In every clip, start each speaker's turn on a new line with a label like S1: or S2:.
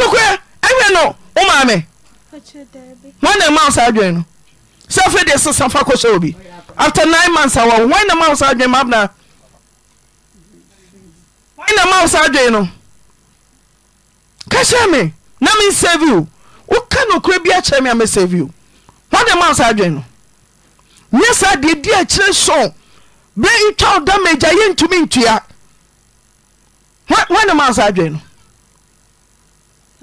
S1: nokorɛ ɛhwɛ no wo maame hɔn ma wo saa adwene no sɛ afei deɛ sesa fa kɔhyɛ wo bi after nine months awa wɔn na ma wo saa adwene ma abena wɔn na ma wo saa adwene no ka kyerɛ me na me nsave you woka nokorɛ bi akyerɛ me a mɛsave you hɔn na ma wo saa adwene no nyɛ saa deɛ di akyerɛ sɔn bere ntwa wo damage a yɛntumi ntua hɔn na ma wo saa adwene no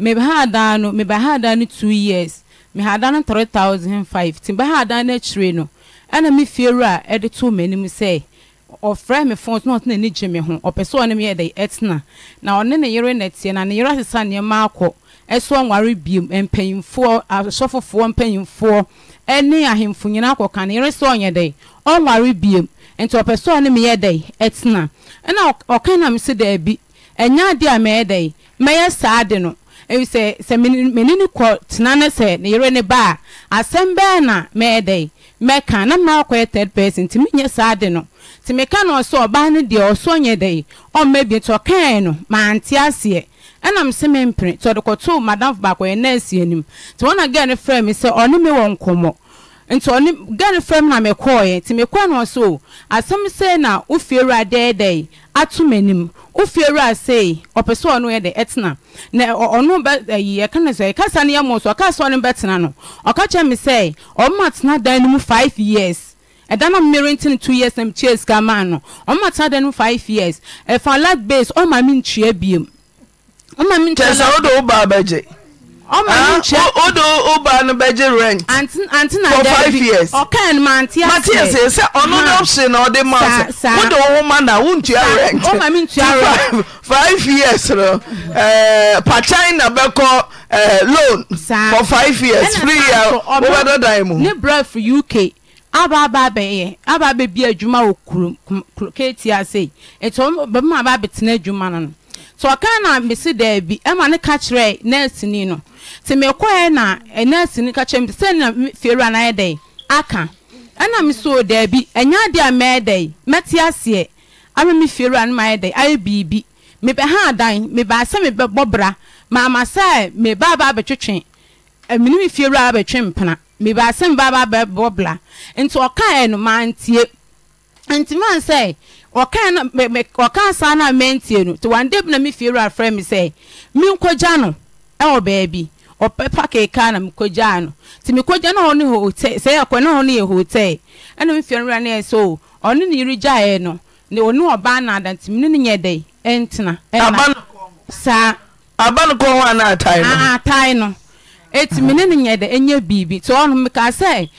S2: mebɛha dan no mebɛha dan no two years meha dan no three thousand five ti bɛha dan no akyire no ɛna me fie wura ɛde to m'anim sɛ ɔfrɛ me phone na ɔtena ani gye me ho ɔpɛ sɛ ɔne me yɛ dɛ ɛtena na ɔne ne yere na ɛteɛ na ne yere asesa nneɛma akɔ ɛso anware biem mpanyinfoɔ asɔfofoɔ mpanyinfoɔ ɛne ahemfo nyinaa akɔka ne yere sɛ ɔnyɛ dɛ ɔnware biem nti ɔpɛ sɛ ɔne me yɛ dɛ ɛtena ɛna ɔka nam si dɛ bi ɛnya adeɛ a mɛyɛ dɛ mɛyɛ saa ade no sɛ mene ne kɔ tena ne sɛ ne yere ne na mɛɛ mɛka na maakɔyɛ e third person nti menyɛ saa de no nti meka na ɔsɛ ɔbaa e, no deɛ ɔsɔ nyɛ ɔmma bi nti ɔkae no maante aseɛ me nti ɔde kɔtoo madam baakɔyɛ nɛɛsi anim nti wɔn na gɛɛ no frɛ me sɛ ɔne me wɔ nkɔmmɔ nti ɔne gɛɛ no frɛ me na mekɔɔɛ nti atum anim ofie wura sei ɔpɛ sɛ ɔno yɛ de ɛtena na ɔno bɛ ɛyi ɛka na sɛ ɛkasa ne yɛ mo so ɔka sɛ ɔno bɛtena no ɔka kyerɛ mi sɛ ɔmo atena dan no mu five years ɛdan e na mmiri ntini two years na mu kyerɛ sika maa no ɔmo atena dan no mu five years ɛfa e lag base ɔmo ami ntua biem ɔmo ami ntua. kyerɛ sɛ o de o ba ọmọ mi nkyɛn. o do o ba no bɛ gye rent. Eh, eh, anti for five years. ɔkan mu anti ase. mati ase sɛ ɔno de na ɔde ma ɔsɛ. saa saa o de ma na o ntua rent. ɔmọ mi
S1: ntua
S2: rent. five years no ɛɛ pàtàkì na bɛ kɔ ɛɛ loan. for five years free year o bɛ dɔ dan mu. ne bra uk aba aba abɛyɛ aba abɛbi adwuma wɔ kurom kurom keeti ase etu ɔmo bɛmu aba abɛtena adwuma no sɛ ɔka na mese daabi ma ne ka kyerɛ naasini no nti mekɔɛ na eh, naasini ka kyerɛ me sɛna na anayɛ dɛn aka ɛna me soo daabi ɛnya adeɛ a mɛɛ dɛn mɛte aseɛ ama me fieri a no mayɛ dɛn ayɛ biribi ha adan mebaa sɛ mebɛbɔ bra maama sɛ mebaaba abɛtwetwe mene me fieri a abɛtwe mpena mebaa sɛ ba abɛbɔ bra nti ɔkaɛ no mantie nti man sɛ ɔka saa na mantie no nti wanda na me fie wura frɛ mi sɛ menkɔgya no beebi baabi ɔpɛpa na mekɔgyaa no nti mekɔgya no ɔne hotel sɛ ɛkɔ na ɔne yɛ hotel ɛna me na yɛ oh, ɔne ne no ne ɔne ɔbaa na ada nti mene ne nyɛ dɛn ɛntena saa aba kɔn ana atae no atae no ɛti mene ne nyɛ ɛnyɛ sɛ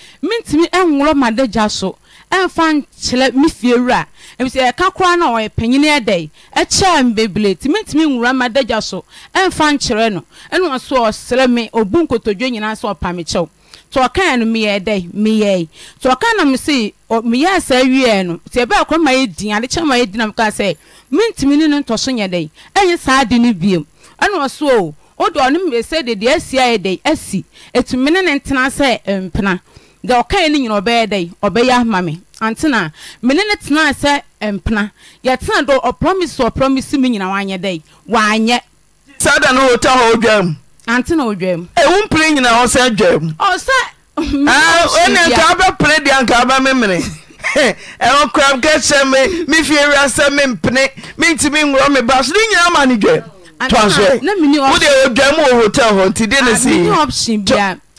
S2: ɛnworɔ so ɛnfa nkyerɛ me fie wura ebisɛ ɛka koraa na ɔyɛ panyin ɛdɛ ɛkyɛɛ me bebree tìmi tìmi nwura ma dagya so ɛnfa nkyerɛ no ɛna ɔso ɔsrɛ mi obu nkotodwe nyinaa so ɔpa mi kyɛw tɔ ɔkan no meyɛ dɛ meyɛ tɔ ɔkan na mesi meyɛ asa awie no tì ɛbɛ ɛkɔ ma yɛ din adekyɛ ma yɛ din na mo kaa sɛ mi ntìmi ne no ntɔso nyɛ dɛ ɛnyɛ saa adi ne biem ɛna ɔso o o ɔno mi sɛ dedeɛ asi ayɛ dɛ asi etumi ne ne ntena sɛ mpena deɛ ɔkae no nyina ɔbɛyɛ dɛ ɔbɛyɛ ama me ante na mene ne tenaa sɛ mpena yɛtena do ɔpromise ɔpromise me nyina wanyɛ dɛ wanyɛ
S1: Sada da no wɔta hɔ odwam ante na odwam ɛwo mpere nyina hɔ sɛ dwam ɔsɛ
S2: ɛne nka
S1: wobɛpere deɛ anka wobɛmemene ɛwɔ koram kɛ kyerɛ me mefie wura sɛ mempene mentimi nworɔ me ba so ne nyina ma no dwam toasowode odwa mu wɔ hotel hɔ nti de ne siwowɔ
S2: option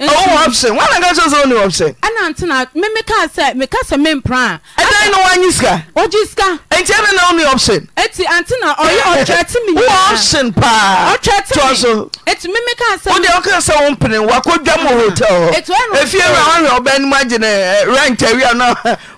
S2: ah, wana ka kyerɛ sɛ wone option ɛnantenamemeka sɛ meka sɛ mempra a ɛdan no woanye sika ɔgye sika nti ɛne na wone option ɛti ante na ɔyɛ ɔtwɛte me wowɔ option paa ɔtwɛte so ɛti memeka sɛ wode ɔka sɛ wo mpene wakɔdwa mu wɔ hotel hɔ ɛfie wura wohwɛ
S1: ɔbɛ anim agye ne rentawi a na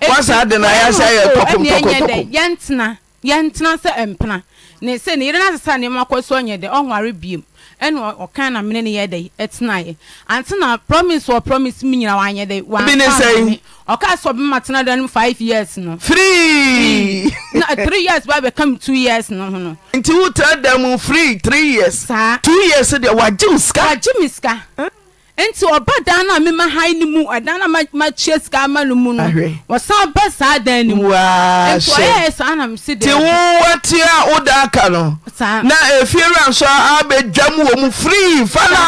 S1: wasaa de no ayɛ sɛ yɛ tɔkomtɔkɔtɔkɔ
S2: yɛntena yɛntena sɛ mpena ne sɛ ne yere no asesa nneɛma kɔ so ɔnyɛ dɛ ɔnware biem ɛna ɔkan na mene ne yɛ dɛ ɛtenaeɛ ante na promise wɔ promise mu nyina wanyɛ dɛ wabi ne sɛi ɔka sɛ ɔbɛma tena dɛ no five years no free mm. na three years ba bɛka m two years no ho no nti wotɛ da mu free three years saa two years deɛ wagye wo sika wagye me sika nti ɔba dan na mema ha no mu ɛdan na makyia sika ama no mu no wɔsan ba saa dan no mu nti ɔyɛɛ saa na mesi de ti wowa o a aka no na efie wura nso abɛdwa mu wɔ
S1: mu firi fala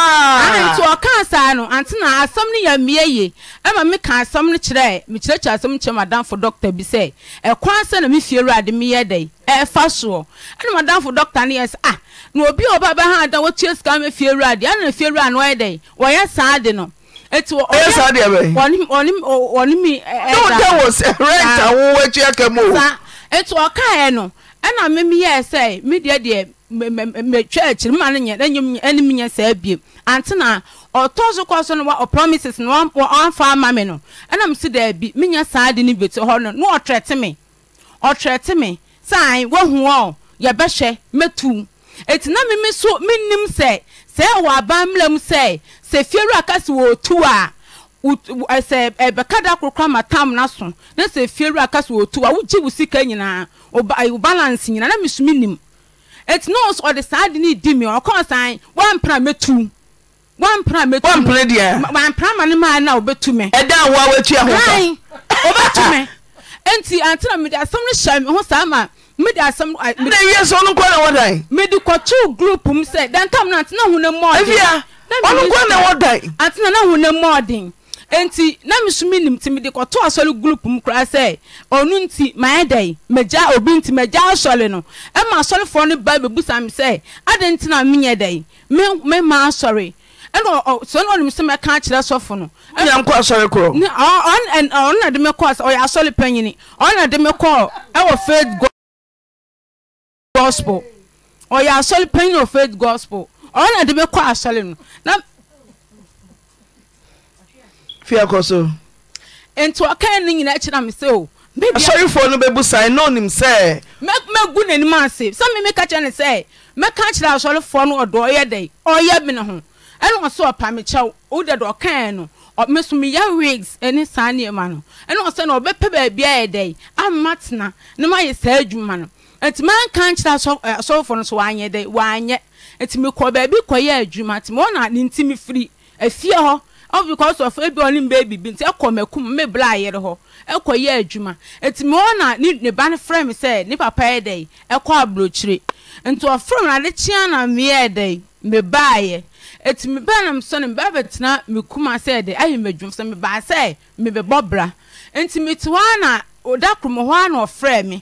S1: nti
S2: ɔkaa saa no ante na asɛm no yɛ ye ɛma meka asɛm no kyerɛ mekyerɛkyerɛ asɛm kyerɛ madamfo dɔkta bi sɛ ɛkwan sɛ na mefie wura de meyɛ dɛn ɛfa soɔ ɛna madamfo dɔkta no yɛ sɛ ah na obi a ɔba bɛha da wɔtua sika mɛ fie wura adeɛ ɛna fie wura no ɔyɛ dɛn wɔyɛ saa ade no eti wɔ ɔyɛ saa adeɛ bɛyi wɔne wɔne wɔne mi ɛda ne wɔda wɔ sɛ rent awo wɔtua mu o saa eti ɔkaeɛ no ɛna mimi yɛ sɛ mi deɛ deɛ mmetwa akyiri mma no nyɛ n'anim anim nyɛ saa bie ante ɔtɔ so kɔ so no wa ɔpromises no ama mi no ɛna mi si mi nyɛ saa bi ti hɔ no na mi mi time wohu ɔ yɛbɛhwɛ mɛtum eti na mimi so minim sɛ sɛ wɔ aban mmerɛ mu sɛ sɛ fiewura kasi wɔ tu a sɛ ɛbɛka da korokora ma tam na so na sɛ fiewura kasi wɔ tu a wogye wo sika nyinaa o balance nyinaa na misumi nim eti na ɔde saa adi ne di mi ɔkɔn san wampena mɛtum wampena mɛtum wampena deɛ wampena ma ne maa na ɔbɛtu mɛ ɛda awo a wɔatu ahosuo kan ɔbɛtu mɛ eti antena mi de asɛm no hyɛ mi ho saa ma mede asɛm na yɛ sɛ ɔno nkwa na wɔdan mede kɔkyew group m sɛ dɛntam no atena ho no mmɔɔden ɔno nkwa na wɔdan atena na ho no mmɔɔden enti na mesumi nim nti mede kɔto asɔre group m koraa sɛ ɔno nti maɛ dɛn magya obi nti magya asɔre no ɛma asɔrefoɔ no ba bɛbusa me sɛ adɛn nti na menyɛ dɛn mema asɔre ɛna sɛ na ɔnim sɛ mɛka akyerɛ sɔfo no ɛna nkɔ asɔre korɔ ɔno na de mɛkɔ ɔyɛ asɔre panyini ɔno na de mɛkɔ ɛwɔ faith gospel ɔyɛ asɔre pain of faith gospel ɔno na de bɛ kɔ asɔre no na. fia kɔ so. nti ɔkan ne nyinaa kyerɛ mi sɛ o. asɔrefoɔ no bɛbu san na onim sɛ. mɛgu n'anim ase sɛ mi mi ka kyerɛ ne sɛ mɛka kyerɛ asɔrefoɔ no ɔdɔ ɔyɛ dɛ ɔyɛ bi ne ho ɛna ɔsɛ ɔpamikyɛw ɔda dɛ ɔkan no mesomeya wigs ne saa nneɛma no ɛna ɔsɛ na ɔbɛpɛ baabi a yɛ dɛ ama tena na ma yɛ saa adwuma no nti manka nkyerɛ eh, asɔfoɔ no so wanyɛ dɛ wanyɛ nti mekɔ baabi kɔyɛ adwuma nti mewɔna ne nti mefiri afie hɔ of ebi ɔne mba bibi nti ɛkɔ bla hɔ ɛkɔ yɛ adwuma ɔna ne sɛ ne papa yɛ ɛkɔ aburokyire nti na dɛ kuma sɛ dɛ ayɛ sɛ sɛ bra na ɔda kurom hɔ ɔfrɛ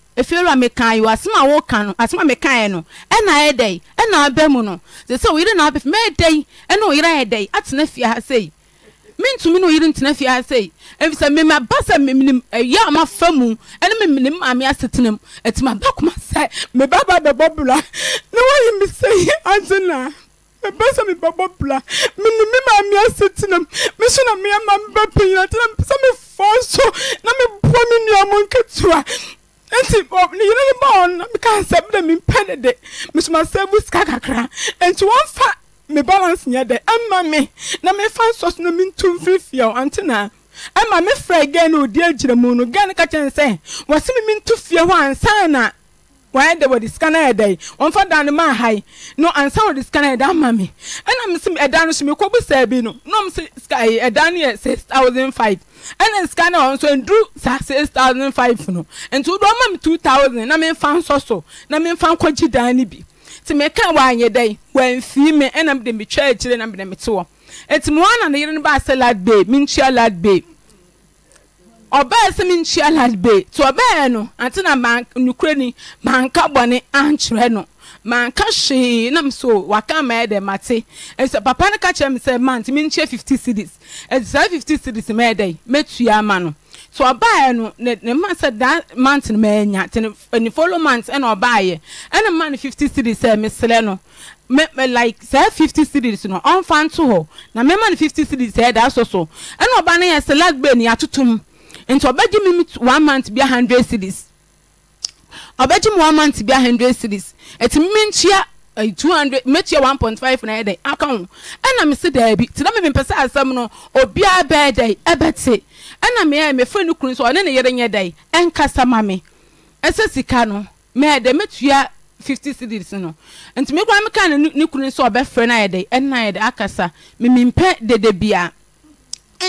S2: efiewura mekan yi asem a woka no asem a mekan yi no ɛna ayɛ dɛ ɛna aba mu no sɛ sɛ oyere na abɛfi mɛyɛ dɛ yi ɛna oyere ayɛ dɛ yi atena fie ha sɛ mintumi na oyere ntena fie ha sɛ efisɛ mmemme aba sɛ mmemme ɛyɛ a ma fa mu ɛne mmemme maame asetena mu ɛtuma aba kuma sɛ mmeba aba bɛbɔ bula na wɔyi mi sɛ yi atena mepɛ sɛ mebɛbɔ bla mene me maame ase
S3: tenam meso na meɛma mbɛpɛ nyina tena mpɛ sɛ mefɔ so na meboa me nnuamo nti oh, ne yere ne baa ɔno meka nsɛm dɛ mempɛ ne de mesoma
S1: sɛbu sika kakra nti wɔmfa mi balance nyɛ de ɛma me na mefa
S2: nsɔ so na mentu mfirifie o ante na ɛma mefrɛ gɛ ne ɔdi agyina mu no gɛ no ka kyɛn sɛ wɔse me mentu fie hɔ ansa na wɔayɛ dɛ wɔde sika no ayɛ dɛ wɔmfa dan no maa hae no ansa wɔde sika no ayɛ dɛ ama me ɛna mesem ɛdan no so mekɔbu saa bi no na ɔm sɛ sika ɛdan no yɛ six thousand five ɛna sika no a ɔnso nduru saa six thousand five no nti wode ɔma me two thousand na memfa nsɔ so na memfa nkɔgye dan no bi nti meka wɔanyɛ dɛ wɔamfii me ɛna mede metwa akyire na mede mete hɔ nti mewɔ na ne yere no baasɛ ladbay mentua ladbay ɔbaa sɛ menkyia lad bay nti ɔbaa no ante na nokura ni manka bɔne ankyerɛ no manka hwee nam so waka ma ɛdɛ mate ɛsɛ papa no ka kyerɛ me sɛ ma nti menkyia 50 cities ɛti saa 50 cities ma ɛdɛ mɛtua ama no so ɔbaa no ne ne ma sɛ da mant no ma ɛnya te ne ne follow mant ɛna ɔbaa yɛ ɛna ma no 50 cities sɛ mesrɛ no me me like sɛ fifty cedis no ɔnfa nto hɔ na mɛma no fifty cedis sɛ ɛda so so ɛna ɔbaa no yɛ sɛ lag bɛ ne yɛatoto mu nti ɔbɛgye mi one month bi a hundred cities ɔbɛgye mi one month bi a hundred cities eti mi nkyia eh, two hundred mekyia one point five na ɛdɛn aka ho ɛna mi si daabi tena mi mi mpɛ sɛ asɛm no obiara bɛɛ dɛn ɛbɛte ɛna mi yɛ mi fɛn ne kunu so ɔne ne yɛrɛ nyɛ dɛn ɛnkasa ma mi ɛsɛ sika no mɛɛ dɛ metua fifty cities no nti mi kura mi ka ne ne kunu so ɔbɛfrɛ na yɛ dɛn ɛna yɛ akasa mi mi mpɛ dede biara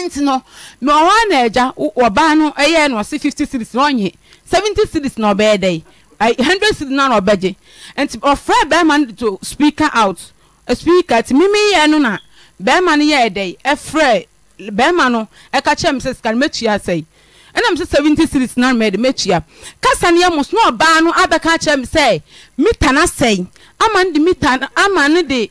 S2: nti no na ɔhɔ na agya ɔbaa no ɛyɛ na ɔsi fifty series na ɔnye seventy series na ɔbɛyɛ dɛ hundred series na ɔbɛgye nti ɔfrɛ bɛrima no to speaker out speaker ti mimi yɛ no na bɛrima no yɛ dɛ ɛfrɛ bɛrima no ɛka kyerɛ mi sɛ sika no mɛtua sɛ ɛna mi sɛ seventy series na mɛ de mɛtua kasa no yɛ mo so na ɔbaa no abɛka kyerɛ mi sɛ mita na sɛ ama no de mita ama no de.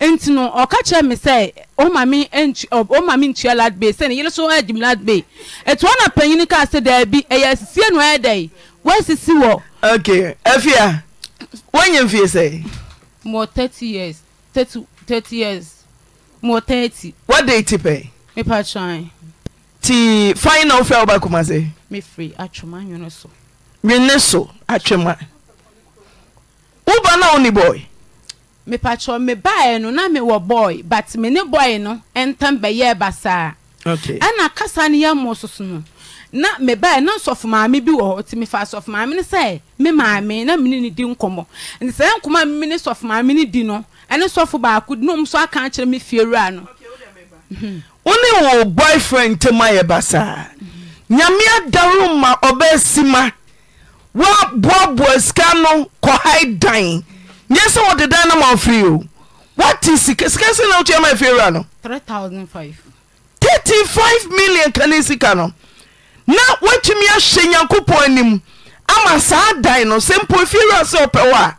S2: nti no ɔka kyerɛ me sɛ o maame ntu o maame ntua lad bay sɛ ne yere so ɛgyim lad ladbe etu ɔna panyin kaa sɛ daabi ɛyɛ sisie no ɛyɛ dɛ wɔsisi wɔ. ok afia wɔnyɛ mfie sɛ. mo thirty years thirty thirty years mo thirty.
S1: what day ti pɛ.
S2: pa twan.
S1: ti final na ofura ɔba kuma se.
S2: mi firi atwema nwene so.
S1: nwene so atwema. wo ba na wo ni boy
S2: mepatwɛ mebaeɛ no na me mewɔ boy but me ne boy no ntam bɛyɛɛ basaa
S1: ɛna
S2: kasa no yɛ mo soso no na mebaeɛ na nsɔfo maame bi wɔ hɔ nti mefa asɔfo maame no sɛ me maame na me ne di nkɔmmɔ nti sɛ nkɔmmɔ a meme ne sɔfo maame no di no ɛne sɔfo baako na ɔm so aka akyerɛ me fie wura no wo mhm.
S1: wɔ boyfriend ntam ayɛ basaa
S2: mhm. nyame adaro
S1: ma ɔbɛasi ma woaboaboa sika no kɔhae dan yɛ sɛ wɔde dan nmafr35 milin ek o na woatumi ahyɛ nyankopɔn anim ama saa dan no sɛ mpo afi wura sɛ ɔpɛ hɔ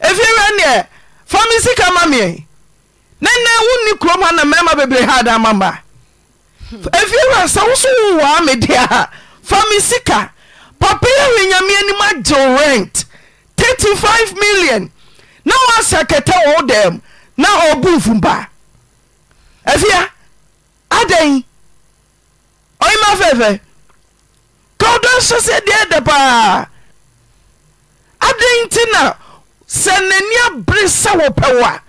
S1: a fiwura neɛ fa me sika ma me nɛnɛ woni krɔhna arha fiwura sɛ woso wowa medeɛ aa fa me sika papa ɛ we nyame anim agyew rent 35 milin n oasa kɛtɛ owo dm naɔbfopaafia adɛn ɔyima fɛfɛ kaɔdɔ sɛ sɛ deɛ dɛ baa adɛn nti na sɛ nania beresɛ wo pɛwo a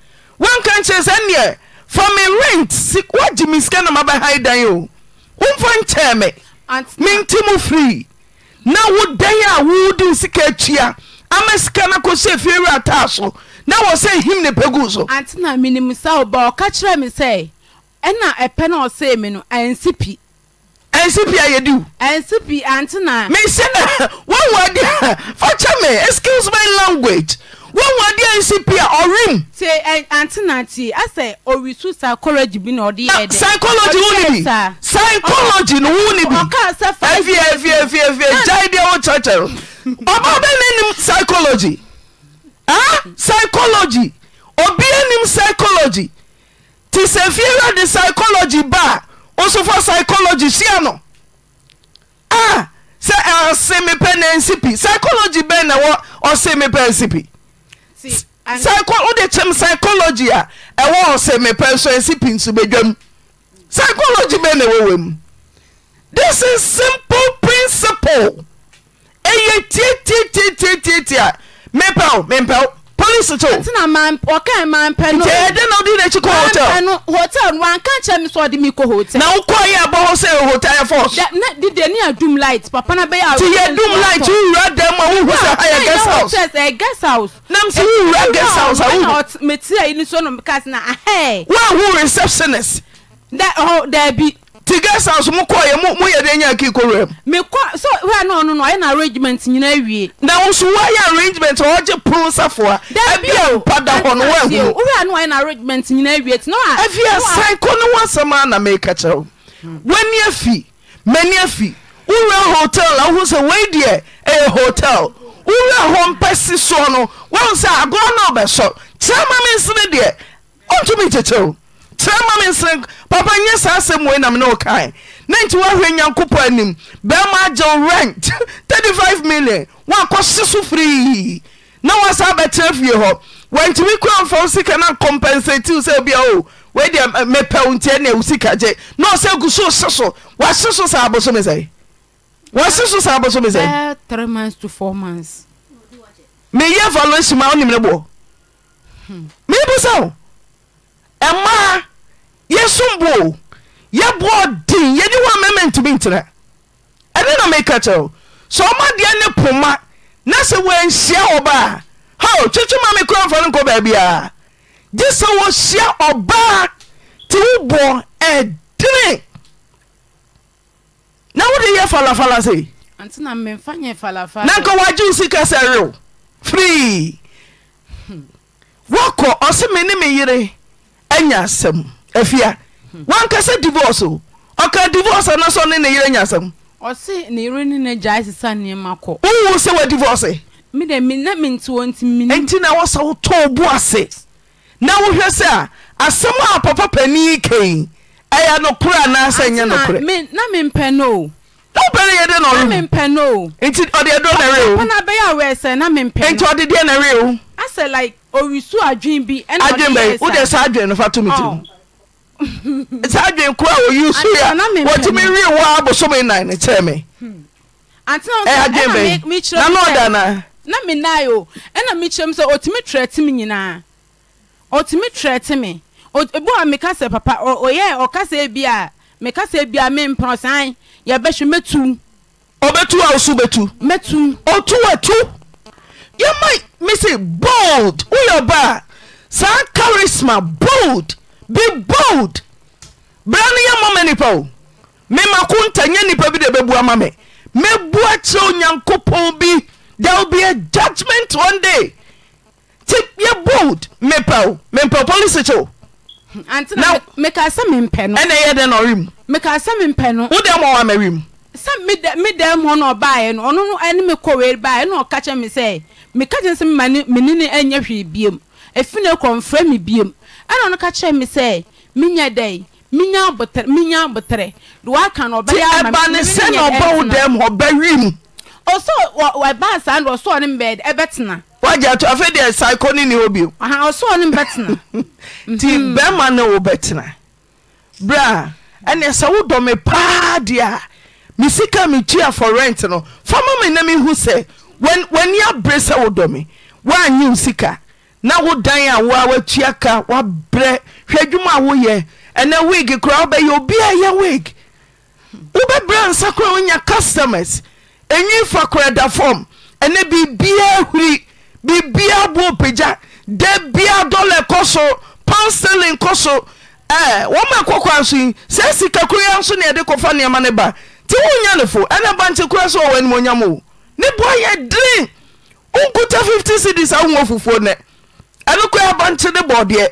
S1: wonka nkyeɛ sɛ ndeɛ fa me rent woagye me sika na mabɛhai dan o womfɔ nkyɛɛ me mentimo frii na wo dɛn a wodi msika kyia ama sika no kɔsɛ fie wri
S2: ataa so na wɔ sɛ him ne pɛgu so ante na menim sa ɔba ɔka kyerɛ me sɛ ɛna ɛpɛ na ɔsɛe me no ɛnsi pi ɛnsi pi a yɛdi wo ɛnsi pi ante na mesɛ na woawu adeɛ fa kyɛ me excuse my language
S1: woawu adeɛ nsi pi a ɔrem
S2: te ante na te asɛ ɔresu psychology bi na ɔde yɛ dɛ psychology wo ne psychology no wo ne bi ɔka sɛ fa afie afie
S1: afie afie gyae deɛ wo kyerɛkyerɛ ɔba bɛ ne psychology psychology obi anim psychology te sɛ fie de psychology ba a psychology hyia no a sɛ ɔse mepɛ na nsi psychology bɛn na wɔ ɔse mepɛ nsi pi
S2: wode
S1: kyem psychology a ɛwɔ ɔse mepɛ so nsi pi nso bɛdwam psychology bɛn na wɔwɔ mu this is simple principle ɛyɛ tietietitietieti a mepep
S2: poice iɛ ti guest house mu kɔ yɛ mu mu yɛ de nya kii kɔrɔ mi kɔ so wia náà ɔno no ɔyɛ na arrangement nyinaa wie. na nso wɔyɛ arrangement ɔgye pono safoa. dabi o ɛbi ɛhɔ no wɔn ɛhu. wia náà ɔyɛ na arrangement nyinaa wie ti na wa. efi asan kɔ ne
S1: wɔn asɛm a na mɛ kakyɛw wani afi mani afi wura hotel ahosuo sɛ wei deɛ ɛyɛ hotel wura hɔ mpɛ si soɔ no wɔn sɛ agorɔ náà bɛ sɔ kyerɛ kyerɛ ma me nsere papa nyɛ saa asɛm wei nam ne wokae ne nti woahwɛ nyankopɔn anim bɛrima agyew rent 35 million woakɔhye so firii na woasa bɛkyerɛ fie hɔ wantumi kura mfa wo sika oh, eh, no compensatiw sɛ obia o weideɛ mepɛwo ntiɛ ne wo sika gye na ɔsɛ gu so hye so wahye so saa aboso me sɛe wahye so saa aboso me sɛe meyɛ valensi ma wonim ne boɔ hmm. mebu sɛ wo ɛmaa yɛsom boo yɛboɔ din yɛni hɔ mɛma ntumi ntera ɛne na meka kyɛwo sɛ ɔmadeɛ ne poma na sɛ wɔanhyia ɔba a hao twitwoma me koramfa no nkɔ baabiaa gye sɛ wɔhyia ɔbaa nti woboɔ ɛdene na wode yɛ falafala se
S2: na nka wɔagyewo
S1: sika sɛ rew frii hmm. wokɔ ɔse me ne me yere anya asɛm afia wankasɛ divorce o ɔka divorce ana sɛ ɔne ne yerɛ anya asɛm
S2: ɔse ne yere ne ne gyae sesa nneɛma kɔ wowu sɛ wa divorce mede mena mente wɔ nti mene enti na wɔsɛ wotɔɔ bo ase na wohwɛ sɛ a asɛm a papa pani kei ɛyɛ nokorɛ anaasɛ nyɛ nokorɛ na mempɛ no pɛnyɛdnnti dednnti dedena wode sa de no fa tomesa dn tumi
S1: bso me
S2: oh. nnem ksɛ m ɔbɛtoasobɛt tat yɛm msi bold
S1: woyɛbaa saa karisma bold bi bold bera no yɛmɔma nnipa o me mako nta nya nnipa bi de bɛbua ma me mɛbua kyerɛ onyankopɔn bi daw biɛ judgment oneda nti
S2: yɛ bold mepa epa policy e na meka sɛ mempɛ no ɛna ɛyɛ dɛn na ɔrim meka sɛ mempɛ no wo dɛn ma ɔwa ma rim sɛ me dɛm hɔ na ɔbaeɛ no ɔno no ɛne me kɔwee baeɛ na ɔka kyɛ me sɛ meka kyɛ sɛ mema ne mene ne ɛnyɛ hwee biom ɛfi ne kɔmfrɛ me biom ɛna ɔno ka kyerɛ me sɛ menya dɛn menya abotere menya abotere de waka na ɔbɛyɛ ama me ɛba ne sɛ na ɔbɛ wo dɛm hɔ ɔbɛ wim ɔsɔ wɔ ɛbaa saa na ɔsɔ ne mbɛɛ
S1: ieycnnnti bɛima ne wo mhm. bɛtena berɛa ɛne sɛ wodɔ me paa deɛ a me sika mekyi afɔ rent no famamena mehu sɛ waniabere sɛ wodɔme woani sika na wo dan awoawakiaka obɛ hwɛ dwuma woyɛ nɛ wg kora obɛyɛ obiayɛ wg wobɛbrɛ nsa kora wonya customars nwi fa kordafm ɛnɛ biribiaa hri biribia bo pagya de bia dɔla eh, kɔ so panselin kɔ so wɔma ɛkɔkɔa so yi sɛ sika koraa nso ne ɛde kɔfa nneɛma no ba nti wonya nefo ɛna ba nte koraa sɛ wɔwɔ animonyam o ne boa yɛ deren wonkuta 50 cities a wowɔ fufuo nɛ ɛno koraa ba nte ne bɔɔdeɛ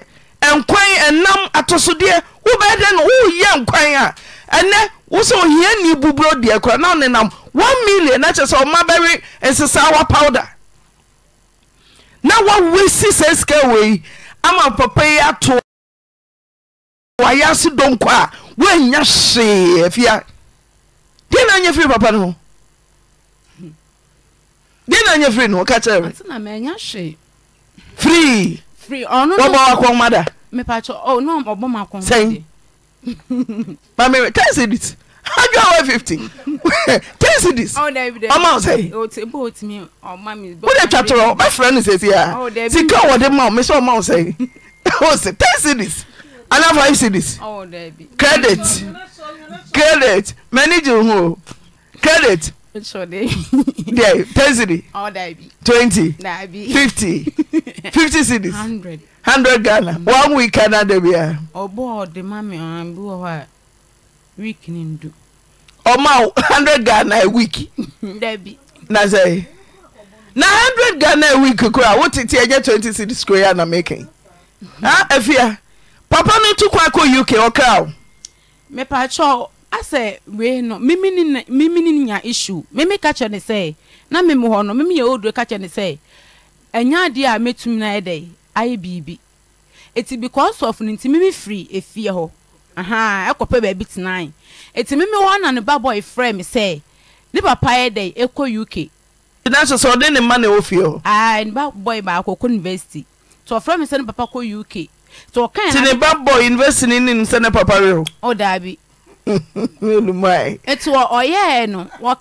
S1: nkwan ɛnam atosodeɛ wobɛyɛ dɛn no woyɛ nkwan a ɛnɛ wo ohia ni buburo deɛ koraa na wone one million na kyerɛ sɛ ɔma bɛwe nsesa wa powder na wowɛsi sɛa asika wei ama papayi ato ayɛ ase dɔnkɔ a woanya hwee afia deɛ na anya fri papa no ho deɛ na anya fri no ho ka ky
S2: friiwbɔ akɔn madaɛka
S1: adwa one fifty ten cedis
S2: ọma ọsẹ yìí wọ́n dẹ̀ twa tọrọ ọba fẹ́rẹ́ ní sẹ́sì yà sika ọ̀wọ́dẹ
S1: mọ́ ọmọ ẹ̀sẹ̀ ọma ọsẹ yìí ọsẹ ten cedis ana five cedis credit credit mẹ́nìjì òhun o credit there ten cedis
S2: twenty fifty fifty cedis
S1: hundred ghana one week ana dẹ̀ bi ya.
S2: ọ̀bọ̀ ọ̀dẹ̀ mami ọ̀hán bí wọ́n wá. week ni ndu
S1: ọma 100 Ghana a week dabi na sɛ na 100 Ghana a week koraa wotete ɛnyɛ 26 square na making
S2: ha afia papa no to kwa kɔ UK a o mepaakyɛ asɛ wei no mimi ne nya issue meme ka ne sɛ na meme hɔ no meme yɛ ɔdue ka ne sɛ ɛnya adeɛ a mɛtumi no ayɛ ayɛ biribi nti firi hɔ ɛkɔpɛ baabi tenae ɛti mimi hɔ na ne ba bɔ efrɛ mi sɛ ne papa yɛ dɛ ekɔ uk. na sɛ ɔde ne mma na ɛwɔ fie hɔ. aa ne ba bɔ yi baako kɔ university tɔ ɔfrɛ mi sɛ ne papa kɔ uk tɔ ɔkan yɛn. ti ne ba bɔ university ni ne sɛ ne papa yɛ o. o daabi. olumai. etu ɔyɛ e no wɔ.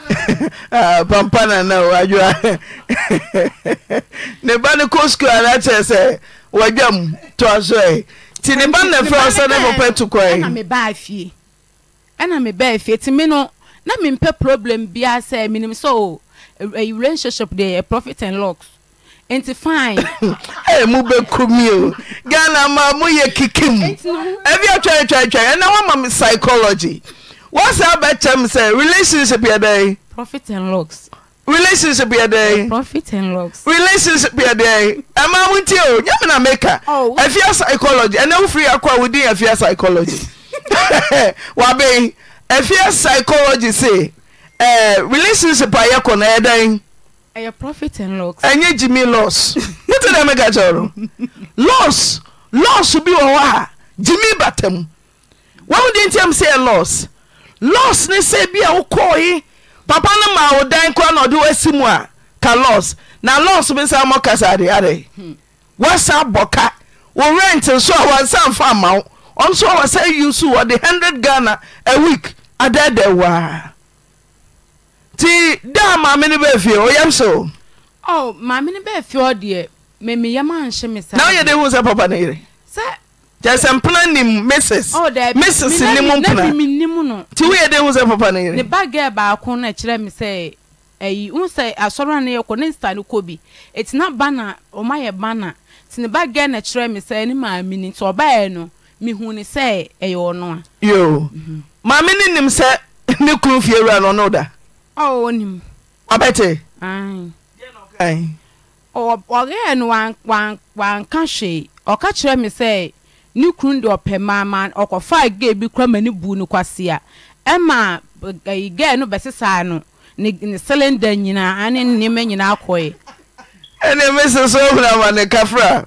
S1: Ah, pampa na o adwa ne ba ne kɔ sukuu ara kyerɛ sɛ wadwam to aso yɛ nti ne ba na frɛ tu ne pɔpɛ to kɔe ɛna
S2: mebaa e fie ɛna mebaa e fie nti me no na mempɛ problem biara sɛ menim sɛ o ɛyi e, relationship deɛ yɛ profit and loss nti fine.
S1: ẹ mú bẹ kú mi o ghana ma mú yẹ kíkì mu ẹbí ọtwa ẹtwa ẹtwa wọn mọ mi psychology wọn sọ abẹ kyẹm sẹ relationship yẹ dẹ.
S2: profit and loss
S1: relationship yɛ dɛ. profit and loss.
S2: relationship
S1: yɛ dɛ ɛmaa mu ti o nyɛ mi na meka. ɛfia oh, psychology ɛnna o firi akɔ a o di ɛfia psychology wa bɛyi ɛfia psychology say ɛɛ eh, relationship a yɛ kɔ na yɛ dɛ.
S2: ɛyɛ profit and loss.
S1: ɛnyɛ jimmy loss ne ti dɛ meka kyerɛ loss loss bi wɔ hɔ a jimmy batam wɔn mu di n tiɛ mu yɛ loss loss ne sɛ bi a o yi. papa no maa wo dan koa na ɔde woasi mu a ka los na losomi sa mɔ kasa ade adɛ wosa bɔka wo werente so a woansamfaama wo ɔnsowɔsɛ u so ɔde 10n0ed ghana a week ada dɛ woa nti daa maamene bɛafie oyam sɛna
S2: oh, yɛdh
S1: sɛpapa nyer gyesɛ mpena nim mrs mrs nim mpena
S2: nti
S1: woyɛ dɛ hu sɛ papa no yere ne
S2: ba gɛɛ baako no ɛkyerɛ me sɛ ayi hu sɛ asɔre no yɛkɔ ne nsta ni kɔ bi ɛti na bana ɔmayɛ bana nti ne ba gɛɛ na kyerɛ me sɛ ne maame ni nti ɔbaeɛ no mehu ne sɛ ɛyɛ ɔno
S1: a yo mhm. maame no nim sɛ ne kuru fie wura no ɔno
S2: da ɔnim ɔbɛte ɔyɛɛ no wanka hwee ɔka kyerɛ me sɛ ne kunu de ɔpɛ maamaa ɔkɔfaa ga bi kora ma ne buu no kwase a ɛma eh, eh, ga no bɛsesaa no ne selenda nyinaa ane nnoɔma nyinaa kɔe ɛne
S1: mese so hunama ne kafra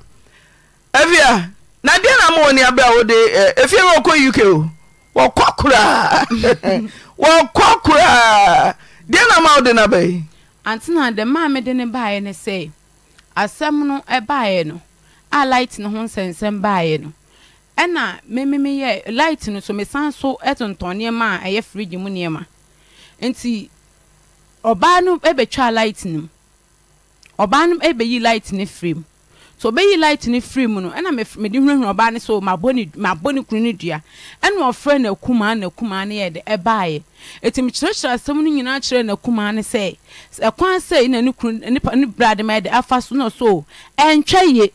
S1: afia na deɛ na ma wɔni aberɛ a wode ɛfie eh, wɛ ɔkɔ uk o wɔkɔ koraa wɔkɔ koraa deɛ na ma wode na bɛyi
S2: antena dɛ maa mede ne baeɛ ne sɛ asɛm no baeɛ no a light no ho nsɛnsɛm baeɛ no ɛna mmemme yɛ light no so mesan so ɛtontɔn nneɛma a ɛyɛ fridge mu nneɛma nti ɔbaa no ɛbɛtwa light no mu ɔbaa no ɛbɛyi light no firi mu so ɔbɛyi light no firi mu no ɛna mɛde hunahuna ɔbaa no so mabɔ ne mabɔ ne kunu ne dua ɛna ɔfrɛ na kumaa na kumaa no yɛ de ɛbaayɛ eti mekyerɛkyerɛ asɛm no nyinaa kyerɛ na kumaa no sɛ ɛkwan sɛ ɛna ne kunu ne ne brade ma yɛ de afa so na so ɛntwɛ yie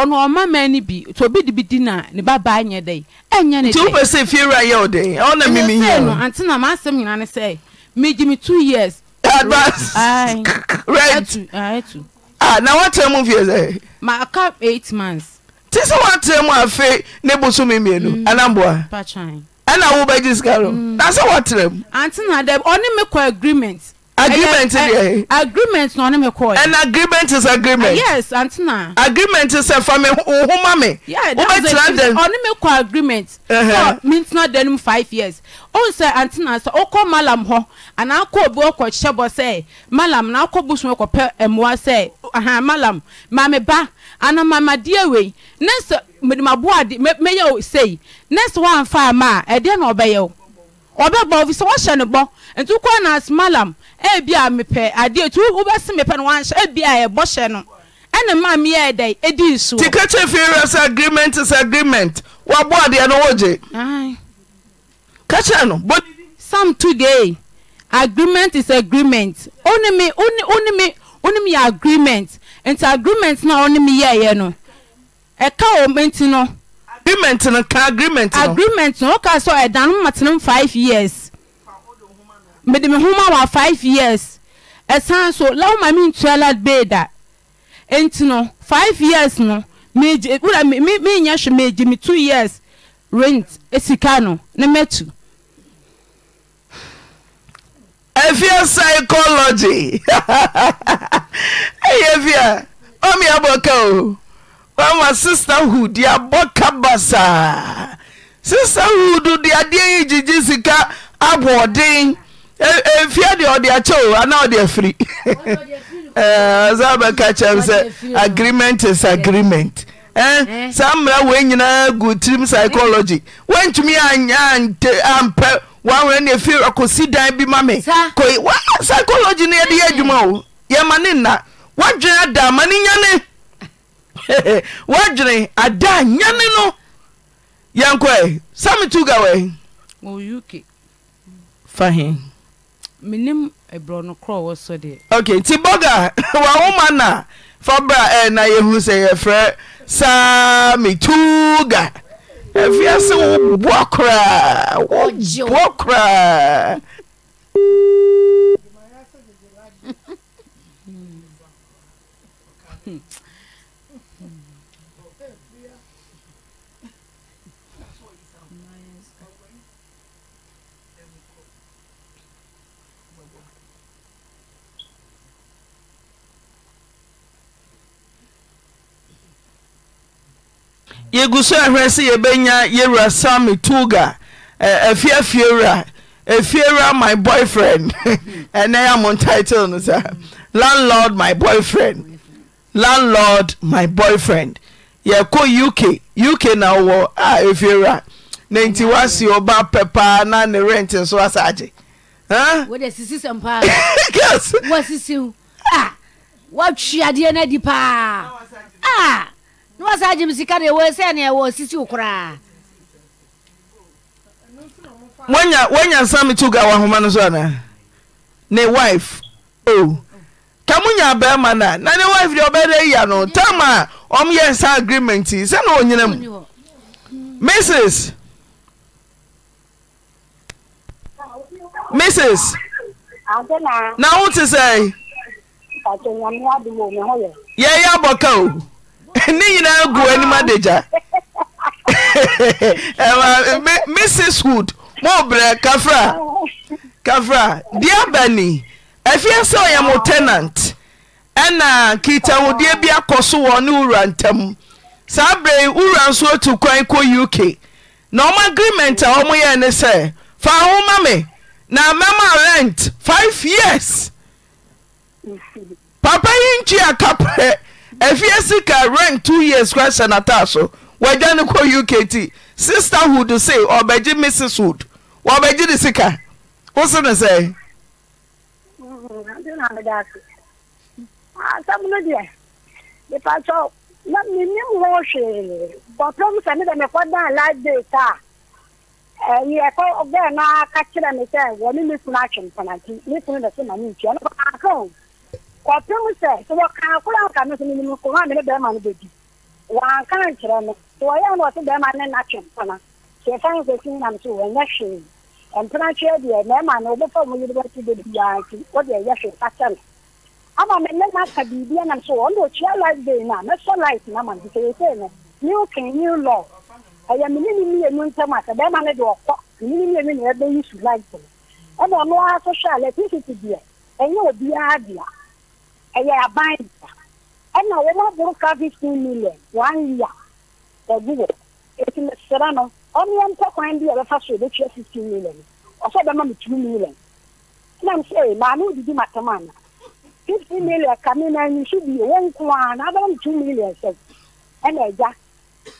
S2: ɔno ɔma ma no bi sɛ obi de bi di na ne babaa nyɛ dɛ ɛnyɛ ne dɛwopɛ sɛ fiewura yɛ wo dɛn ɔna mimi yɛ no ante na maasɛm nyina ne sɛ megye me two years advance right ah na woatrɛ mu fie sɛ maaka eight months nti sɛ woatrɛ mu afe ne bosome mmienu mm. anamboa ɛna wobɛgye sika no mm. na sɛ woatrɛ mu ante na dɛ ɔne me kɔ agreement agreement uh, deɛ. Uh, agreement na ɔne mi kɔ yɛ. and agreement is agreement. Uh, yes antina. agreement is ɛfa mi nhoma mi. yeah that was a ɔne mi kɔ agreement. so mi n tena dan five years. ohun sɛ antina sɛ ɔkɔ malam hɔ ana akɔ obi ɔkɔ kyɛ bɔ sɛ malam na akɔ busum ɔkɔ pɛ ɛmoa sɛ ahan malam maame ba ana maama die wei ne sɛ mɛdimabu adi mɛ mɛyɛ o seyi ne sɛ wɔn anfa ama a ɛdeɛ na ɔbɛyɛ o ɔbɛbɔ ofi sɛ wɔhyɛ ne bɔ ntukɔ na malam ebi a mepɛ adeɛ tu wobɛsi mepɛ no wanhyɛ ebi a ɛbɔ hyɛ no ɛna maa mi yɛ dɛ edi nsuo. tikekyɛ
S1: fi rest agreement is agreement
S2: wabɔ adeɛ no wogye. kakyɛ no. sam today agreement is agreement onimi oni onimi onimi yɛ agreement nti agreement na onimi yɛ yɛ no ɛka wɔn mɛnti no. agreement no ka agreement no. agreement no ɔka so ɛdan no ma tena five years mede me ho ma wa five years ɛsan so lawo ma mi ntua la bee da nti no five years no meegye wura mi mi mi nya hwɛ meegye mi two years rent esika no ne mɛtu.
S1: efie psychology ɛyɛ fia ɔmi abɔka o ɔma sisterhood abɔka basaa sisterhood de adeɛ yi gyigyi sika aboɔden. fi deɛ ɔde akyɛ o ana ɔde firi ɔsa obɛka kyɛ m sɛ agreement is agreement eh, eh. saa mmra wɔ nyinaa gu tirim psychology wantumi ampɛ waaweɛ ne fi akɔsi dan bi ma me k psychology no yɛde yɛ eh. adwuma o yɛ ma ne nna wadwene ada ama ne nyane wadwene adaa nyane no yɛnkɔ sametu ga w
S2: fa hi mennim burɛ nokorɔ wɔ sdeɛ
S1: ok nti bɔga wɔa woma na fa bra ɛyɛna eh, yɛhu sɛ yɛfrɛ saa metuu ga
S2: afiase
S1: wo boa
S4: koraoa koraa
S1: yɛgu so aahwerɛ sɛ yɛbɛnya yɛwura samme toga afefie wra fiewra my boyfriend ɛnɛ ɛyɛ amo ntitle no sa landlord my boyfriend landlord my boyfriend yɛko uk uk na wowɔ fie wra ne nti woase ɔba pɛpaa na ne werɛntenso asagye woanya same tu ga wahoma no so anaa ne wife o ka mo nya abaima noa na ne wife deɛ ɔbɛdɛ aya no tam a ɔmyɛ sa agreementi sɛne ɔnyina mu ms
S5: ms na wote
S1: sɛ yɛyɛ bɔkao ne nyinaa gu anim adagya mrs wood mobrɛ kafra kafra deabani afia sɛ ɔyɛ mo tenant ɛna kiritahodeɛ bi akɔ so wɔ uh, ne wowura ntam saa berɛ yi wowura nso atu kwan kɔ uk na ɔma agrement a ya ne sɛ fa homa me na mɛma rent 5 years papa yi nkyi akaprɛ efie sika rent two years kora hyɛ n'ataa so wɔadwane kɔ uk ti sisterhood se ɔbɛgye mrs hood wɔbɛgye ne sika wosi ne sɛ.
S5: asɛm no deɛ nipa kyɛw na menim ho hwee bɔtɔm sɛ medɛ mekɔdaa last day sa a yɛkɔ bɛɛ na ka kyerɛ me sɛ wɔne ah. eh, oh, me funu atwe mpana nti me funu dɛ sɛ ma ne ntua no aka o kɔpem sɛ sɛ wɔkan koro aka no so no nim kɔma me ne bɛrima no bɛdi wɔanka nkyerɛ no sɛ wɔyɛ no wɔse bɛrima ne na twe mpana sɛ ɛfa no sɛsi nam so wɔanyɛ hwee mpena kyerɛ deɛ mmarima no wobɛfa mu yere bɛte da biaa nti wode ɛyɛ hwee pasɛ no ama me ne no aka biribi anam so wɔn de ɔkyia light day no a light no ama no sɛ yɛsɛ no new king new law ɛyɛ me ne ne mmienu ntam a sɛ bɛrima no de ɔkɔ me ne ne mmienu na ɛbɛyi su light no ɛna ɔno ara so hwɛ a electricity deɛ ɛyɛ aban da ka fifteen million one year ɛgu wɔ eti na sira no kwan a bɛfa so ebetua fifteen million two million n sɛ maame odidi ma tɛm ana fifteen million kame na nsu bi wɔn nko ara na abɛma mi two million sɛ ɛna ɛgya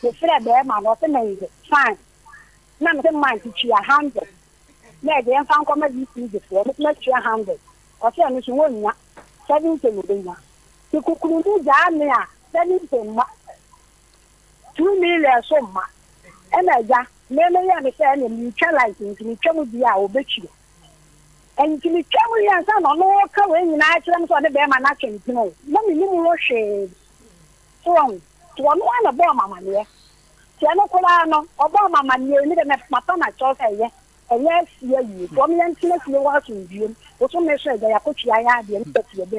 S5: efirɛ bɛrima na ɔsɛ na yɛ fine na mi sɛ man ti tia hundred na ɛgya yɛn fa di Covington dị ya ikuku n'ụzọ anị a Covington ma a mi ya ɛna mi mu mu na ɔno ɔka nyinaa kyerɛ mu sɛ bɛrima n'atwe ntumi o na mi hwee soɔn tí ɔno na bɔɔ mamaneɛ tiɛ no koraa no ɔbɔɔ mamaneɛ ne papa na ya esi ya yie wotu mi sọ ẹgbẹ yakọ tia ya adiẹ nípa bi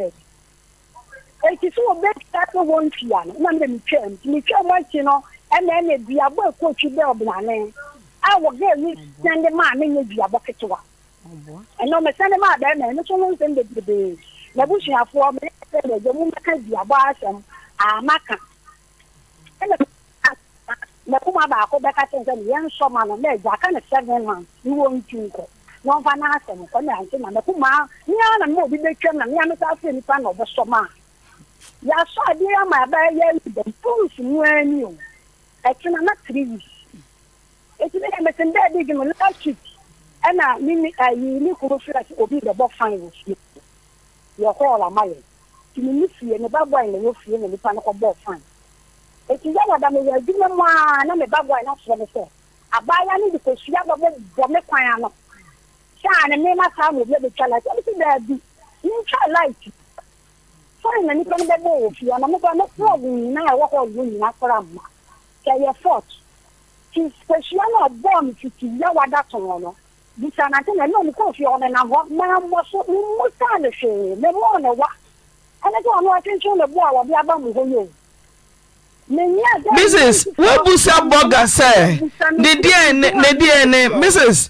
S5: eti sọ ọbẹ tia pé wọn tia no ẹnna mi mi twẹ mu mi twẹ mu ẹkyi no ẹnna ẹnna duabọ ẹkọ ọtwi bẹẹ ọbẹnane a wọ gẹẹmi sẹndé maa mi nye duabọ ketewa ẹnna ọmọ sẹndé maa bẹẹ mẹ ẹni tó ń sẹm na ebusuafo ọmọ ẹni sẹ ẹgbẹ ẹgbẹ mu mẹka duabọ asẹm àmàkà ẹnna mẹkùmá baako bẹka sẹnsẹn yẹn nsọ ma no mẹ ẹgbẹ aka ne seven months ni wọn na ɔfa n'asɛm kɔ ne ante na mako maa nyɛ na mma obi betwam na nyɛ mesa afei nipa na ɔbɛsɔ ma yasɔ adeɛ ama abɛyɛ dɛm pools mu ani o ɛtena na three weeks eti ne mɛsɛn dɛ bi gyina last week ɛna ne ne ayi ne kuro fira sɛ obi bɛbɔ fan wɔ fie yɛ hɔɔl ama yɛ tìmí ne fie ne ba bɔ ayi na yɛ fie na nipa no kɔ bɔɔ fan eti yɛ wada mi yɛ adwuma mu aa na mi ba bɔ ayi na saa ne mmɛma saa na obi abɛtwa light ɛbi si baabi ntwa light sɔre na nipa no bɛbɔ wɔ fie na mobɔ no plug nyinaa ɛwɔ hɔ no nyinaa kora mma sɛ ɛyɛ fort ti spɛhyia no a ɔbɔɔ me titi yɛ wada to wɔ no bisa na ntɛ na ɛna ɔno kɔɔ fie ɔnenam hɔ mammɔ so memmɔ saa no hwee memmɔɔ ne wa ɛne sɛ ɔno akyenkyen ne mrs wobusa bɔga sɛ ne deɛ
S1: ne deɛ ne mrs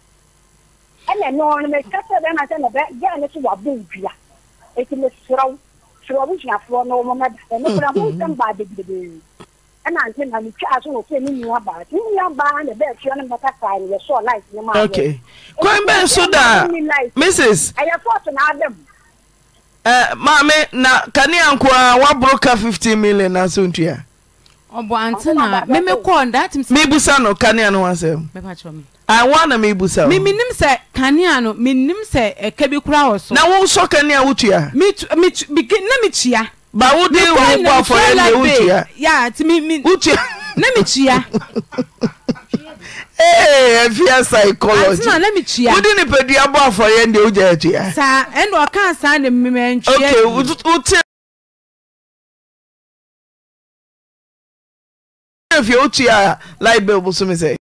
S5: ɛna ɛno ɔno mɛ kasa bɛ na sɛ na bɛ gyaa ne so wabɔ odua eti mɛ srɔw srɔw busuafoɔ na wɔn mɛda ɛno kura ho mhm. nsɛm baa bebree ɛna nti na mi twaa so wɔ fɛ ne nua baa ne nua baa na bɛɛ fia ne mbɛka saa yɛ sɔɔ light ne mu awɔ ok kwan bɛn so da mrs ɛyɛ fɔɔto na adam.
S1: Uh, maame na kanea nkoa waboro ka 15 million na so ntua
S2: ɔbɔ antena memekɔɔ datim mebusa no
S1: kanea no ho asɛm awọn na mi busa. mi mi
S2: nim sɛ kanea no mi nim sɛ ɛkɛ bi kura wɔ so. na wọn sɔ kanea wo tia. mi tu mi tu mi na mi tia. ba wo de wo bɔ afɔlɛ de wo tia. ya ti mi mi. wo tia. na mi tia.
S1: ee efia psychology. atina na mi tia. wodi nipadua bɔ afɔlɛ de o jɛ tia. saa
S6: ɛna ɔkan saa de mmɛntwiɛ. okay o ti. fie o tia light bill bosomi sɛ.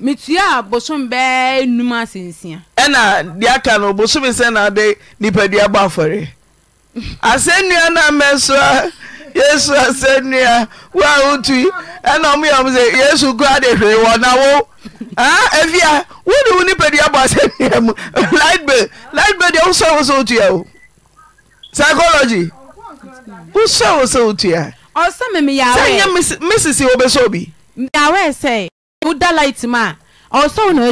S6: metua a bosom bɛɛ num asensia
S1: ɛna deɛ aka no bosom sɛ na ade nipadua bɔ afɔre asɛnnua na mɛsoa yesu asɛnnua wo a wotui ɛna ɔmo yɛ ɔmo sɛ yesu kora de hwee wɔ na wo afia ya? wo nipadua bɔ asɛnnua mu light bill light bill deɛ wosɛ wo sɛ wotua o psychology
S2: wosɛ wo sɛ wotua sɛ nyɛ mesisi wobɛsɛ obi da light ma a ɔsɛ no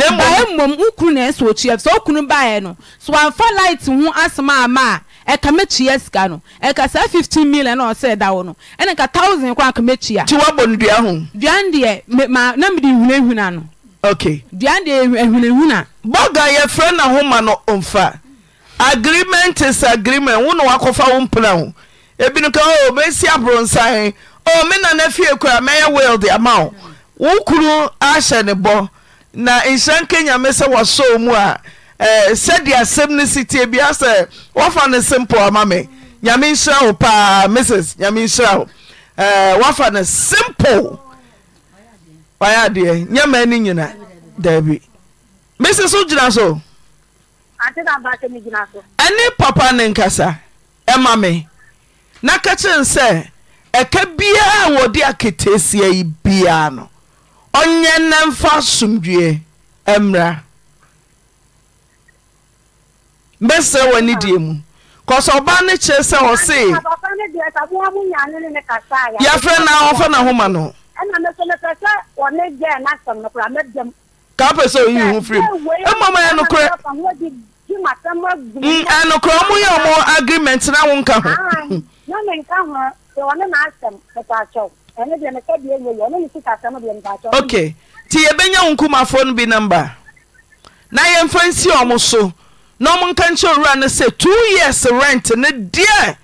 S2: a baɛ mmom wo kunu na ɛsɛ ya sɛ wokunu baa no so wamfa light ho asɛm ama a ɛka mɛkyia sika no ɛka saa 15 million na ɔsɛ da wo no ɛne ka 1000 kɔ a ka mɛkyia nti woabɔ no dua ho duan deɛ ma na mede nhunahuna no okay duan deɛ ahunahuna
S1: bɔga na ho ma no agreement is agreement wo na wakɔfa wo mpena ho ebinom ka o oh, bɛsi aborɔnsan o oh, me na na fie kora ama wo kunu ahyɛ ne bɔ na nhyira nka nyame sɛ wɔsɔɔ mu a eh, sɛdeɛ asɛm no sitie bia sɛ woafa no simple ama me nyame nhyira wo paa mrs nyame nhyira wo eh, woafa no simple wayɛ adeɛ nyɛma ani nyina daabi mrs wo gyina so
S5: ɛne
S1: papa ne nkasa ɛma me na ka kyerɛ ne sɛ ɛka biara a wɔde aketesia yi biara no ɔnyɛ nɛ mfa asomdwie mmra mbɛsrɛ w' ani deɛ mu kɔsɛ ɔbaa ne kyerɛ sɛ ɔ see
S5: yɛafrɛ naa ɔmfa na no
S1: ka wopɛ sɛ ɔyi ho firi m
S5: mama ɛnokorɛɛnokorɛ na wo nka ho ok
S1: nti yɛbɛnya wo nkumafoɔ no bi namba na yɛmfa nsi ɔmo so na ɔmo nka nkyɛ owura no sɛ two years rent ne deɛ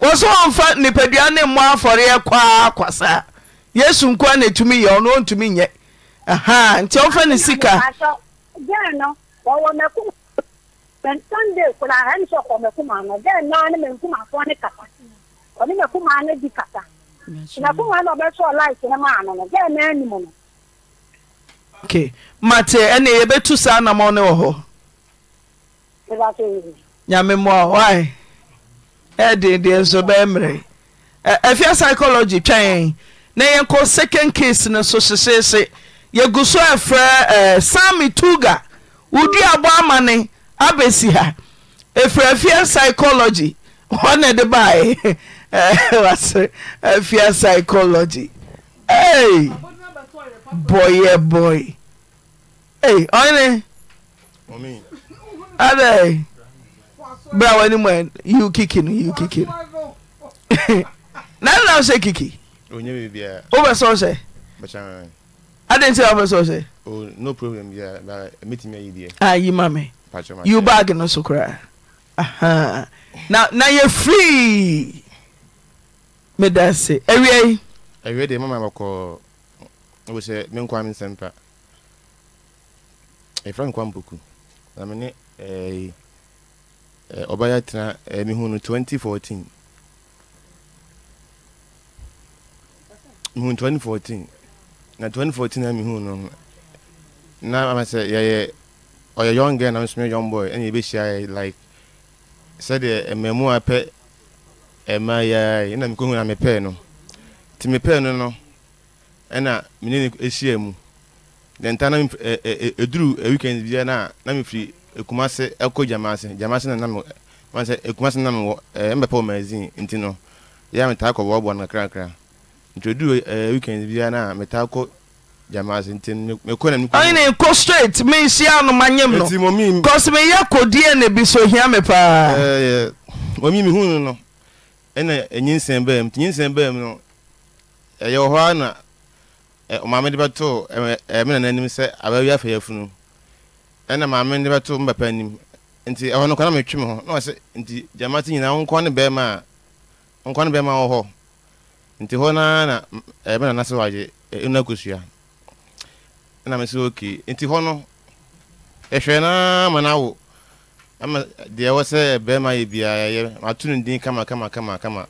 S1: wɔ so wɔmfa nipadua ne mmɔ afɔreɛ kwaa kwasa yesu nko a na ɛtumi yɛ ɔno ɔntumi nyɛ aha nti ɔmfa ne sika
S6: ɔne
S5: mɛkumaa no di kata
S1: mate ɛne yɛbɛtu saa nnamɔ ne wɔ hɔ nyame mmoa wae ɛden nso bɛɛ mmerɛ afia psychology twɛn na yɛnkɔ second case no so hyehyehye yɛgu so ɛfrɛ sami tuga woduabɔ amane abɛsi ha ɛfiri afia psychology hɔ ne de bae Eh, wase eh, afia psychology hey boy, boye boy hey ɔne adai bra you kicking, ɛ yiwu kiki
S7: no yiwu kiki no na nana ɔsɛ kiki wobɛ sɛ ɔsɛ adai nti wobɛ sɛ ɔsɛ no problem yeah but uh, meeting me here ah yi ma me you
S1: bag no so kra aha na na ye free meda ase awia yi
S7: awia deɛ mama makɔ wo sɛ menkwa me nsɛm pa ɛfrɛ nkwa mpoku na mene eh, eh, ɔbɛyɛ tena eh, mehu no 2014 mehu 2014 na 2014 a mehu no na ama sɛ yɛyɛ ɔyɛ young girl na mesomɛ young boy ɛne yɛbɛhyia like sɛdeɛ mmamua pɛ ɛma yɛɛ ɛna mekohu na mepɛɛ no nti mepɛɛ no no ɛna mene ne ɛhyia mu dɛnta na ɛduru weekend biara no a na mefiri kumase ɛkɔ gyamaase gyamaase na nam sɛ kumase nam wɔ ɛmbɛpɛ wɔ magazine nti no yɛa metaa kɔ boaboa no kakrakra nti ɔduru weekend biara no a metaa kɔ gyamaase nti mekɔ na mekɔne kɔ straight menhyia no manyam no cause meyɛ kɔdie ne bi so hia me paa mami mehu no no ɛna nyinsɛn bɛɛ mu nyinsɛn bɛɛ mu no ɛyɛ wɔ hɔ ara na e, maame de bɛto ɛmɛ e, e, nana anim sɛ abaawi afɛ yɛ funu ɛna maame de bɛto mu anim nti ɛhɔ no kwan na metwi hɔ na wɔsɛ nti gyama te nyinaa nkɔ ne bɛrima a nkɔ ne bɛrima wɔ hɔ nti hɔ naa na ɛmɛ nana sɛ wagye ɛnu akosua ɛna mɛ sɛ oke nti hɔ no ɛhwɛ naa ma na awo ama deɛ ɛwɔ sɛ bɛrima yɛ biara yɛ ato ne din kama kama kama kama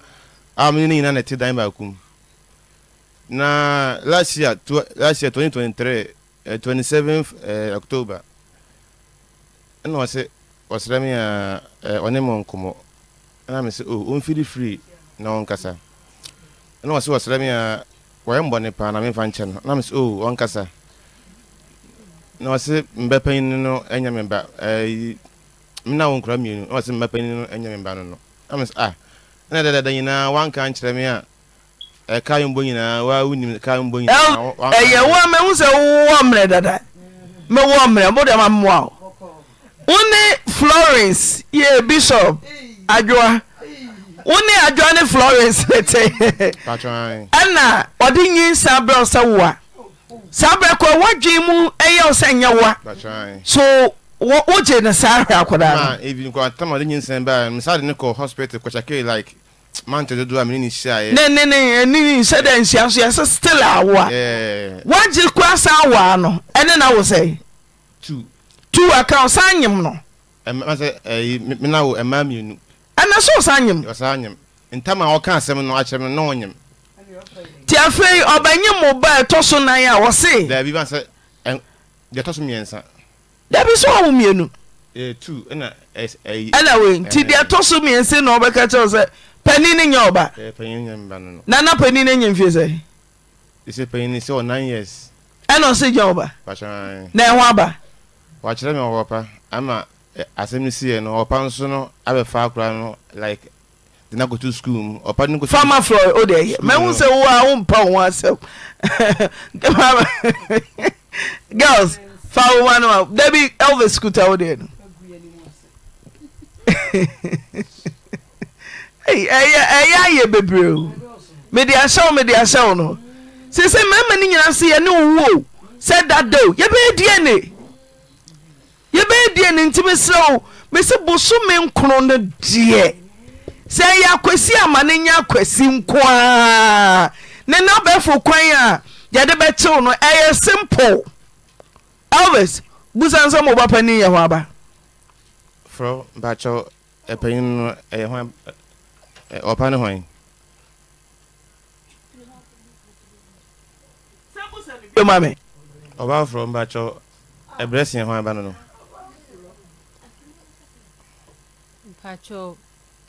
S7: a mene ne nyinaa na ɛte dan baako mu na last year tw last year twenty twenty three eh, twenty seven eh, october ɛna ɔsɛ ɔsrɛ me a uh, ɔne mɔ nkɔmmɔ ɛna me sɛ oh, ɔmfiri firi na ɔnkasa ɛna ɔsɛ ɔsrɛ me a wɔyɛ mbɔne paa na memfa nkyɛ no na me sɛ oh, ɔnkasa na ɔsɛ mbɛpanyin no ɛnyɛ me ba ɛyi. Uh, na wo nkura mmienu na wɔsɛ mmapa no ɛnyɛ me ba no no ama sɛ ah ɛna dadada nyinaa wanka nkyerɛ me a ɛka yombo nyinaa wa wonim ka yombo nyinaa ɛyɛ wo ama
S1: hu sɛ wowɔ mmerɛ dada mɛwɔ mmerɛ bo deɛ mammoa wo wo ne florence yɛ bishop adwoa wo ne adwoa ne florence nete ɛna ɔde nyinsa berɛ wo sɛ wo a saa berɛ kɔ woadwen mu ɛyɛ wo sɛ nyɛ wo a so wogye ne saa hra kɔaa
S7: notamenysɛ bɛmesade ne kɔ hospital kayɛke ike matoɔmenesɛnnɛnensɛ
S1: da nsia so yɛsɛ still awoa
S7: wogye koa sa woa no ɛne na wo sɛt aka osa ym nɛne sɛ ɔsantamawɔka sɛmnokyerɛmnanti afei ɔbanya wɔ ba ɛtɔ so nan a wɔseɛeɛmɛ dabi so awo mmienu ɛna wei nti deɛ ɛtɔ so mmiɛnse na ɔbɛka
S1: kyɛw sɛ pani ne nyɛ ɔba eh, na na pani ne nyɛ mfie sɛ
S7: ɛna ɔse gya ɔba na ɛho aba wakyerɛ me ɔwɔ pa ama eh, asɛm no siiɛ no ɔpa nso no abɛfa akora no like de na kɔto skul mu ɔpa no fama frɔ o de ɛyɛ mahu sɛ wo a wompa wo ho asɛm girls da i ta
S1: dyɛ ayɛ bbre mede ɛmedeyɛw no sii sɛ maima no nyina se yɛne wowɔo sɛ dada o yɛbɛyɛ diɛ ne yɛbɛɛ diɛ ne ntimi serɛ wo mɛsɛ bo so me nkrono no deɛ sɛ ɛyɛ akwasi ama ne nyɛ akwasi nko aa ne na ɔbɛfo kwan a yɛde bɛkyewo no ɛyɛ simple elvis busa nsɛ mɔba pani yɛ hɔ
S7: aba frɔ mpakyɛw ɛpanyin e no ɛyɛ hɔ ɔpa ne hɔn ma me ɔba frɔ mpakyɛw ɛbrɛ si hɔn aba no no
S8: mpakyɛw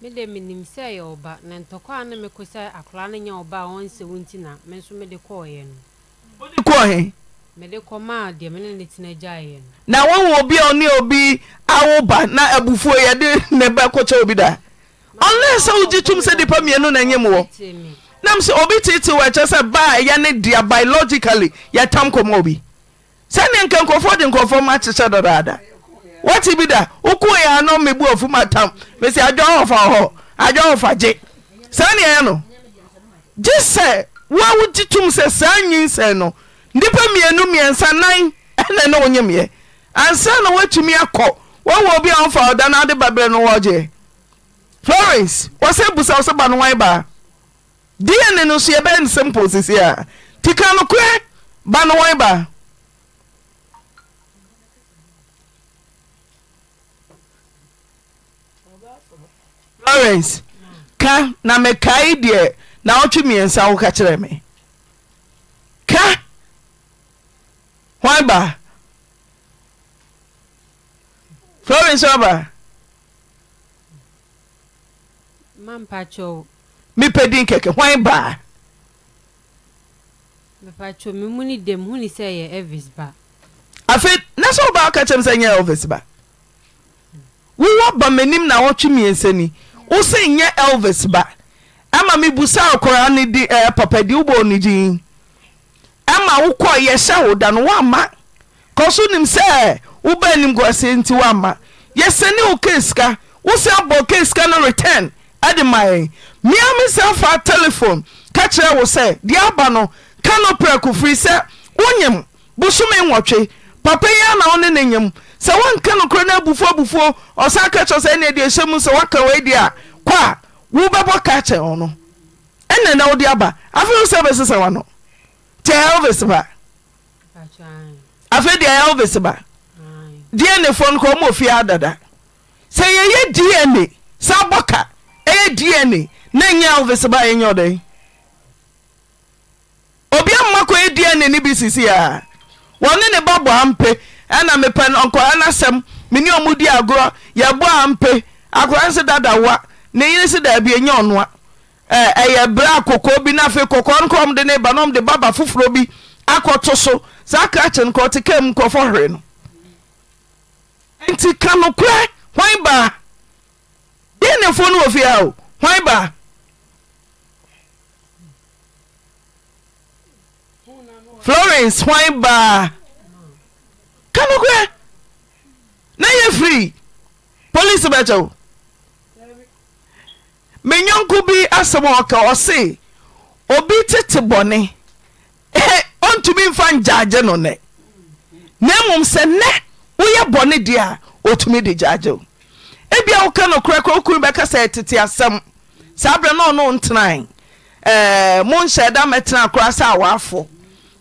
S8: mede menim sɛ ɛyɛ ọba, na ntɔkwa ne mekɔ sɛ akora no nyɛ ɔba a ɔnsɛ wo nti na me nso mede kɔɔeɛ no
S1: wode n wo obi ane obi awo ba na abufuo yɛde ne bɛ kɔkyɛobi daa es sɛ wogye tom sɛ dipa mminunymɔ nms obi tete wokyɛ sɛ ba yɛ ne dea biologically yɛtam ɔma bi sade nka nkɔɔfɔɔ gye nkɔfoɔ makyekyɛ dɔdɔada wti bi da woɛfm mɛ fhɔ ɔfa gye sa neɛ no gye sɛ woa wogye tom sɛ saa nyim sɛ no nipa mminu miɛnsanan nɛ ne woyemɛ ansa na woakyimi akɔ wwɔ bia ɔfa woda nde barɛ noye florence wɔsɛ bu sa wo sɛ ba na baa dne nosoyɛbɛn sple s a nti kanoko ba na baai eɛeɛwoakɛ hwan ba florence aba mepɛ din nkeke hwan baa afei na sɛ wobaa woka kyɛm sɛ nyɛ elvis ba wowɔ ba m'anim na wɔtwe mmiɛnsa ni wo se elvis ba ama mebu saa koraa ne di eh, papadi wobɔɔ ne gyin wokɔ yɛsyɛ wo da no woma ɔso nim sɛ woba nim uaseɛ nti woma yɛsɛne wo kasika wose abɔ kesika no retan de ma meamesa afa telefone ka kyerɛ wo sɛ de aba no kano prɛkofri sɛ woymbosomeɔe papayinawo ne ne y sɛ wonke nokora ne abufuo abufuo ɔsakɛɛ sɛnedeɛm saɔaɛ te awovese ba afei de ɛwovese ba danfɔ no mɔfie adada sɛ yɛyɛ n sa bɔka yɛ n ne nya awovese ba ɛnyɛdn obia makɔ ɛn ne bi sisia ɔne ne bɔboa mpe na epɛɔkɔa nasɛm menne omudi agorɔ yɛboa mpe akora se dadawa ne yen se daabiya ɔnoa ɛyɛ berɛ a bi no afei kɔkɔɔ no kɔm de ne ba nom de baba foforɔ bi akɔto so saa krakye nkɔ ɔte ka mu nkɔfɔ hwere no nti ka nokorɛ hwan baa denefoɔ no wɔ fie a o hwan baa florence hwan baa ka nokorɛ na yɛ firi polise bɛkyɛwo menyɔnko bi asɛm ɔka ɔse obi tete bɔne eh, ɔntumi nfa ngyaagye no nɛ na mmom sɛ nɛ woyɛ bɔne deɛ a ɔtumi de gyaagye wo ebia woka nokorɛkora wokunu bɛka sɛ ɛtete asɛm saa berɛ na ɔno ntena eh, monhyɛ da mɛtena a sɛ awaafo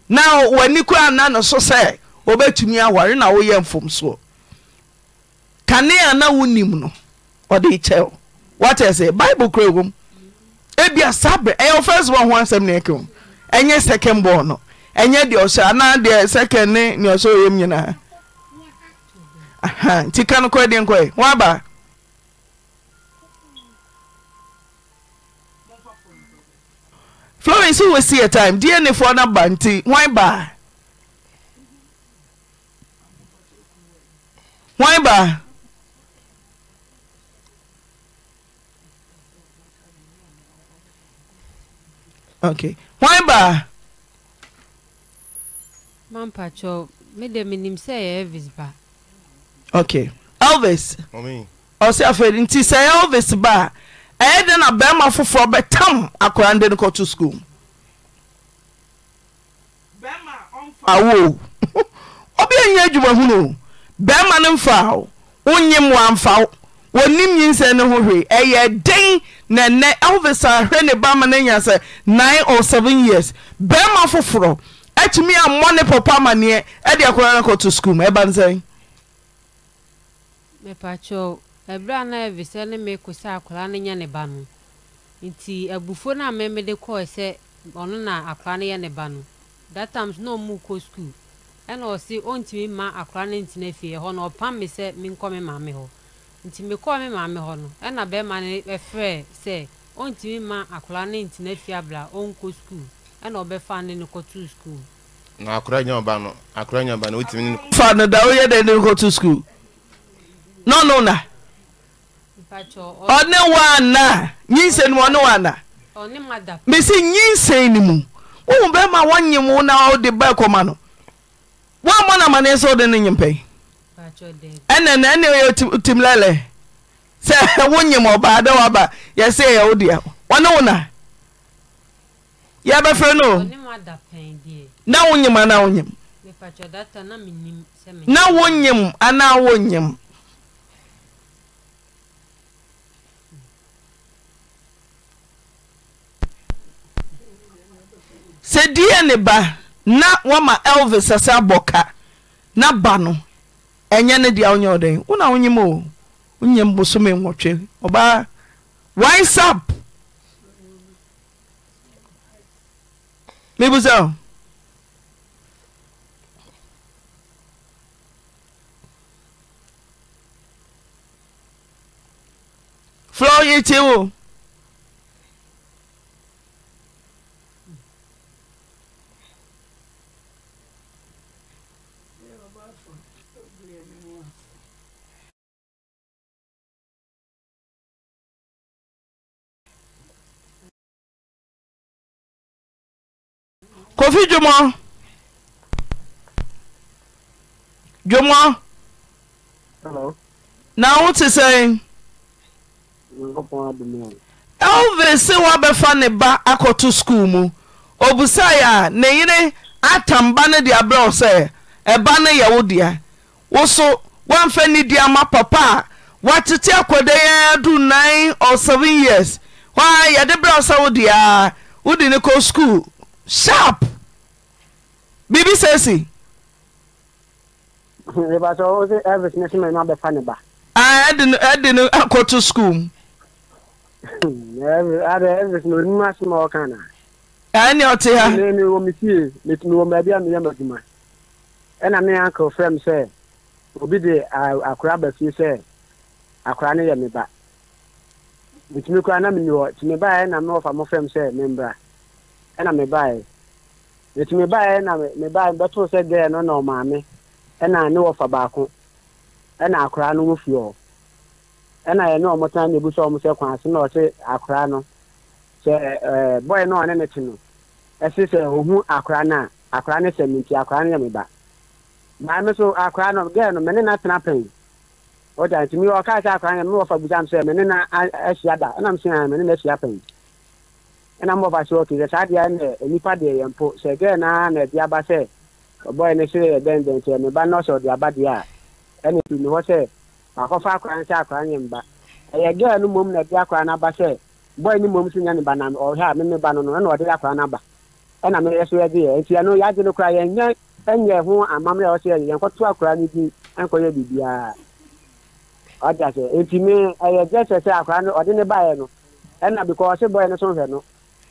S1: na w'ani koraa na ne so sɛ wobɛtumi aware na woyɛ mfomsoɔ kanea na wonim no ɔde kyɛwo woakyɛ sɛ bible kora wom ebia saa berɛ ɛyɛ wo first born ho asɛm ne ɛka m ɛnyɛ second born no ɛnyɛ deɛ ɔhyɛ anaa deɛ second ne nea ɔhyɛ ɔyam nyinaa nti ka florence si a time no ba nti baa baa ba
S7: lvsnti
S1: sɛ lvis baa ɛyɛ dɛn na bɛrima fofoɔ bɛtam akora nde nokɔto scuummf obianya adwumahunuo bɛima no mfa w wonnyim wamfaw wonim nyinsɛ ne ho hwɛ yɛ den na ɛnɛ elvis ahwɛ ne ba ma no anya sɛ 9 o 7 years bɛrima foforɔ atumi ammɔ ne pɔpa amanneɛ ɛde akora no kɔto skuul mu ɛba nsɛn
S8: mepakyɛw ɛberɛ a na ɛvisɛ ne me ko sɛ akwaraa no nyɛ ne ba no nti abufuo no a memede kɔɛ sɛ ɔno na akwaraa no yɛ ne ba no that times na ɔmu kɔ skuul ɛna ɔse ɔntumi ma akwaraa no ntina fie ọ na ɔpam me sɛ menkɔ me maame hɔ nti mekɔɔ me maame hɔ no ɛna bɛrima no ɛfrɛ sɛ ɔntumi ma akwadaa ne ntena fie abla ɔnkɔ sukuu ɛna ɔbɛfa ne no kɔto sukuu
S7: na akwadaa nya ɔba no akwadaa nya ɔba no ɔtumi ne
S1: fa no da ɔyɛ dɛ ne kɔto sukuu nɔɔno na
S8: ɔne wa ana
S1: nyinsɛn mu ɔne wa ana bɛsi nyinsɛn ne mu wohu bɛrima wɔnyem wo na wode ba kɔma no woammɔ no amanneɛ sɛ wode ne nyempɛi ɛnɛn ɛne ɔyɛtim lɛlɛ sɛ wo nyim ɔbaa da woaba yɛsɛɛyɛwodea ne wona yɛbɛfrɛ noo y anwy na wonym anawonym sɛ diɛ ne ba na woma lv sasa bɔka na ba no enyɛ ne dia wonyooden wona wonyimo onyebosomewatse ba ia
S6: wonawote
S1: sɛn ɛwoverɛ se woabɛfa ne ba akɔto skuul mu obusae a ne yene atam ba ne deaberɛ o sɛ ɛba ne yɛ wo dea wo so woamfa nidiama papa a woatete akɔdanɛa duu nin ɔ seven years hɔ a yɛde berɛ wo sɛ wo deɛa wo di ne kɔ skuul sharp
S9: biribi sɛ si. ìbátan ó sì elvis ní sinmi náà bẹ̀fà ní bá. ɛdi ni akɔto school. ada elvis ní onímọ̀ asọ́mọ̀ ọ̀kan náà. ɛni ɔte ha. mi ni wọ́n mi fie mi ti mi wọ́n baabi a mi yẹ ma duma ɛna e mi uncle fẹ́ mi sɛ obi de akora bɛ fie sɛ akora ne yɛ mi ba mi ti mi kura na mi ni wɔ ti mi ba yɛ e na mi wɔ fa mo fẹ́ mi sɛ mi n bra. ɛna mebaeɛ nti mebaeɛ na mebaeɛ bɛtoo sɛ gɛɛ no na ɔmaame ɛna ne wɔfa baako ɛna akoraa no mu hɔ ɛna ne ɔmo sɛ kwan na ɔse akoraa no sɛ ɛɛ bɔyɛ no ɔne ne no ɛsi sɛ akoraa no a akoraa no sɛ akoraa no yɛ maame so akoraa no gɛɛ no mɛ na tena pɛn ɔgya nti ɔkaa sɛ akoraa no na ahyia ɛna mbɔ baasi wɔ kisɛ saa deɛ ɛnɛ nipa deɛ yɛ mpo sɛ gɛɛ naa na ɛde aba sɛ ɔbɔyɛ ne sere yɛ dɛndɛn sɛ ne ba nɔɔsɛ ɔde aba deɛ a ɛna tu ne hɔ sɛ akɔfa akora nsɛ akora nye mba ɛyɛ gɛɛ no mom na ɛde akora n'aba sɛ bɔyɛ ne mom so nya ne ba na ɔhɛ a me ne ba no no ɛna ɔde akora n'aba ɛna me yɛ so yɛ de yɛ nti ɛno yɛagye no kora yɛn nyɛ ɛnyɛ ho amammerɛ a ɔsɛ yɛn kɔto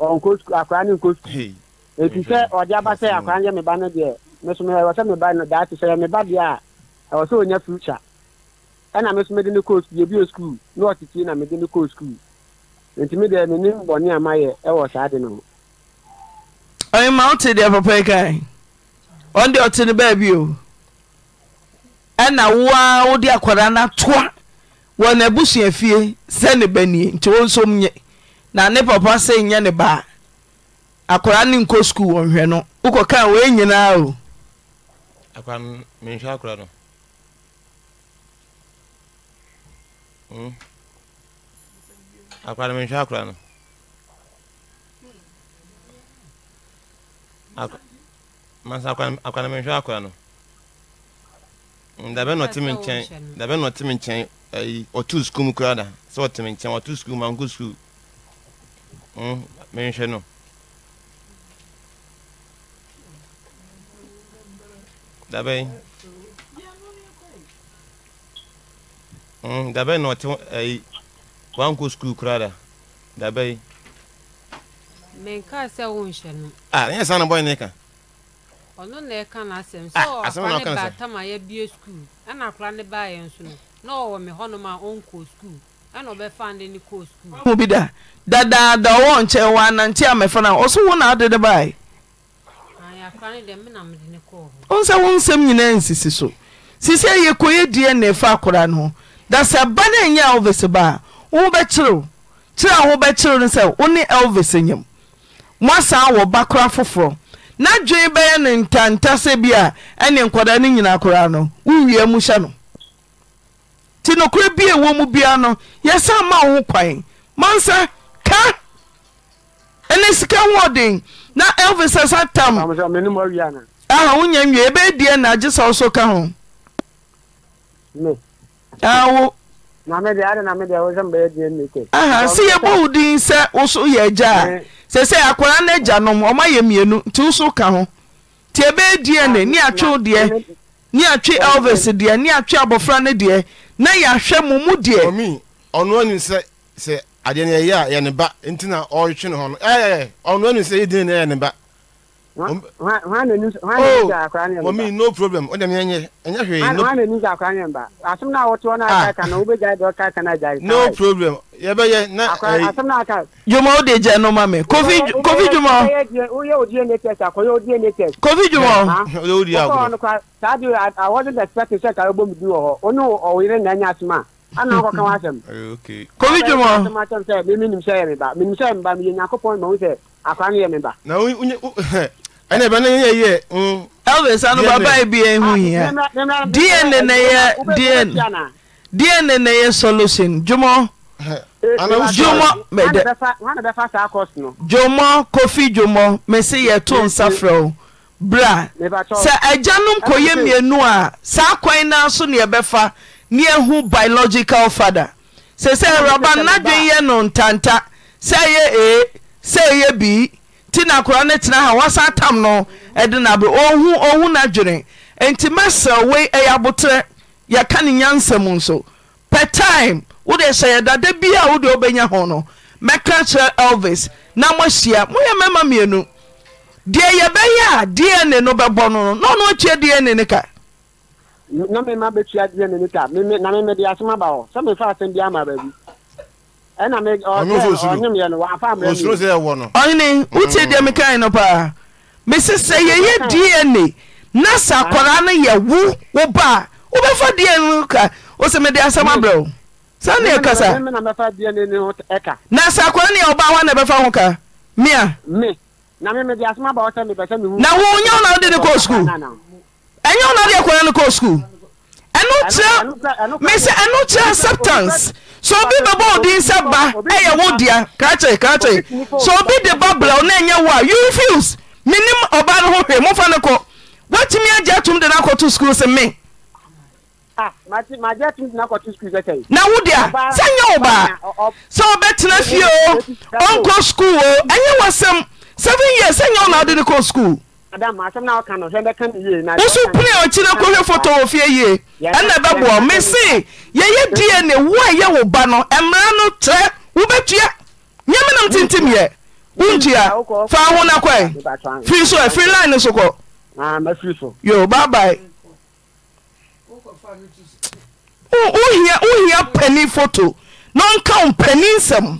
S9: akwara ne nkɔ sukuu ɛti sɛ ɔde aba sɛ akwara nyɛ meba no deɛ meso ɛwɔ sɛ meba no daa te sɛ meba deɛ a ɛwɔ sɛ ɔnya future ɛna me so mede kɔɔ sukuu sukuu na ɔtete na mede ne kɔɔ sukuu nti me deɛ menim bɔne a mayɛ ɛwɔ saa de no ho ɔyima wote deɛ papa kae ɔn ɔte no baabi o ɛna woa wode
S1: akwara no atoa wɔ ne abusua fie sɛ ne banie nti wo nso nyɛ na ne papa sɛ nyɛ ne baa akwaraa ne nkɔ sukuu wɔnhwɛ no wokɔ kaa wei nyinaa o
S7: menhwɛ akora no akora no menhwɛ akora no mansa hmm. akora no menhwɛ akora no hmm, dabɛ na ɔte me nkyɛn dabɛ na ɔte me nkyɛn ɔtu sukuu mu koraa da sɛ ɔte me nkyɛn ɔtu sukuu mu ankɔ sukuu Mm, menhwɛ no dabɛn mm, dabɛn na ɔte eh, ayi wankɔ sukuu koraa da dabɛn
S8: menkaa sɛ wonhyɛ no
S7: ah ɛnyɛ saa na bɔyɛ ne ka
S8: ɔno na ɛka no asɛm sɛ ɔkwa ne baatam a yɛbie sukuu ɛna akora ne baa yɛ nso no na ɔwɔ me hɔnom a ɔnkɔɔ sukuu hu bi da
S1: dadaa da ɔwɔ nkyɛn wɔ anante amɛfa no a ɔso wo na adede bae ah, ɔn sɛ wo nsɛm nsisi so sisi yɛ kɔyɛ diɛ na ɛfa akora no ho da sɛ ba no elvis ba a wo bɛkyerɛw kyerɛ a wobɛkyerɛw no sɛ elvis na dwene bɛyɛ no ntanta sɛ bi a ɛne nkɔda no no wowie mu hyɛ no nti bi bia wɔ mu biaa no yɛsa ma wo ho kwan mansa ka ɛne sika hoɔden na elvis asa tam wonya wie ɛbɛɛdiɛ na agye sa wo so ka ho wo aha
S9: sɛ yɛbɔ wo
S1: din sɛ wo so yɛ agya a sɛ sɛ akwara no agya nom ɔma yɛ mmienu nti wo so ka ho nti ɛbɛɛdiɛ ne ne atwewo deɛ ne atwe elvis deɛ ne atwe abɔfra no deɛ
S7: na yɛahwɛ mo mu deɛ. mami ɔno anim sɛ sɛ adeɛ no yɛyɛ a yɛ ne ba nti na ɔretwe ne ho no ɛɛ ɔno anim sɛ yɛ din na yɛ ne ba mɔmi no problem o dɛmɛ ɛnyɛ ɛnyɛ hwee no hwee
S9: no akora no problem yɛbɛyɛ
S7: na asɛm
S9: na aka
S1: dwuma wo de gya no ma me kofi kofi dwuma
S9: woyɛ wo dna test kofi dwuma woyɛ di agorɔ saa de awɔde the spɛte sɛ ka wobɔ mu di wɔ hɔ ɔne ɔwere na ɛnyɛ asɛm a ana ɔkɔka wo asɛm kofi dwuma asɛm asɛm sɛ menim sɛ yɛ meba menim sɛ yɛ meba meyɛ
S7: sbababhid
S1: n yɛ solution dwmɔwm dwomɔ cofee dwomɔ mɛ se yɛ too nsa frɛwo berɛ sɛ agyanom kɔyɛ mmienu a saa kwan na nso neɛ bɛfa ne ahu biological fada sɛ sɛ awuraba nnadwene yɛ no ntanta sɛ ɛyɛ ee sɛ ɛyɛ bii nti na akora no tena ha woasa tam no ɛde na berɛ ɔhu ɔhu n'adwene enti mɛsɛ wei ɛyɛ abotire yɛka ne nyansɛm nso per time wode hyɛ yɛ dada bi a wode wobɛnya ho no mɛka kyerɛ elvis na moahyia moyɛ mɛma mmienu deɛ yɛbɛyɛ a dn no bɛbɔ no no na ɔno akyia dn ne ka
S9: na mema bɛtua dna ne ka na memede asɛm aba hɔ sɛ mefa asɛm bi ama baabi ne
S1: woti deɛ me ka no paa mese sɛ yeyɛ diɛne na sa ah. kara no yɛ wo wo ba wobɛfa diɛan ka ɔsɛ mede asɛm abrɛwo sane ɛkasa
S9: na sa kwara no yɛɔba hana ɛbɛfa ho
S1: ka mea
S9: na wonya wno
S1: wodene kul yɛ na wode ɛkaa no kskuul
S6: ɛno kyerɛ mesɛ ɛno kyerɛ acceptance
S1: sɛ obi bɛbɔ ɔdin sɛ ba ɛyɛ wo dea kakyɛ kakyɛ sɛ obi de ba bla wo na ɛnyɛ wo you refuse menim ɔbaa no ho hwɛ mofa no kɔ woatumi agye atom de no to school sɛ me
S9: na wo dea sɛ nyɛ wo baa sɛ ɔbɛtena fie o ɔnkɔ skuul o ɛnyɛ wasɛm
S1: seven years sɛ nyɛ wo na wode no kɔ skuul
S9: adamu asɛm na ɔka no hwɛ bɛka ne yie na. wosu pere ɔkyerɛ kɔhwɛ foto wɔ
S1: fie yie ɛna bɛboɔ mese yɛyɛ dna wo a ɛyɛ wo ba no mmara no kyerɛ wobɛtua nyɛma nam tentim yɛ wontua fa ho na
S9: kɔe
S1: firi so firi line so kɔ ah, yo babae wohia pani foto na ɔnka wo mpani nsɛm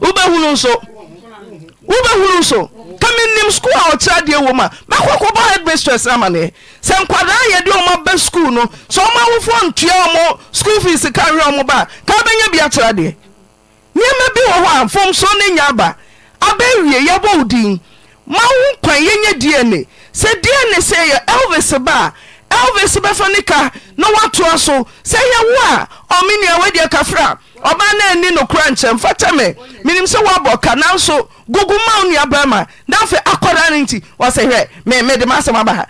S1: wobɛhunu nso wobɛhunu nso ka menim skuul a ɔkyerɛ deɛ wɔ m a mɛkɔkɔbɔ ama amaneɛ sɛ nkwadaa yɛde ɔma bɛ skuul no sɛ ɔma awofoɔ ntua ɔmo skuul fees ka hwɛ ba ka wobɛnya bi akyerɛ deɛ nneɛma bi wɔ hɔ a fomso no nya aba abɛwie yɛbɔ wo din ma wo nkwan yɛnya dna sɛ dna sɛ yɛ elvis ba a elvis bɛfa ne ka na woatoa so sɛ yɛ wo a ɔmenea woadia kafra ɔba na ani nokora nkyɛm fa tɛme menim sɛ woabɔ ka nanso gogu ma wo nuabrama na afei akɔda no nti wɔsɛ hwɛ mede masɛm aba ha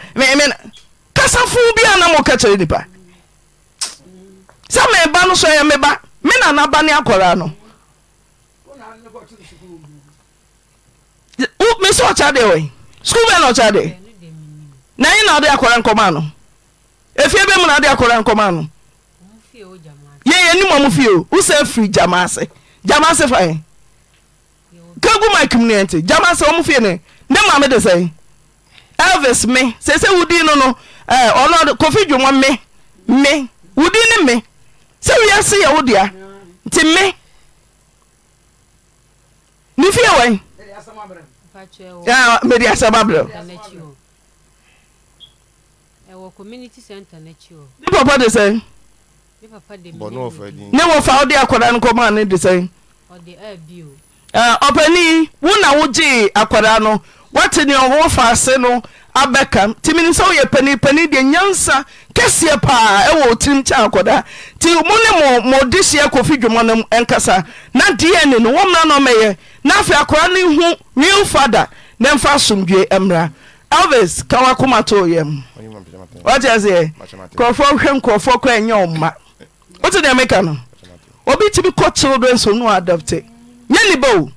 S1: kasafo biaa na mɔka kyerɛ nipa sɛ meba no so yɛ meba me nanaba ne akɔraa no me sɛ ɔkya deɛ wɔ skuul bɛ na ɔkya deɛ na ɛyɛ na ɔde akɔra nkɔmaa no efie bɛ mu na ade akɔra nkɔma no yɛyɛ ni mɔmu fie o wosɛ firi gyama ase gyama ase fa yɛn kegu mike mu nìyɛn gyama ase ɔmu fie ne ne maame de sɛ elvis mi sese wudi no no ɛɛ ɔno kofi dwuma mi mi wudi ne mi sɛ wia si yɛ wodia nti mi ne fie wɔn ɛɛ mɛdi asɛm
S8: abirɛ. wɔ community center n'akyi hɔ. ne papa de sɛn. ne papa de mi. bɔnú
S7: ɔfɛ
S1: di. ne wɔ fa ɔde akwadaa no kɔmaa ne de sɛn. ɔde ɛɛ bi o. ɛɛ ɔpɛni wo na wo gye akwadaa no wate ne ɔwɔ fa ase no abɛka tìmí ni sɛ woyɛ panipani deɛ nyansa kɛseɛ paa ɛwɔ otirim kyɛ akwadaa nti mo ne mo mo de hyia kofi dwuma no nkasa na dna no wɔn mmerɛ na ɔmɛyɛ na afei akwadaa no hu real father na nfa asomdwe mmra. elvis ka wakoma to yam wate aseɛ nkurɔfoɔ hwɛ nkurɔfoɔ kɔ ɛnyɛ wo mma wote deɛ meka no obi tumi kɔ children so no adopte nyɛ niba o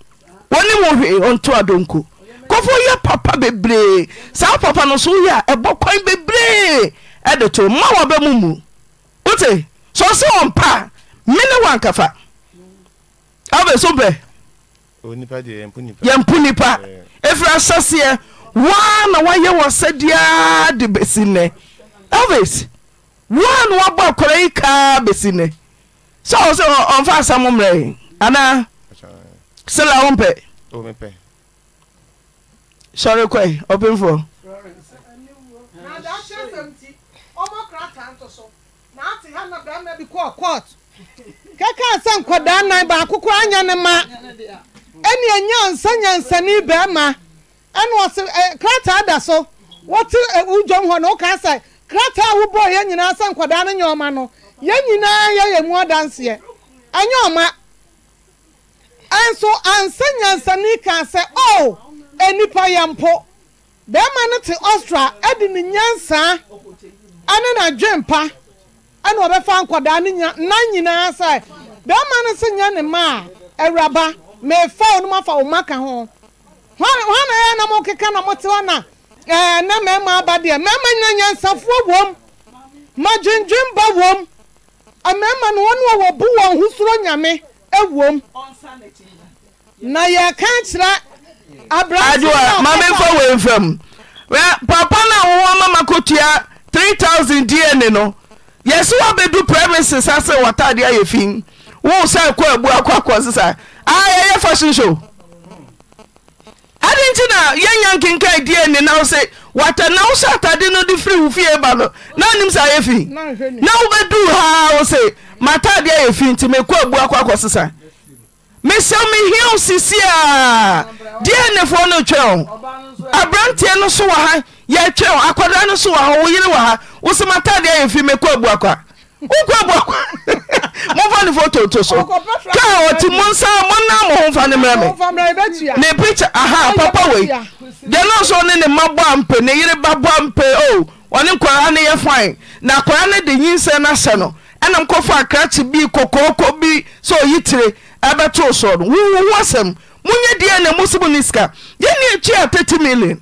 S1: wɔne wo hwee ɔnto adonko kɔfoɔ yɛ papa bebree saa papa no so woyɛ a ɛbɔ kwan bebree ɛde to ma wɔbɛ mu mu wote sɛ ɔsɛ ɔmpa a mene wo ankafa elvis wopɛ yɛmpo nipa ɛfiri asaseɛ waa na woayɛ wɔ dị de bɛsi nɛ elvis woa na woabɔ akɔra yi kaa bɛsi nɛ sɛ ɔ sɛ asa mo mmerɛ anaa sela sɔre
S3: sɛ nkɔdaa nan anyɛ ne ma ɛne nyansane ɛna ɔsi krataa da so wɔte ɛwudwom hɔ na ɔka asa krataa a wobɔ nyinaa sɛ nkwadaa no nyɛ ɔma no yɛn nyinaa yɛyɛ mu adanseɛ ɛnyɛ ɔma ɛnso ansa nyansani kaa sɛ ɔɔ enipa yɛn mpo bɛrima no te ɔstra ɛde ne nyansaa ɛne n'adwempa ɛna ɔbɛfa nkwadaa no nya nan nyinaa sɛ bɛrima no se nyɛ ne mmaa ɛwuraba mɛɛfa wɔn mu afa wɔn ho. hɔn eh, na yɛ na mụ keke na mo te hɔ na ɛɛ eh, na mɛɛma aba deɛ mɛɛma nyɛ nyansafoɔ wɔm madwendwen ba wɔm mɛɛma no wɔn a wɔbu wɔn ho soro nyame ɛwɔm e na ya ka kyerɛ abranteɛ na ɔkeka aduwa maame nfa wɔ nfam wɛ papa na wɔn
S1: mama kotua three thousand dna no yɛsi wɔ bɛdu premises ase wɔ ataade ayɛ fi wɔn sɛ ɛkɔ akwa akɔ akɔ sisan a yɛyɛ fashion show. aden nti na yɛanya nkenkaa diɛ ani na wo se wata na wo sɔ atade no de firi wo fie ba nɔ na anim sa yɛ fii
S3: na wobɛdu haa wo sɛ
S1: mataadeɛ ayɛ fi ntimekɔ abuakɔa kɔsesae mesɛw mehiwo sisie a deɛ nnefoɔ no kweɛwo aberanteɛ no so wa ha yɛ twɛo akwɔda no so w ha wo yere w ha wo sɛ matadeɛ ayɛ fii mekɔ abuakɔa wokɔ boakwa momfa ne fototo so ka ɔte mo nsa mona mo ho mfa ne mmerɛ
S3: me ne pikya aha papa wei gyane so ne
S1: ne mmaboa mpe ne yere baboa mpe o ɔne nkwaraa ne yɛ fae na akwara ne de nyinsɛ no asɛ no ɛnam kɔfa akrakye bi kokooko bi sɛ ɔyi tire ɛbɛtoo soɔ no wowo ho asɛm monyɛ deɛ na mosom ne sika yɛne akyi a 30 million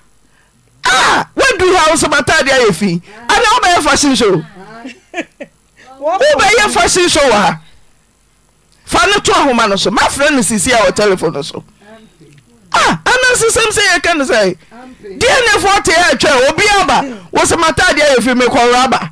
S1: Ah, wodu ha wo sɛmatadeɛ ayɛ fi an wobɛyɛ fa sesɛowobɛyɛ fa sonso wɔ ha fane to ahoma no somafrɛ no sesi a wɔ
S3: telefonnso
S1: ah, ana sesɛm sɛ yɛkɛ ne sɛ deɛnnefo tɛtwɛ obiaba wo smatadeɛ ayɛfi mekɔra ba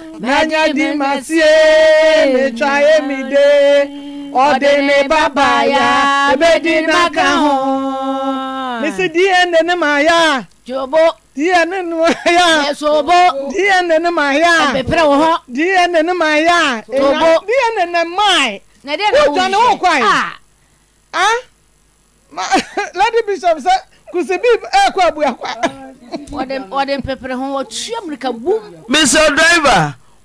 S3: n'anya di ma sie e, mecha emide ọ dị n'ịbaba ya ebe dị n'aka hụ misi dna e ne ma ya jobo dna e ne ma ya esobo dna ne ma ya ebepere wọ hɔ dna ne ma ya jobo dna ne ma na de na wuyi wọ kwa yi ah
S4: ma lady bishop sɛ kusi bi ɛkɔ abuakwa wɔde wɔde mpepere ho wɔtua mirika bum.
S1: mr driver.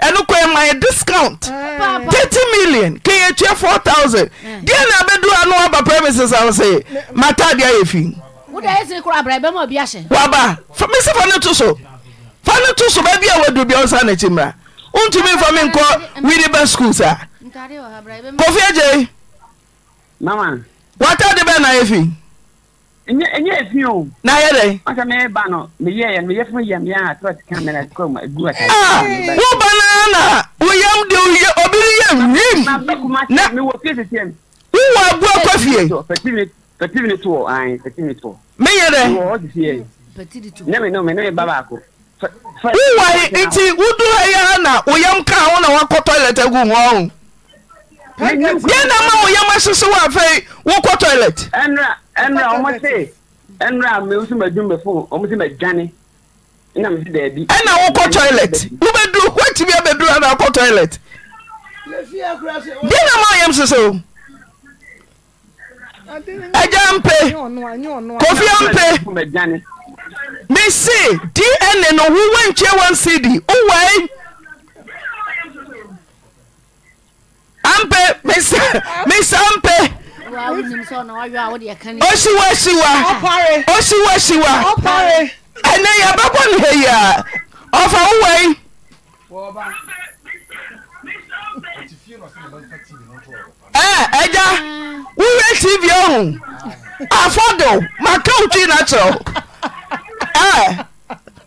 S1: ɛno kɔɛ mayɛ discount Thirty million four kɛyɛtua 4000 deɛ na abɛdua no waba premises ano sɛ matade ayɛ fi waba mese fa ne to so fa ne to so baabi a waduru bia wo sa n'akyi mmra wontumi mfa me nkɔ winiba school saa
S4: kofi
S9: agyei watade bɛ na ayɛ fi nye nye efi o. na yɛ dɛ. wọn sɛ mi ba nɔ mi yɛ yɛ mi yɛ fún yɛ mi yɛ atɔ ti kan mi na kɔ mu egu ata. wọ́n bá náà na o yam de o yẹ obi ni yẹ wim. na bɛ kuma se mi wɔ fie sisi yɛ mi. n wɔ abu ɔkɔ fie. pɛti mi to wɔ ayi pɛti mi to. mi yɛ dɛ. mi wɔ ɔdi fie. pɛti mi to. ne mi ne mi ne mi ba baako. wúwa yi e, nti e wúdúrà yà á na o yam ká àwọn na wa kọ tọ́ilẹ̀tẹ̀ gùn wọn
S1: yẹn na ma wo yẹn ma soso wa afẹ
S9: wo kọ toilet. ẹnura ẹnura ọmọ sè ẹnura mi nso ma dun bẹ fún ọmọ sè ma dwane ẹnna mi si dẹẹbi. ẹnna wo kọ toilet wo bẹ duru wo ti bi ẹ bẹ duru ẹnna kọ toilet.
S3: yẹn na ma wo yẹn soso. ẹja mpe kofi
S1: mpe mesi dna no wo wẹ nkyẹn wọn cd wo wẹ. mpe mesampe
S4: osiwa siwa
S1: osiwa siwa ɛnɛ yɛbɛbɔ ne ha yi a ɔfa wowai
S10: ɛgya eh,
S1: wowie tv ɔhu afɔdo
S9: maka eh, wo twi na kyerɛw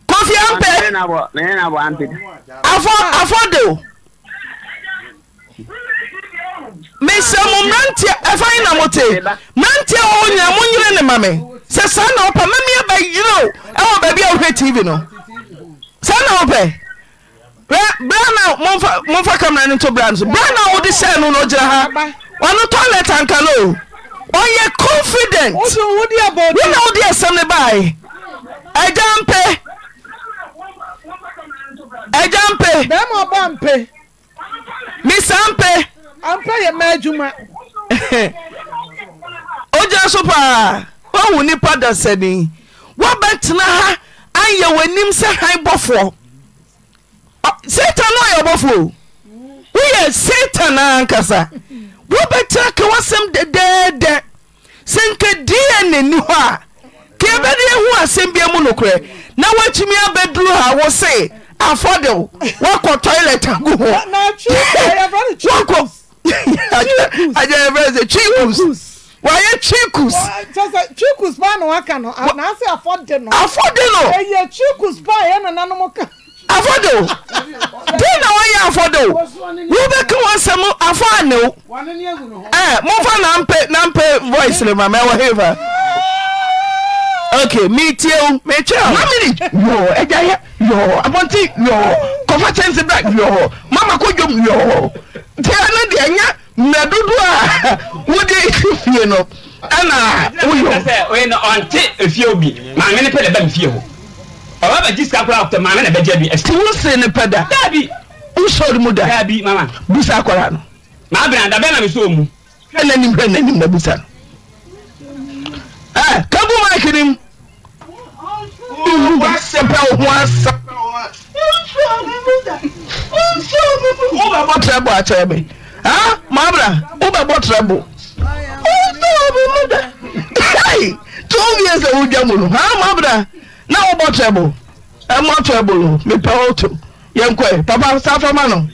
S9: kofia mpɛ afɔdo
S1: mesɛ mo mmeranteɛ ɛfane na mote
S9: mmeranteɛ wɔwɔ nyina monyere ne
S1: ma me sɛ saa na wopɛ mamiɛ bɛyere o ɛwɔ baabi a wohwɛ tv no saa na wopɛ bra na momfa kamera no to bra no so bra na wode sɛ no na ogyina ha ɔno toilet ankalo o ɔyɛ confident wona wode asɛm ne bae agya mpɛ
S3: agya mpɛ mesa mpɛ ogya so paa
S1: woawo nnipa dasani woabɛtena ha ayɛ w'anim sɛ hann bɔfoɔ satan na ɔyɛ ɔbɔfoɔ woyɛ satan a ankasa woabɛtena ka woasɛm dɛdɛɛdɛ sɛ nka diɛ nani hɔ a ka ɛbɛde ɛhu asɛm bia mu nokorɛ na woakyimi abɛduru ha wo se afɔdew woakɔ toilet agu hɔ
S3: ajẹ chikus wàyẹ chikus. chikus pa na waka no n'asẹ afọde no. afọde no. eye chikus pa yẹ na nom ka. afọde o dín na wọ́n yẹ afọde o
S1: wọ́n bẹ kí wọ́n sẹ́ mu afọ àná o
S9: ẹ mo fa na
S1: mpẹ na mpẹ voice rẹ màmá ẹ wọ hẹ́ẹ̀fà ok mi tie o mi tie o mamiri yọ ẹja yẹ yọ abọnti yọ kọfà kyẹnsi bra yọ mama kojom yọ tia no deɛ
S11: nyɛ mmerɛ dodoɔ a wode ɛsi fie no ɛna woyɛ ɔnte efie maame ne pɛ na ɛbɛn fie hɔ ɔba bɛ sika koraa ɔtɛ maame na bɛgye bi ɛsi wo se ne pɛ da daabi wosɔre mu daabi mama busa akɔra no maa da bɛn na mi so omu hwɛ n'anim na busa no
S1: kabu maaki ni mu iwu asɛpɛ ohun wobɛbɔ trɛbo akyerɛ me a mabra wobɛbɔ trɛbo twelve years a wodwa mu no ha mabra na wobɔ trɛbo ɛmɔ trɛbo no
S11: mepɛ wo to yɛnkɔɛ papa sa fama no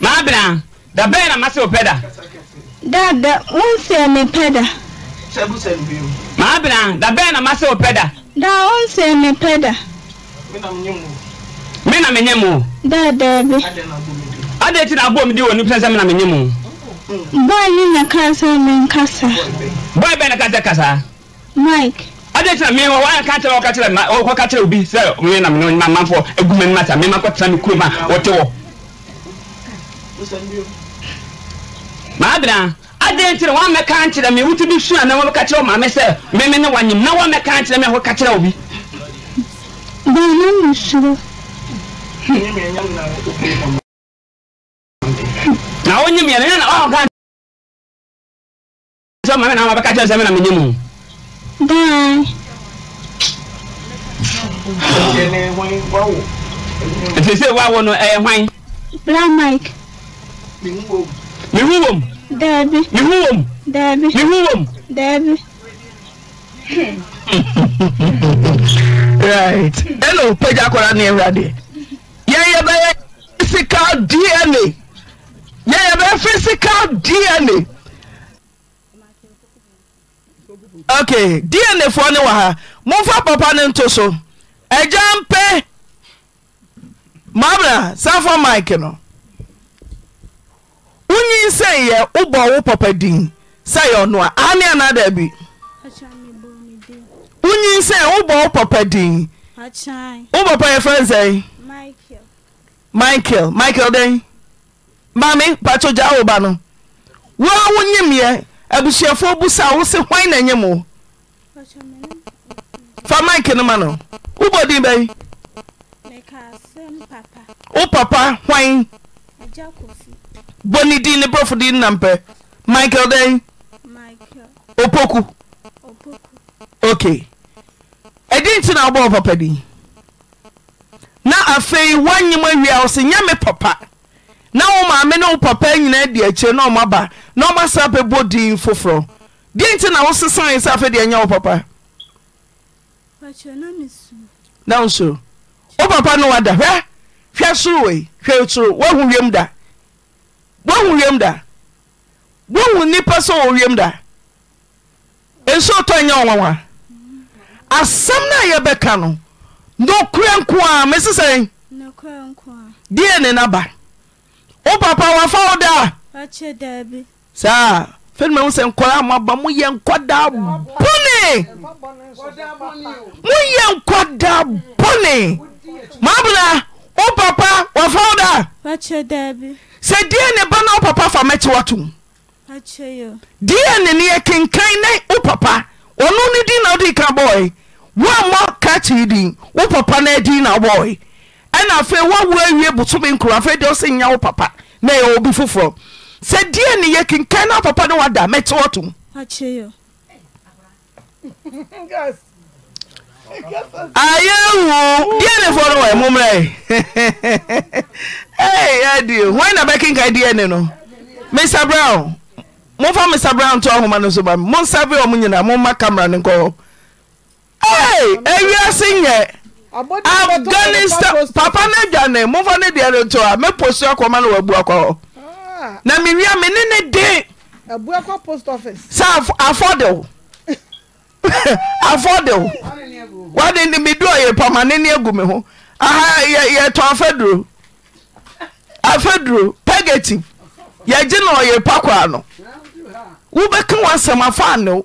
S11: mabra da bɛn na mase wo pɛ da
S12: dada wonsɛ me pɛ da
S11: mabra da bɛn na mase wo pɛ da
S12: da wonsɛ me pɛ da
S11: me na menye mu daadaabi adɛn ti na aboɔ me di wɔ nipa sɛ me na menye mu
S12: bɔɔl yi na kasa me nkasa
S11: bɔɔl bɛɛ na kasa kasa mike adɛn ti na me wɔ wɔn ka kyerɛ wɔka kyerɛ ma wɔkɔ ka kyerɛ obi sɛ me na me ma manfoɔ egu me mata me ma kɔ tena me kurom a wɔte wɔ maa bena adɛn ti na wɔn mɛ ka kyerɛ me bi sua na wɔn ka maame sɛ me me ne wɔn nyim na wɔn mɛ ka kyerɛ me wɔn obi.
S12: bɛn
S6: na mi suro na wonye mmienu na ɔ ka sɛ maame na mabɛka kyerɛ sɛ me na menye mu
S12: ɛti
S11: sɛ woawo no ɛyɛ eh, hwan
S12: bra mike mehu wom daabi mehu wom daabi mehu wom daabi right ɛna
S1: opagya akɔra ne awurade yɛyɛ bɛyɛ physical dna yɛyɛ bɛyɛ physical dna okay dna foɔ ne wɔ ha momfa papa ne nto so agya mpɛ mamra sanfa mike no wonyin sɛ yɛ wobɔ wo papa din sɛ yɛ ɔno a ane anada bi wonyin sɛ wobɔ wo papa din
S12: wo papa yɛfrɛ
S1: sɛn e? michael michael dɛn maame pato gya wo ba no woa wo nyimyɛ abusuafoɔ bu sa wo se hwan na nyim wo fa Michael no ma no wobɔ din bɛyi wo papa hwan bɔ ne din ne bɔfo din nampɛ michael dɛn opoku ok ɛdi nti na wobɔ wo papa din na afei woanyima wie a wo sɛ nyɛ me papa na wo maame ne wo papa nyinaa adi akyire na ɔmaba na ɔmasa bɛbɔ din foforɔ Di nti na wosesae sɛ afe deɛ nyɛ wo papa na nso wo papa no wada hwɛ hwɛ soro wei hwɛ soro woahu wiem da woahu wiem da woahu nnipa sɛ wɔ wiem da nso tɔ nyɛ wo nwanwa asɛm no a yɛbɛka no nokorɛ nko a mese sɛ deɛɛ ne no ba wo papa waafa oda saa fɛnimamu sɛ nkɔraa mo ama moyɛ nkwdabɔne moyɛ nkwadabɔne mabena wo papa wafaoda
S12: sɛ deɛ
S1: ne ba na wo papa fa mɛkye wato m
S12: deɛ
S1: ne ne yɛ kenkan ne wo papa ɔno ne din na wodeka bɔe woammɔ ka kyee din wo papa no adin na wɔe ɛna afei woawo awie bosome nkuro afei deɛ wosɛ nya wo papa na ɛyɛ obi foforɔ sɛ deɛ ne yɛ kenkan na papa no wada mɛte wɔtom
S3: ayɛwu deɛnefoɔ no wɔ
S1: mommerɛ ɛdeɛ hwan na bɛkenkan deɛne no mr brown momfa mr brown to ahoma no so ba monsɛbe ɔ mo nyinaa momma camera no nkɔ ewiase nyɛ
S3: afghanistan papa no
S1: adwane momfa no deɛ nto a mɛposi akɔma no waabuakɔ hɔ
S3: ah. na mewia me ne ne de sɛ
S1: afɔdew afɔdew wade ne meduɔ yɛ pamane ne agu me ho aha yɛtɔ afaduro afaduro pageti yɛgye na ɔyɛ pakwa no wobɛka woasɛm afa anew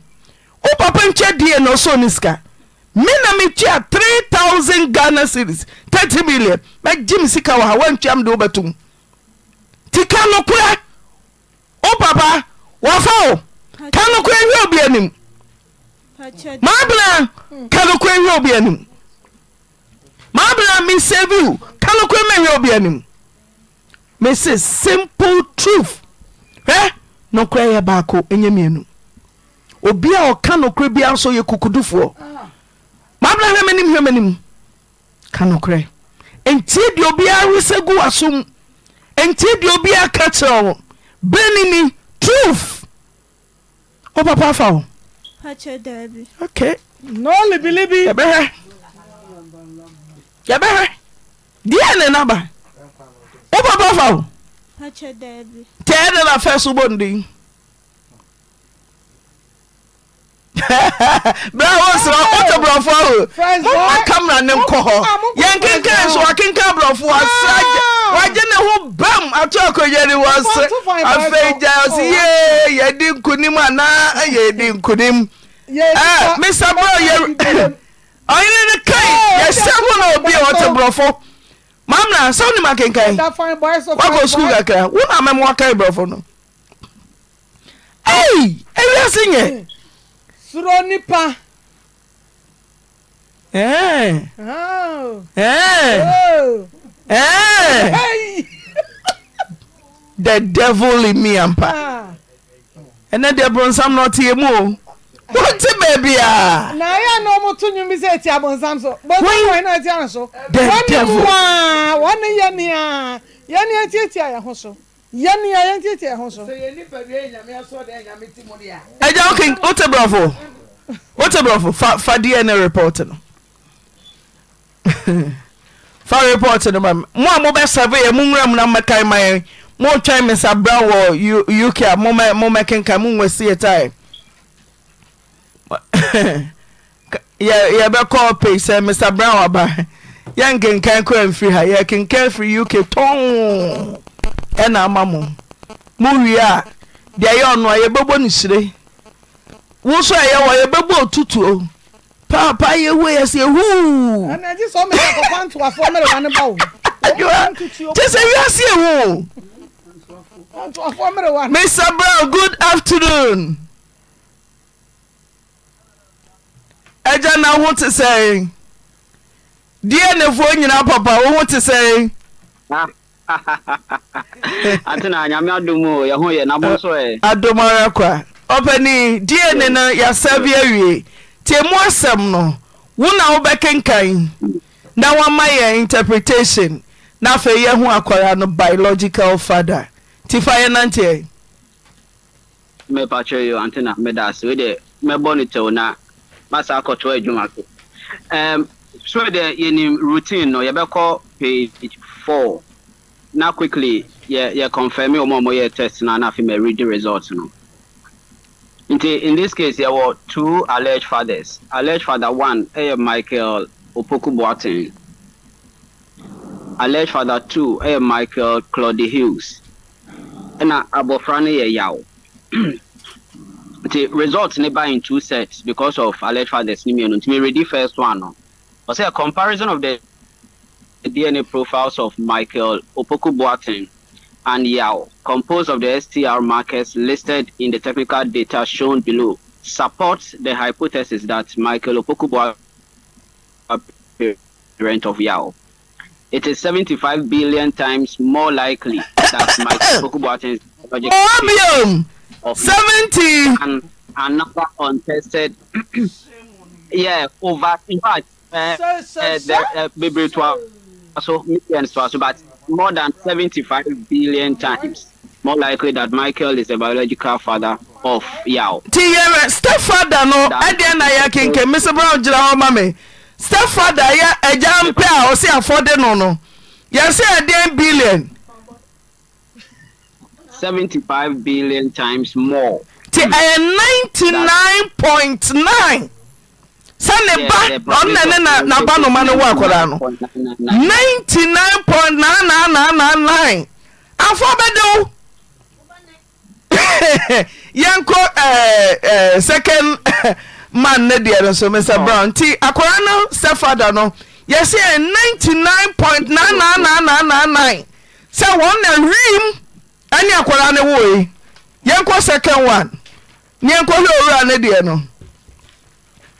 S1: wopapa kyɛ diena ɔsone sika mina metua s ghana series 30 million megyemesika wh watam de obatm nti kanoka papa ofa kaka bnm
S12: a
S1: kaan a mesv kaka bnm mese simple truth nka yɛak n obi a ɔka nokorɛ bia nso yɛ kukudufoɔ mabra hwɛ m'anim hwɛ m'anim ka nokorɛ ntie deɛ obiara wesɛ gu w'asom ntie deɛ obiara ka kyerɛ wo benini truth wo papa afa wo okay nɔɔlibilibi yɛbɛhwɛ yɛbɛhwɛ deɛ ne naba wo papa afa wo
S12: tɛɛ
S1: ne na fɛ so bɔ berɛ a wosra wotɛ borɔfo aho moma kamera ne nkɔ hɔ wakenka borɔfo wagye ne ho bam ato wɔ se afei ɔse ye yɛdi nkonim anaa yɛdi nkonim mesa yɛ ɔyene ne yɛsɛ ho na obi a wɔte borɔfo sɛ wonim akenkan
S3: wakɔ kakra wona
S1: wakae borɔfo
S3: no ei ewiase nyɛ suro nipa. Eh. Oh. Eh. Oh.
S1: Eh. Hey. the devil in me ampa. ɛnɛ deɛ bronsam na ɔte mu o wonte baabi a
S3: na ɛyɛ na ɔmoto nwumi sɛ ɛti abonsam so bonsam na ɛti ano so wɔne mu a wɔne yɛ nea yɛne atiatia yɛ ho so wote bf
S1: fadeɛ ne report no fa reprt moa mobɛsɛ muwamua ɛamamota misabran w uk a mɛkeka muwɛsityɛbɛkɔ pa sɛ misabra aba yɛ nkeka kɔa fri yɛ keka fri uk to ɛna ama mo mo wie a deɛ ɛyɛ ɔno a yɛbɛbɔ ne hyire wo nso ɛyɛ wɔ yɛbɛbɔ otutuo paapa yɛhu yɛ sɛ huu kyɛ sɛ wiase ɛhu Mr. Brown, good afternoon. Ẹja na wo ti sẹ́yìn. Díẹ̀ nìfọ́ nyina papa, wo ti sẹ́yìn.
S13: ate na nyame adom o yɛho yɛ nabo nso ɛ
S1: adom ara kwa ɔpani dn no yɛasa bi awie nti mu asɛm no wụ na wobɛkenkan na woama ya interpretation na afọ afei hụ akwara no biological father nti ya yɛ nanteɛ
S13: mepakyerɛ yo antena na medase wode mɛbɔ no tɛw na masa akɔtoa adwuma so um, so de yɛnim routine no yɛbɛkɔ page four Now quickly yeah, yeah, confirm wɔn a wɔyɛ test na na afei ma read the result no nti in this case there were two alleged fathers alleged father one ɛyɛ eh, michael opoku boateng alleged father two ɛyɛ eh, michael Claudie hughes ɛna eh, abɔfra no yɛ yaw nti result ne in two sets because of alleged fathers ne mmienu nti mi ready first one say a comparison of the DNA profiles of Michael Opoku Boateng and Yao, composed of the STR markers listed in the technical data shown below, supports the hypothesis that Michael Opoku Boateng parent of Yao. It is 75 billion times more likely that Michael Opoku Boateng's biological of 70 and another untested yeah over in fact uh, so, so, uh, so, the, uh, also millions to us, but more than 75 billion times more likely that Michael is the biological father of Yao. Tiyere, stepfather no, Edia
S1: na ya Mr. Brown gyina hɔ ma me. Stepfather yɛ ɛgya mpɛ a ɔsi afɔde no no, yɛsi ɛdiɛ billion.
S13: Seventy-five billion times more. Ti ɛyɛ
S1: ninety-nine point nine.
S13: sani ba ọnene na na banuma no wọ akwara ano
S1: ninety nine point nine nine nine nine nine afọ bẹdẹw yẹn kọ ẹẹ ẹẹ second man ne deɛ nso Mr oh. Brown nti akwara no stepfather no yɛsi yɛ ninety nine point nine nine nine nine nine nine sɛ wɔn na rim ɛne akwara no wɔ yi yɛn kọ second one yɛn kọ hwɛ owura ne deɛ no.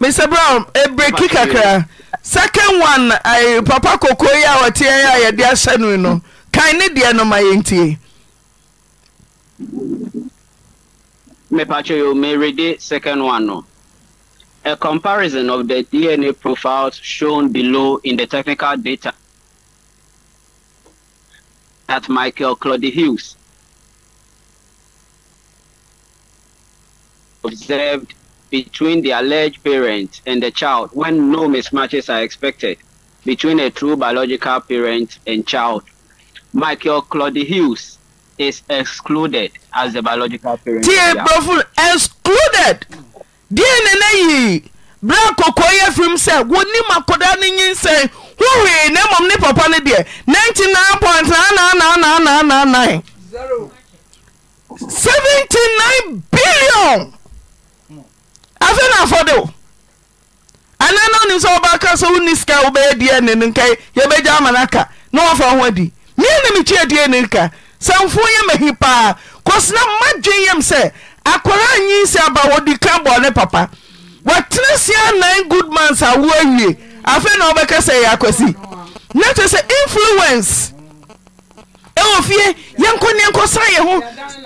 S1: Mr. Brown, a breaky kakra. Second one, I papa koko ya wati ya ya dia sanu no. Kaini dia no ma yenti.
S13: Me pacho yo me ready second one A comparison of the DNA profiles shown below in the technical data at Michael Claude Hughes observed between the alleged parent and the child when no mismatches are expected between a true biological parent and child. Michael Claude Hughes is excluded as the biological parent. Tie brofun
S1: excluded. Díẹ̀ nínú yìí, bíra kòkó yẹ fi mu sẹ́, wọ́n ní màkọ́dá ní yín sẹ́, wúwì ní mọ̀ ní pọ̀pọ̀ ní díẹ̀, nineteen nine point nine nine nine nine nine nine nine. Seventy nine billion. afei na afɔde wo ana na onim sɛ wobɛka sɛ wonni sika wobɛyɛ deɛ ne ne nka yɛbɛgya ama no na wɔmfa ho adi meɛ ne mekyia deɛ ne nka sɛ mfo yɛ mahi paa kɔsena madwen yam sɛ akwara anyinsi aba wɔdi ka bɔ ne papa wɔtena sia anan good mans a wo awie afei na wɔbɛka sɛ ya akwasi na sị sɛ influence ɛwɔ fie yɛnkɔ neɛnkɔ sa yɛ ho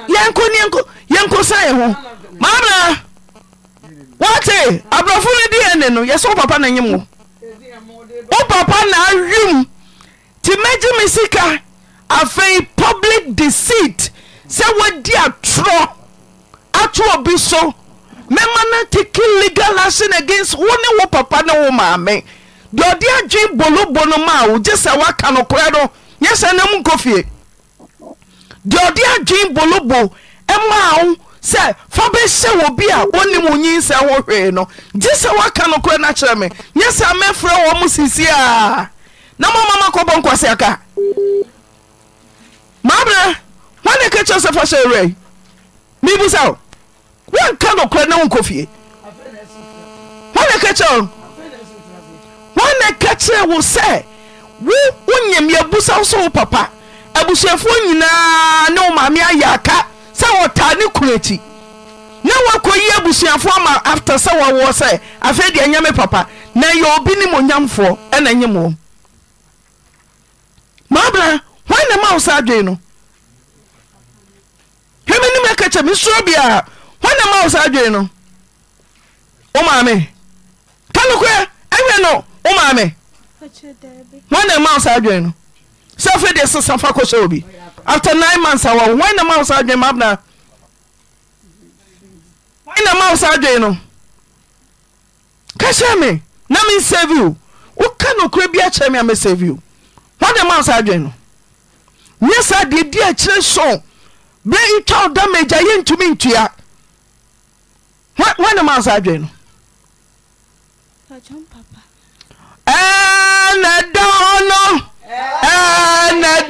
S1: yɛnkɔ neɛnkɔ yɛnkɔ sa yɛ ho maabra wate aborɔfo no dine no yɛsɛ wo papa no nyim o wo papa na awom nti mɛgye me sika afei public deceit sɛ wadi atorɔ atoɔ bi so mɛma no teke legal action against wo ne wo papa ne wo maame deɛ ɔde adwen bolobo no maa wo gye sɛ woaka nokorɛ no nyɛ sɛ no mu nkɔ fie deɛ ɔde adwen bolobo wo sɛ fa bɛhyɛ wɔ bi a wonim wo nyinsɛ ho hwee no gye sɛ woaka nokora no akyerɛ me nyɛ sɛ mɛfrɛ wɔ mo sisie a na momama kɔbɔ nkwase aka maabrɛ wane ka kyerɛ sɛ fa hyɛ werɛ mebu sa wo woanka nokora ne wonkɔ fie wane ka kyerɛ wane ka kyerɛ wo sɛ wo wonyamyɛbu sa wo so wo papa abusuafoɔ nyinaa ne wo maame ayɛ aka sɛ wɔtaa ne akyi na woakɔ yi abusuafoɔ ama after sɛ wɔwoɔ sɛ afei deɛ nyɛ papa na yɛ obi ne monyamfoɔ ɛna hwan na ma wo saa no kyɛ hwan na ma wo saa adwei no wo maame ka nokoa ɛhwɛ no wo na ma wo saa no sɛ afei deɛ sesa fa kɔ obi aft nine month aw namsadwmn namao sa dwn no kahyɛ me namesɛvio woka nokra biakyeɛme amɛsv hde masa dwn no nɛ sa deɛdiakyirɛ s berɛ twa damaa yɛ ntumi ntua nɛ m s wn no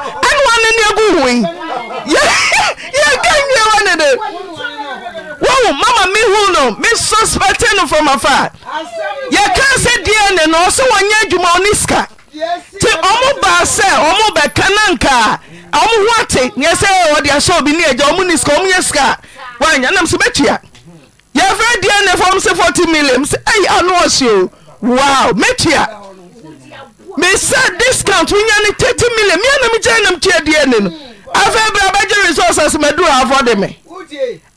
S1: ɛne wane ne agu ho yi yɛka nwie wa ne de wow mama me hu no me suspect no from afar
S3: yɛka sɛ dna no ɔsɛ wɔnyɛ adwuma ɔne sika nti ɔmo baa sɛ ɔmo
S1: bɛka na nkaa ɔmo ho ate nyɛ sɛ ɔde ahyɛ obi ne agya ɔmo ne sika ɔmo yɛ sika wanya nam so bɛkyia yɛfrɛ dna fɔm sɛ 40 million sɛ ɛyi ano ɔhye o wow mɛkyia mesɛ discount wonya ne 30 million mea nam gyina nam tua deɛ ne no afei bra bɛgye resources maduru afɔ de me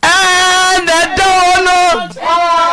S3: ɛdada hɔ no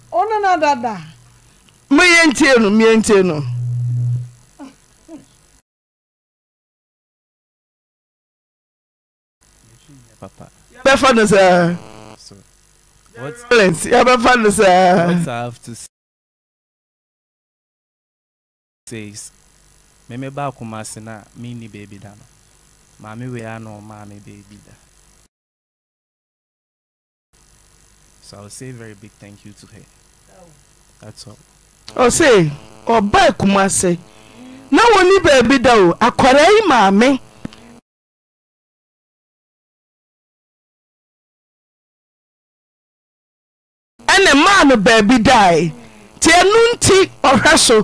S3: Ono na dada. Mwenye ntenu,
S6: mwenye ntenu. Papa. Bɛfa no saa. Silence, yɛbɛfa no saa. What I have to say
S7: is, meme ba Kumasi na minni beebi da no. Maame wei ano maame beebi da.
S1: So I will say a very big thank you to her. ọ
S6: ɔba akuma ekumasị na wonni beebi da o akwara yi maame ɛne maa no baabi dae nti ɛno nti ɔhwɛ so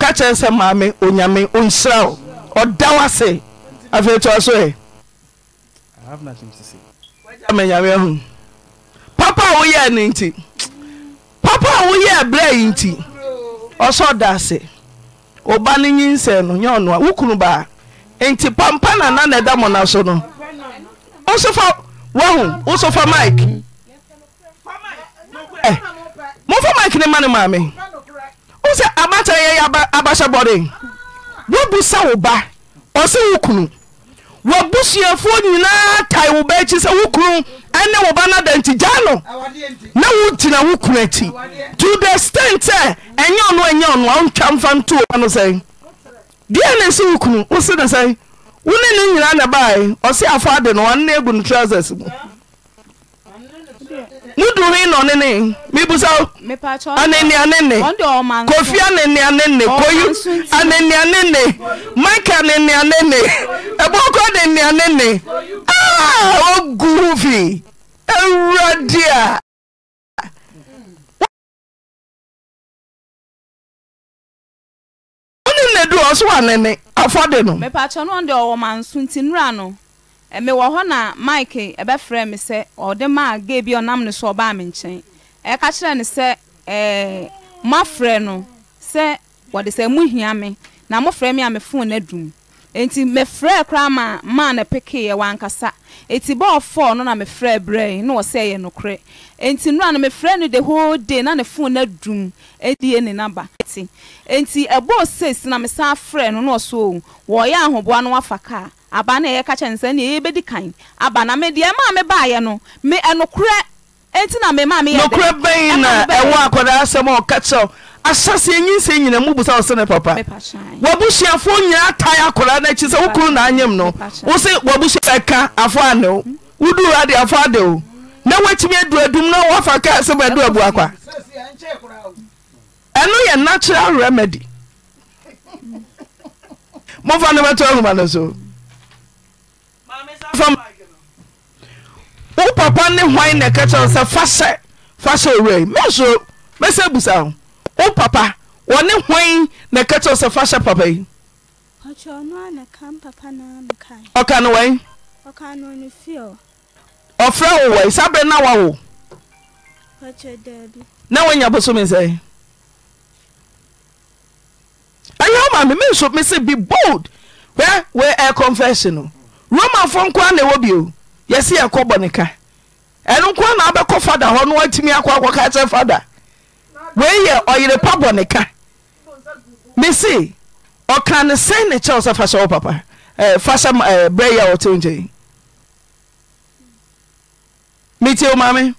S6: ka kyerɛ sɛ maame onyame ɔnhyira wo ɔda w ase
S1: afei so ɛ papa a no nti papa a berɛ yi nti ɔsɔ no nyinsɛ no nyɛ ɔnoa baa nti pampa na na na ɛda mɔna so no wosofa woahu wosofa mike momfa mike ne ma no maame wo sɛ abata yɛyɛ abahyɛ bɔden wobu sa wo ba ɔse wo wɔabusuafoɔ nyinaa tae wo baakyi sɛ wo kunu ɛnɛ wo ba no nti gya no na wogyina wo kunu akyi to the stent sɛ ɛnyɛ ɔno ɛnyɛ ɔno a wontwa mfa ntooa no sɛn deɛ ne na wo kunu wo se ne sɛn wo ne ne nyinaa na bae ɔse afa ade no ɔne ne agu no trousers mu mudumi nɔnene mibusao
S2: anenianene kofi anenianene koyu
S1: mike
S6: eboko ewuradia. wọ́n ní afọ́dẹ̀nu. mẹ́pàá tí màá
S2: ń sun nù. mewɔ hɔ na mike ɛbɛfrɛ me sɛ ɔde maa gay bi ɔnam ne so ɔbaa nkyɛn ɛka kyerɛ ne sɛ ɛɛ mafrɛ no sɛ wɔde sɛ mu hia na mofrɛ me a me fon n'adum nti mefrɛ koraa ma maa ne pekeeɛ wankasa eti bɔɔl fɔɔ no na mefrɛ brɛ na wɔsɛ yɛ nokorɛ nti nura no mefrɛ no the na ne fon edie ne naba nti ɛbɔɔl na mesan frɛ no na ɔso wɔyɛ ahoboa no wafa kaa. aba na ɛyɛ ka kyɛ ne sɛ neɛ kan aba na me deɛ ɛmaa mebaayɛ no me ɛnokorɛ e ɛnti e na memaa meyɛ nokorɛ bɛn na ɛwɔ
S1: akwadaa asɛm a ɔka kyɛw ahyɛse nyinsɛ nyina mu bu sa wo sɛ papa wabosuafoɔ nyinaa tae akwadaa no akyi sɛ wo kuro naanyam no wo se wabusua bɛka afɔ ane wo woduu hmm? ade afɔ ade na woatumi adu adum na woafa ka sɛ bɛdu abu akwa ɛno yɛ natural remedy mofa no bɛto ahoma no so wopapa ne han na katɛwo sɛ fa syɛ fa syɛ ower meso mɛsɛ bu sa wopapa wɔne han na katɛwo sɛ fa hyɛ papai ɔka
S12: n w
S1: frɛ owe sa berɛ na wawo na woanya boso m sɛ awmam meso mese biboad e acnesno romafoɔ nkoa na ɛwɔ bio yɛse yɛkɔ bɔ ɛno na wobɛkɔ fada hɔ no watumi akɔ fada wei yɛ ɔyere pa bɔ mese ɔka ne sɛn ne a metie maame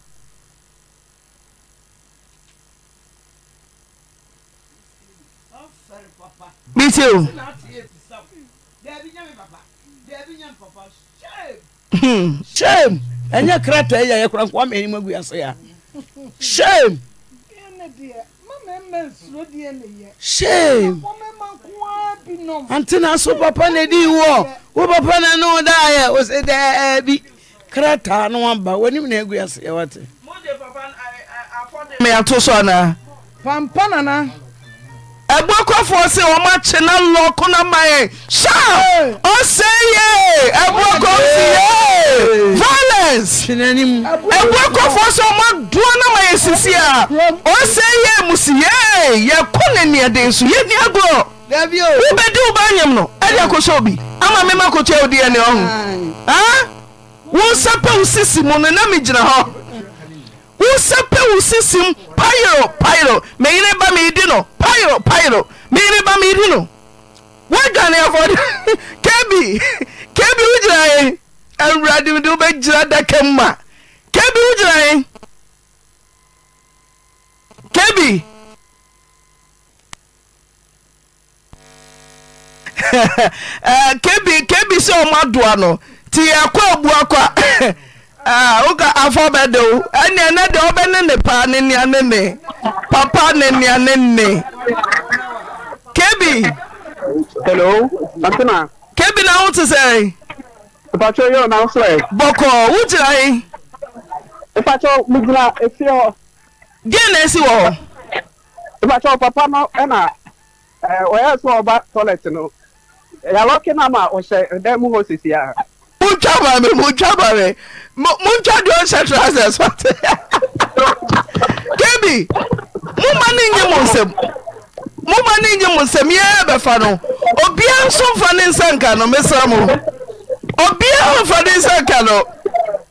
S1: metie Hmm. shame ɛnyɛ krata ɛyɛ yɛ kora nkwa mɛnim agu ase a shame
S3: shame ante na so papa
S1: na di wɔ wo
S3: papa na e ne wo daayɛ wo sɛ daabi krataa no aba w'anim na agu ase yɛwate
S14: meyɛto
S1: so
S3: anaa
S14: pampa
S1: ɛboakɔfoɔ sɛ wɔma akye na lɔko na ma yɛn sha ɔsɛ ye ɛboakɔ si ye violence ɛboakɔfoɔ sɛ ɔma doɔ na ma yɛ sisi a ɔsɛ ye musi ye yɛkɔ ne neɛden so yɛni agorɔ wobɛdi wo baanyam no ɛde akɔhyɛ obi ama mema kɔtua wo deɛ ne ɔho wo nsa pɛ wo sisi mu no na megyina hɔ wosɛpɛ wo sisim pyro pyro meyere ba meedi no pyro pyro meyere ba meedi no woadwaneafɔde kebi kebi wogyina ɛ awurademde wobɛgyina daka mu ma kebi wogyina ɛ kebi eh, kebi kebi sɛ ɔmo adoa no nti yɛakɔ abua aa ah, ụka afọ bedo enyi ene dị obe nne pa nne ya papa nne ya nne kebi hello asina kebi na wụtụ sịrị ịpachọ yọrọ na nsọ e? eh, ya bọkọ wụtụ anyị ịpachọ
S9: mụgbula esi ọ gị na-esi wọ ịpachọ papa nọ na ọ ya esi ọba tọọlet nọ ya lọkị na ma ọ sị ndị hụ
S1: osisi ya muntwa ma mi muntwa ma mi muntwa de o nhyɛ trousers pate kebi mo ma ne nye mo nsɛm mo ma ne nye mo nsɛm yɛ bɛfa no obiara nso nfa ne nsa nka no mesra mo obiara nfa ne nsa nka no.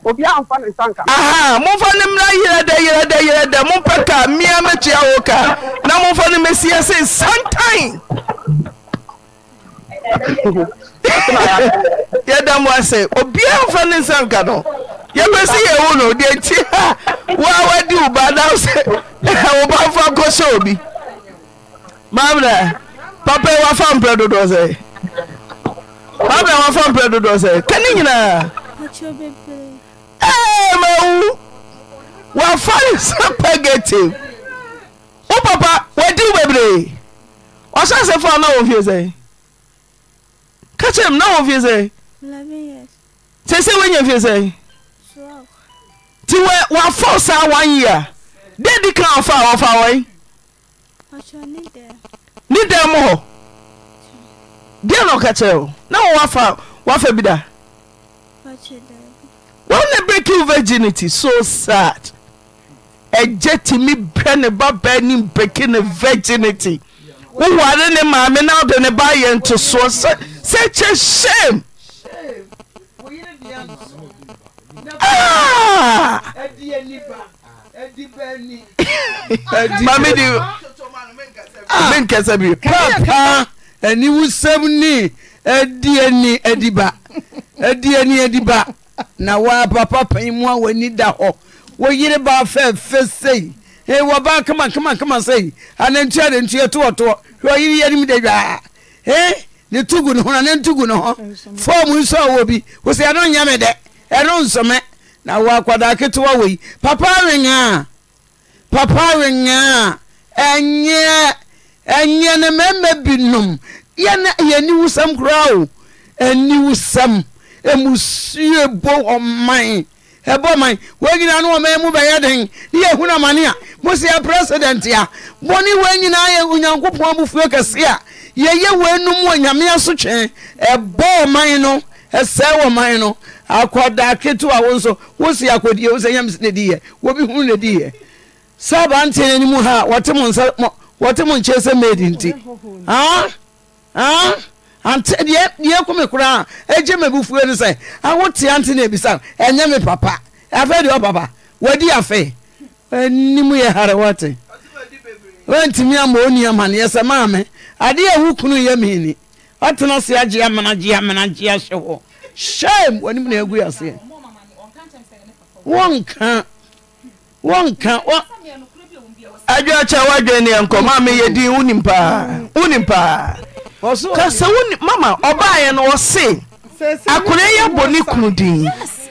S9: obiara nfa ne nsa nka. aha momfa ne
S1: mmira yere dɛ yere dɛ yere dɛ mompɛ ka mmea mɛtua wo ka na momfa ne mɛsie se
S3: santan
S1: yɛda mo ase obiara mfa ne nsa nka no yɛbɛsi yɛwo no deɛ nti a woa wadi wo ba na sɛ wo ba fa kɔ sɛ obi mamna papa wafa mprɛ dodoɔ sɛ
S12: mamna wafa mprɛ
S1: dodoɔ sɛ ka ne nyinaa mawu wafa ne sɛ pagative wo papa wadi wo bebree ɔhyɛ sɛ fa na wɔ fie sɛ ka kyerɛ m na wɔ fie sɛ sɛ sɛ woanya fie sɛ nti wɔafa saa wanyi a dɛ di ka ɔfa a wɔfa wɔe ne dɛn mo hɔ deɛ na ɔka kyerɛ wo na wɔwafa wafa bi da wɔne break you virginity so sad ɛgye timi brɛ ne babaa nim breaking ne virginity woware ne maame na wode ne ba yɛ ntosoɔ sɛ sɛ kyɛ hyɛm ah! ah! menkɛsɛ bi papa aniwosɛm ni adi ani adiba adi ani adiba na waa papa panyin mu a w'ani da hɔ wɔyere baa fɛɛfɛ sei wɔba kema keakema sɛi anantu anantue ɛtoɔ toɔ ɛyere yɛnim dɛ a ne togu nho ane ntogu n ho fom nso awɔ bi wo so ɛno yɛ medɛ ɛno nsome na woaka daketewaweyi papa
S3: ea papa weaa ɛyɛ ɛnyɛ ne mamɛ binom yɛn yɛ aniwosɛm kora o aniwosɛm musue bo hɔ man ɛbɔ ma wɔ nyinaa no wɔmɛ mu bɛyɛ den ne yɛhunu amane a mo si a president a bɔne wɔ nyinaa yɛ onyankopɔn
S1: bofuo kɛse a yɛyɛ w'a nom wa nyamea so kwee ɛbɔɔ man no ɛsɛɛ wɔ man no akɔdake to a wo nso wo siɛ akdiwoyndiɛ bihu diiɛ sɛba ntnm ha tm nkye sɛmmi ante deɛ kome koraa eje m'ebufu no sɛ awotea nte ne abisa ɛnyɛ me papa afei deɛ papa, wadi afe anim yɛ harewate wantimi ama ɔni amaneɛ sɛ maame adeɛ ɛwo kunu yɛ meeni ɔtena se agye amanagye amanagye ahyɛ hɔ hyɛm w'anim na agu aseɛ wɔnka wɔnka adwakyɛ woadwene neɛ nkɔmaa meyɛ din wonim paa wonim paa
S3: kasɛ
S1: wone mama ɔbaeɛ no ɔse akora yɛ bɔ ne kunu din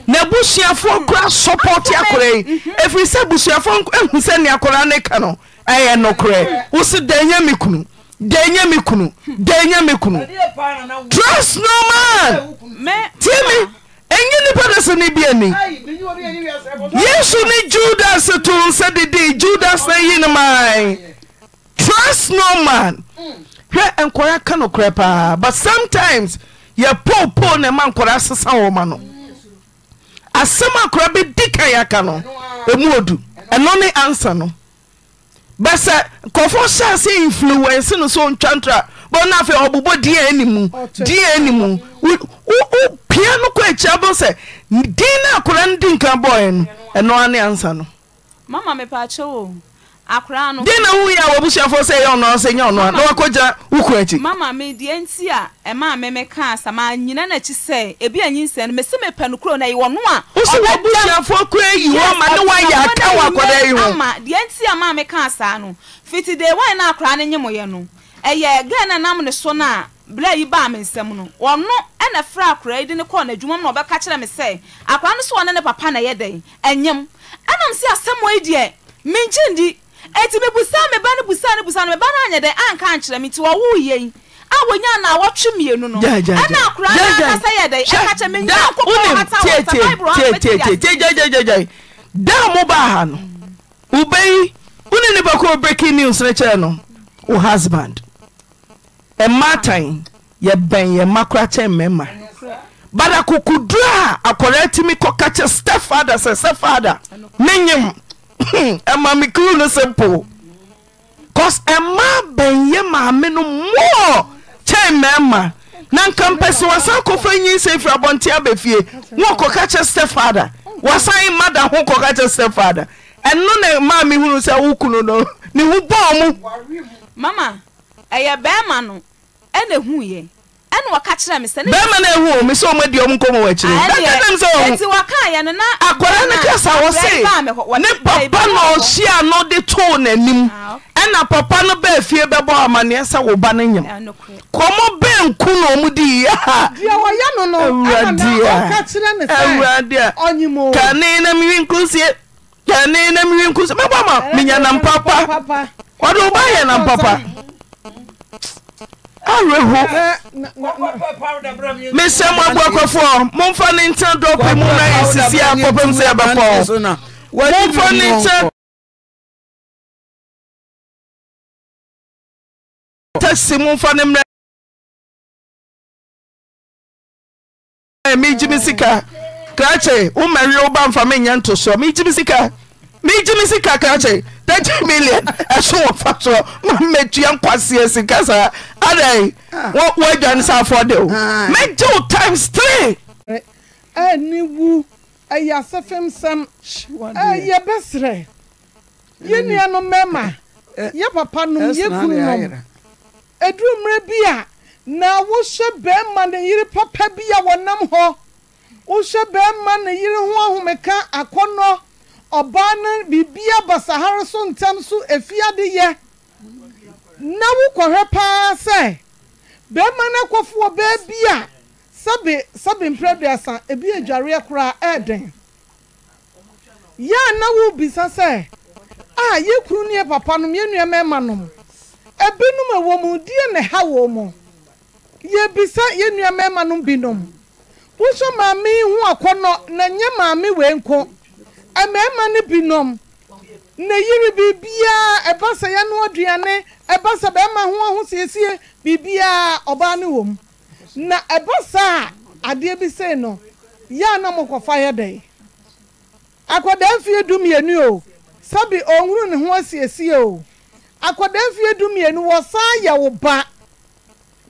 S1: na abusuafoɔ kora sɔpɔte akora yi ɛfiri mm-hmm. sɛ abusuafoɔ ahu sɛ nea akora ne ka no ɛyɛ nokorɛ wo se dan nya kunu dan nya kunu dan nya kunu
S3: trust no
S2: man
S1: tie me ɛnyɛ nipa no sɛ ne bi ani
S3: yesu ni
S1: judas to nsɛ dede judas na yi ne man trust no man mm. hwɛ nkɔraa ka nokorɛ paa but sometimes yɛpoopoo na ma nkɔraa sesa wɔ ma no asɛm a bi bɛdi ka yɛ aka no emu ɔdu ɛno ne ansa no bɛ sɛ nkɔfo hyɛ sɛ influense no sɛ ntwa ntora bɛna afei ɔbobɔ din a animu din a animu wopia no kɔ akyia bɔ sɛ din no akora no di nka bɔɔɛ no ɛno a ne ansa no
S2: akwaraa no. den na nwunye a
S1: wɔbusuafoɔ sɛ ɛyɛ ɔnɔ sɛ ɛnyɛ ɔnɔ na wakɔgya
S2: wukɔ akyi. mama mi deɛ nti a ɛma ameme ka asama nyina n'akyi sɛ ebi anyi nsɛn no mesi mi pɛ kuro na yi wɔn no a. wosi wɔbusuafoɔ kura yi wɔn ma ne wayɛ aka wɔ akwadaa yi wɔn. ama deɛ nti a maame ka asa no fiti de wɔn na akwaraa ne nyɛ mo yɛ no ɛyɛ gɛn nam ne so na bla yi baa me nsɛm no ɔno ɛna fra akwaraa yi de ne kɔɔ n'adwuma mu na ɔbɛka kyerɛ me sɛ akwaraa no so ɔne ne papa na ɛyɛ dɛn ɛnyɛm ɛnam si asɛm wɔ yi deɛ menkyin di nti mebusa
S1: kɛe da mobaha no obei wone nipa kuɔ breaking news no kyɛrɛ no o husband ma ta yɛbɛn yɛ ma korakyɛma ma bat akokoduro a akɔra timi kɔka kɛ stafade sɛ safada ne yim ɛmame kuru no simple cause ɛma bɛnyɛ maame no moɔ kyɛn mmarima na nka mpɛ sɛ wasan kɔfa nyinsɛ firi abɔnte abɛfie wo kɔka kyɛ stepfather wasan mada ho kɔka kyɛ stepfather ɛno na maa mehunu sɛ wo kunu no ne ho bɔɔ
S2: mu mama ɛyɛ bɛrima no ɛna huiɛ bɛima no ɛhu me sɛ ɔmadi
S1: ɔm nkɔmɔ wɔ akyirɛdakadam
S2: sɛ akwara no ka sa wɔ se ne papa na ɔhyia
S1: no de too n'anim ɛna ah, papa no baa fie bɛbɔ wo ba nyam bɛ nku na ɔmu diiawurade kane na mewi kane na mewi nkosie mɛbɔ ma menya ba yɛ mpapa. awerɛho
S14: mesɛ eh, mo aboakɔfoɔ
S6: momfa ne nkyena dɔpe mu na ɛsisi a pɔpɛm sɛ yɛbɛpɔ ne nkyena momfa ne mmerɛ megyeme sika krakye wo mfa menyɛ ntosoɔ sika
S1: megyeme sika kra kyɛ 30 million ɛso wɔfa soɔ ma mɛtua nkwaseɛ sika saa adɛn ah. woadwane sɛ afɔde o ah. mɛgye wo times 3
S3: eh, ɛne wu ɛyɛ asɛfemsɛm ɛyɛ bɛserɛ yɛ nnua no mɛma eh, yɛ papa nom yɛ kunu nom ɛduru mmerɛ bi a na wohyɛ bɛrima ne yere papa bi a wɔnam hɔ wohyɛ bɛrima ne yere ho ahomeka akɔnnɔ ɔbaa no biribi abasahare so ntɛm so efiade yɛ na wokɔhwɛ paa sɛ bɛrima no akɔfoɔ baabi a sɛbe sɛbe mprɛduasa ebi adwareɛ koraa ɛɛden yɛa na worebisa sɛ a yɛ kuru ne yɛ papa nom yɛ nua mɛma nom ebinom ɛwɔ mu die ne ha wɔ mu yɛbisa yɛ nua mɛma nom binom wohyɛ maame yi ho akɔnɔ na nyɛ maame wei mmarima no bi nom na yiri biribiaa ɛba sɛ yɛno aduane ɛba sɛ bɛrima ho ho siesie biribiaa ɔbaa ne wɔ mu na ɛba saa a adeɛ bi sei no yɛa na mokɔfa yɛ dɛn akwadaa du mmienu o sabi ɔnwuru ne ho asiesie o akwadaa mfie dumienu wɔsan yɛ wo ba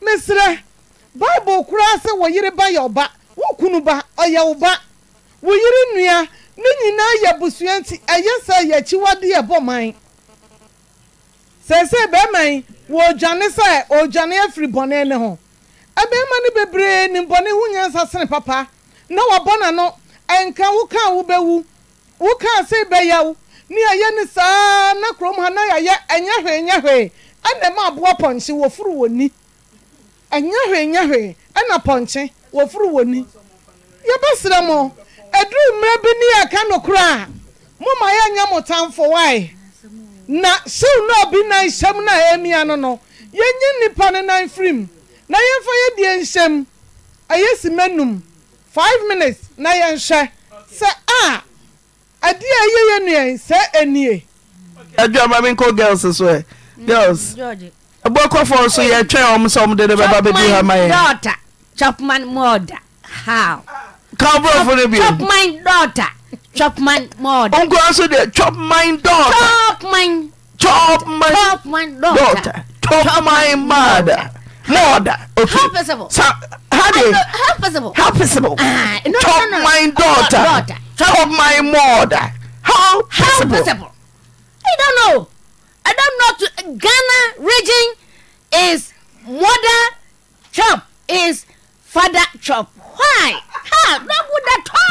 S3: mesrɛ bible koraa sɛ wɔ ba yɛ ɔba wo ba ɔyɛ wo ba wo yere ne nyinaa yɛ busua nti ɛyɛ sɛ yɛkyiwade yɛbɔ man sɛsɛ bɛrima yi wɔredwane sɛ ɔredwane afiri bɔne ne ho ɛbɛrima no bebree ne bɔne ho nyansa sene papa na wabɔ n'ano ɛnka wokaa wo bɛwu wokaa sɛ bɛyɛ wo ne ɛyɛ ne saa na kurom ha na yɛyɛ ɛnyɛ hwee nyɛ hwee ɛna ɛma aboa pɔnkye wɔfuru wɔ ni ɛnyɛ hwee nyɛ hwee ɛna pɔnkye wɔfuru wɔ ni yɛbɛsrɛ mo. aduru mmerɛ bi ne yɛ ka nokora a moma yɛanyɛ motamfo wai na sɛ na ɔbi nan hyɛm no a ɛmia no no yɛnye nnipa no nan firi m na yɛmfa yɛdeɛ nhyɛm ɛyɛ sim anum 5 minuts na yɛnhwɛ sɛ a ade a ɛyɛ yɛ nu yɛn sɛ nie
S4: Calvary for the Chop my daughter. Chop my mother. Uncle answer there. Chop my daughter. Chop my. Chop my. Chop my daughter. Chop my mother. Mother. Okay. How possible? So, how do? How possible? How possible? Uh, ah, no, Chop no, no, no. my daughter. Oh, Chop my mother. How possible? How possible? I don't know. I don't know. Ghana region is mother chop is father chop. why ha na mu da tɔ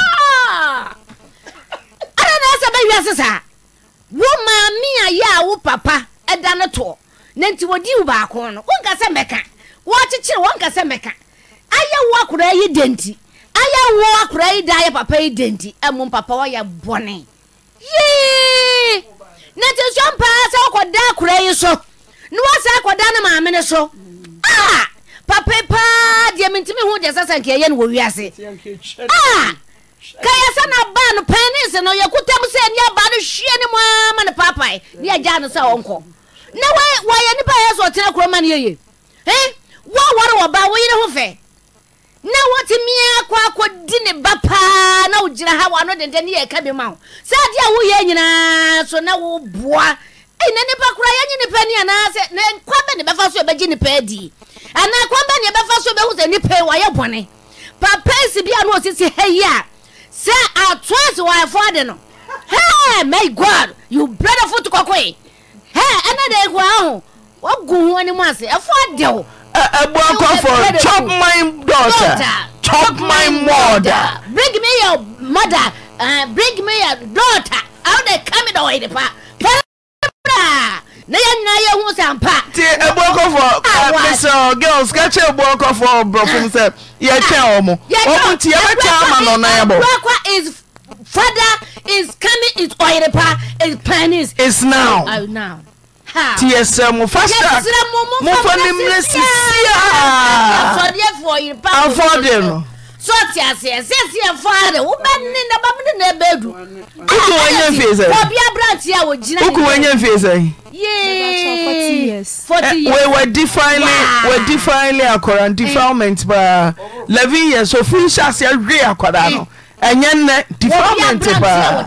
S4: ana na ɛsɛ bɛ maame a papa ɛda no toɔ wodi wo baako no wonka sɛ mɛka wɔkyekyere wɔnka sɛ mɛka ayɛ wo yi denti ayɛ wo yi da ayɛ papa yi denti ɛmu papa wɔyɛ bonny yee so na ah! maame no pap paa ɛmtimi sna ops ysɛy o n n ɔ hnawma n a ɛɛyinaaana woaneɛfa ɛgye nnepaa di ɛnna kwan bɛ nea ɛbɛfa so bɛhu sɛ nipa yi wɔyɛ bɔnne papa esi bi a no osisi ha yi a sɛ ato ase wɔ ɛfɔ de no hey my god you brother foot kɔkɔ yi hey ɛnna de ekun ahu wɔgu hu anim ase ɛfɔ e de o. ɛbu e, e, akɔfo chop my daughter chop my mother. bring me your mother uh, bring me your daughter how they come in the pa na yɛn nyinaa yɛ hu sɛ mpa. ti ebu ɔkɔfɔ abisɛ
S1: ah, girls kɛkyɛ ebu ɔkɔfɔ burɔfo sɛ yɛkyɛ ah, ɔmo ɔmo ti yɛ bɛkyɛ ama na ɔnan yɛ bɔ. Aburɔkwa
S4: is father is coming is ɔyerepa is panis. is now. Uh, now. ti yɛ sɛ mo fast track mo fɔ ni mmerɛ sisi aa afɔde no tɔɔte aseɛ sɛsi ɛfa de wobɛ ne na bam ne na ɛbɛ du.
S1: wokun wa nye nfe sɛ. obi
S4: aberante a wogyina. wokun wa nye nfe sɛ. yeee forty years. We were define wa
S1: define akɔra defilement paa eleven years so hyɛ aseɛ hwee akɔra no ɛnyɛ nnɛ defilement paa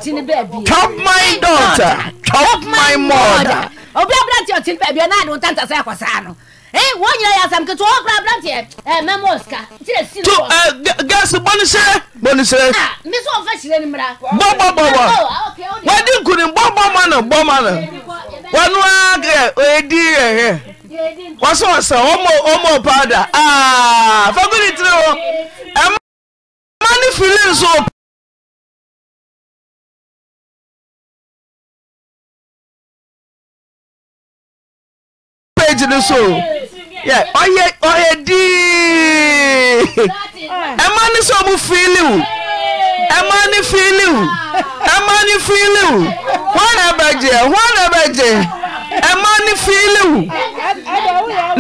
S4: chop my daughter chop my mother. obi aberante a ɔte ne baabi ɔnaade wo tanta sɛ akɔsaa no ee wɔn nyinaa yɛ asam ketewa wɔn kura aberanteɛ ɛɛ mɛmɔ sika nti na si ne kɔ. to ɛɛ gaasi bɔnisɛ
S1: bɔnisɛ. a
S4: mi sɔn fɛ sire ni mura. bɔ bɔ bɔ bɔ wadi
S1: nkuni bɔ bɔ ma na bɔ ma na wɔnua ɛ oedi ɛhɛ wɔsɔ
S6: wɔsɔ wɔmɔ wɔmɔ paada aa fɛn kuli tiri wɔ ɛma ni ah, fili nso. page ni so ọyẹ ọyẹ dii ẹ máa ní sọ mu
S1: fílì o ẹ máa ní fílì o ẹ máa ní fílì o wọn ẹ bẹ jẹ wọn ẹ bẹ jẹ
S6: ẹ máa ní fílì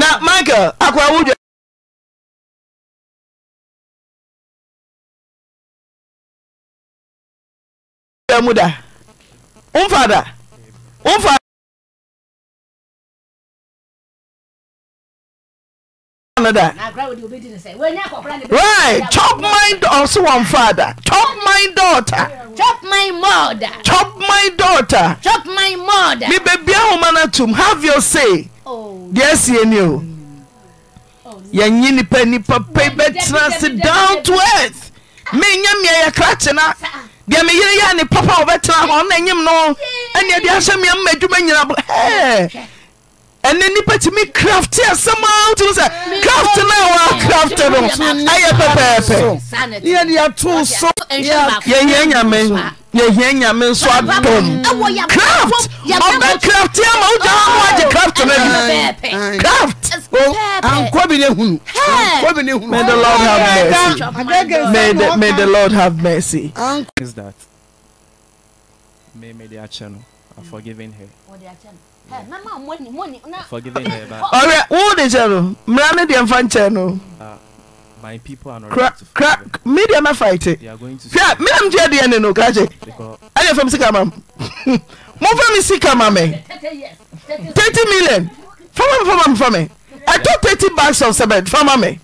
S6: na michael akwa awujọ. mu da. Umfada. chs
S1: nfadr
S4: cp my darmebebia
S1: homa no tom have yo s oh. deɛ asieni o oh, yɛnye nnipa nnipa pɛi bɛtera se down to earth menya meayɛkra kena deɛ meyere yɛa ne papa wɔbɛtena hɔ na nyim no ɛnnea deɛ ahyɛ mia mma dwuma nyina bɔ And then ɛne nnipa tumi craft asɛm a wotum sɛ craft no a wɔacraft no Yeah, yeah, yɛde yɛtoo oh, Yeah, yeah, nyame yɛhia nyame nso adɔm craft ɔbɛ oh, craft ama wogya ho agye craft no bi craft
S14: ankɔ bi ne hunu may the lord have
S1: mercy may the, lord have mercy is that may may the akyɛ I'm forgiving her ɔrɛ wo de kyɛ no mmara ne deɛ mfa nkyɛn no uh, my people are not crack crack media ma fight it yeah me am dia dia ne no kaje ale fam sika mam mo fam sika mam e
S4: 30 million
S1: fam fam fam fam i took 30 bags of cement fam me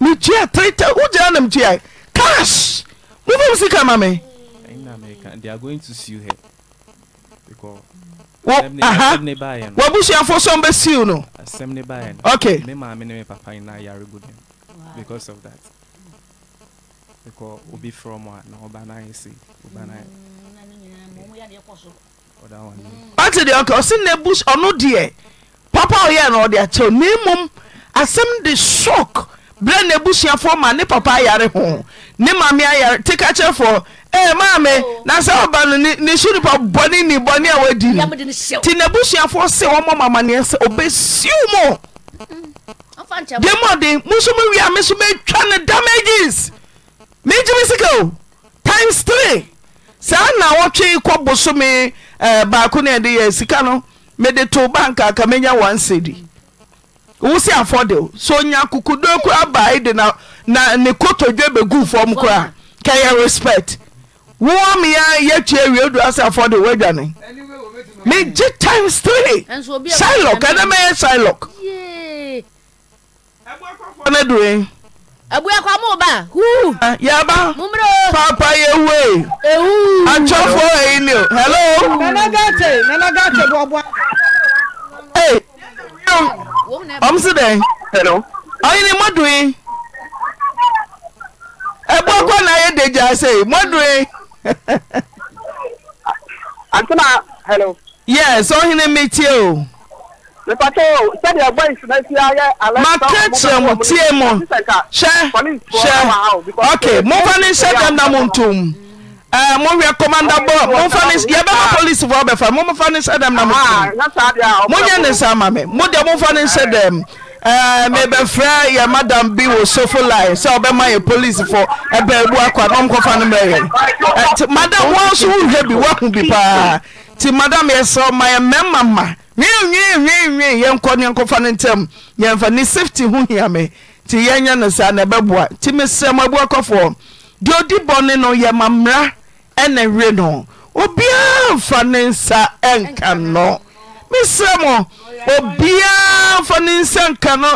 S1: me chia 30 who dia nam chia cash mo fam sika mam e in america they are going to sue her because
S8: wabusuafo sọ mbẹ
S1: siw no. asẹm ne ba yẹn. ok mi maame ne mi papa yẹn na yare gu dem because of that because obi fọrọ mm, mu a na ọba na ayẹ si ọba na ayẹ. ọtí di ọkọ ọsí na ebusu ọno deɛ papa ɔyɛ na ɔde akyɛw na emom asɛm de shock brɛ na ebusuafo ma ne papa ayare ho ne maame ayare tikakyɛfoɔ. Eh, maame na sɛ woba no ne hye nipa bɔne nibɔne a woadi no nti n'abusuafoɔ se wɔmmɔ mamanneɛ sɛ obɛsiw mɔ
S4: deɛ mɔden
S1: mo nso mo wiea me so mɛtwa no damages megyeme sikao times tre saa na wɔtwe kɔbo so me eh, baako ne ɛde yɛ sika no mede too bankaaka mɛnya wansɛdi wo se o so onya kokodoo koraa bae de na ne kotodwa bɛguu fɔm koraa kɛyɛ respect wọ́n mi yà yẹtù ewia odu ase afọde wọ́n
S4: dwa ni mi gye times three silok ẹni mi yẹ silok. ẹbu ẹkọ fún ẹbu ẹkọ mú ba huu. yaba papa yewe atwafo eyi ni o
S3: hello. nana gate nana gate bọ bọ. ee
S1: ọm si dẹ. ọyìn ni mo dùn yín ẹbu ẹkọ náà yẹ dèjà sè mo dùn yín. Antuna, hello. yes ɔhene metie o. nipasɛ o sɛde ɛgbɔ nsina si ayɛ alɛ. ma kɛkyerɛ mu tie mu hyɛ hyɛ ok mofa ne nhyɛ dɛm na mo ntom ɛɛ mo wɛ kɔmanda bɔ mofa ne yɛbɛma polisi fo ɔbɛfa mo mofa ne nhyɛ dɛm na mo ntom mo nyɛ ne nsa ama mi mo deɛ mofa ne nhyɛ dɛm. Eh, mebɛfrɛ eh, eh, mm. ya madam bi wo sofo line sɛ wobɛma yɛ policefo ɛbaabu akɔ a na no madam wɔ so wohwɛ bi woaho bi paa madam yɛsɛ ma yɛ mmarima ma nwinwinwinwin yɛnkɔ ne yɛnkɔfa no ntam yɛmfa ne safety ho hia me nti yɛnyɛ no na odi no no ne nsa no mesrɛ mɔ obiaa mfa ne nsa nka no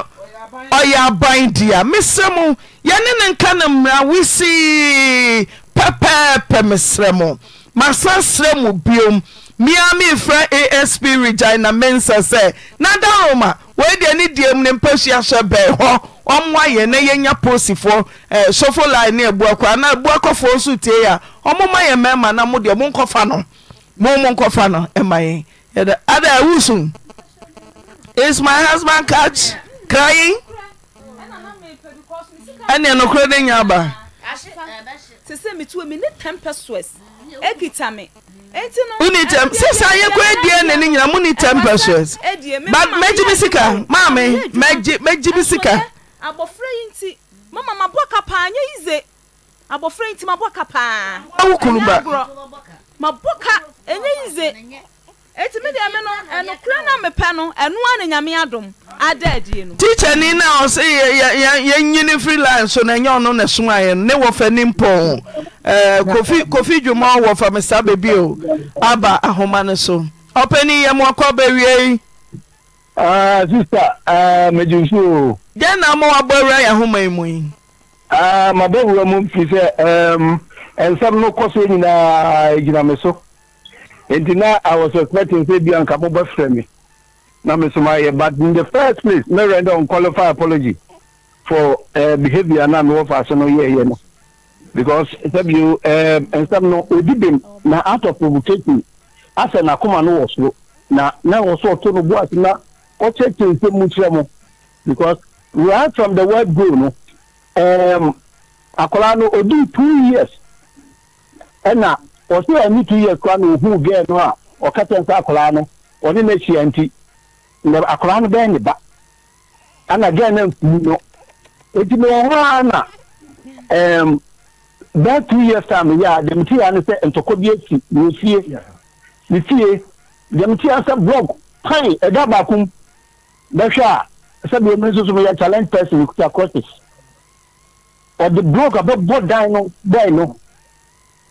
S1: ɔyɛ aban dia mesrɛ mo yɛne ne nka no mmara wosii pɛpɛɛpɛ mesrɛ masa srɛ biom asp regina mensa na ne m ne mpa hyɛ bɛɛ hɔ ɔmmoa yɛ na yɛnya posifoɔ eh, sofo li ne abuakɔ tie yɛ na no nkɔfa no yɛdɛ ada ɛwu is my husband catch crying
S2: ɛnna ɛnokura de nya aba. sese mi tu mi ne ten pesos ekita mi. wuni tɛm sisan ye ko edie ne ni nyina mu ni ten pesos ba mɛji bi sika maami mɛji
S1: mɛji bi sika.
S2: abɔfra yi nti mama ma bɔ ka paa nye yize abɔfra yi nti ma bɔ ka paa. awo kuluba ma bɔ ka enye ize eti mi deɛ mi no ɛnukura na mepɛ no ɛnua ne nyame adum ada adie no. tíṣà ni na ɔsè yɛ yɛ
S1: yɛ nyini freelance so na ɛnyɛ ɔno na sun ayɛ ne wɔfɛ ne eh, kofi kofi dwuma wɔfɛ mi sa o aba ahoma ne so ɔpɛni yɛ mu ɔkɔ bɛwie yi. aa ah, sista aa
S10: ah, mɛdi nsu o.
S1: jẹ́ na mo wa bɔ ewura yɛ ahoma yi mu yi.
S10: aa ah, mabɔ ewura mu fi sɛ ɛɛm ɛnsɛm no kɔ so nti na i was expecting say bi anka mo bɛfrɛ me na me so mayɛ but in the first place me render unqualified apology for uh, eh, behaviour na mewɔ fa so no yɛɛyɛ no because sɛbio eh, nsɛm no ɔdi bem na out of provocation asɛ n'akoma no wɔ soro na na wɔ so ɔto no bo ase na ɔkyɛ kye nsɛm mu kyerɛ mo because right from the word go no um, akwaraa no ɔdi two years ɛna ɔsɛ ɛni two years kora na ohun gɛɛ no a ɔkata nsa akwaraa no ɔne ne hyia nti na akwaraa no bɛyɛ ne ba ɛna gɛɛ no mfu no eti na ɔhɔ ara na ɛɛm bɛɛ two years time yɛ a dɛm ti yɛ ano sɛ ntɔkwa bi esi ne fie ne fie dɛm ti yɛ sɛ blɔg pan ɛda baako bɛhwɛ a sɛbi omi nso so yɛ challenge person kuta crosses ɔde blɔg abɛbɔ dan no bɛɛ no.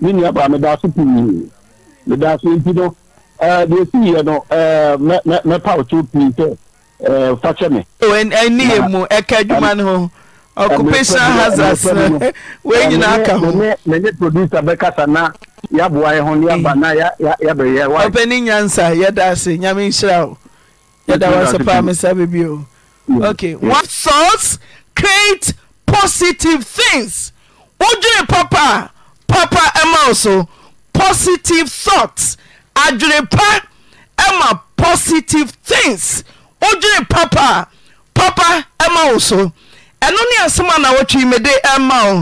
S10: ne nua baa meda so pii meda so nti eh, no deɛ ɛsi yɛ no mɛpa wo to pii sɛ fa kyɛ me ɛni yɛ mu ɛka adwuma no ho occupational hazards eh, wei nyinaa ka ho mene producer bɛkasa na yɛaboa yɛ ho ne yɛaba na yɛbɛyɛ ɔpɛni nyansa yɛda ase nyame nhyira
S1: wo yɛda wo ase paa me sa bebi o okay what thoughts create positive things wodwene papa a papa ma wo so positive thoughts adwere pa ma positive things wodwere papa a papa ma wo so ɛno ne asɛm anawoatwiimede ma wo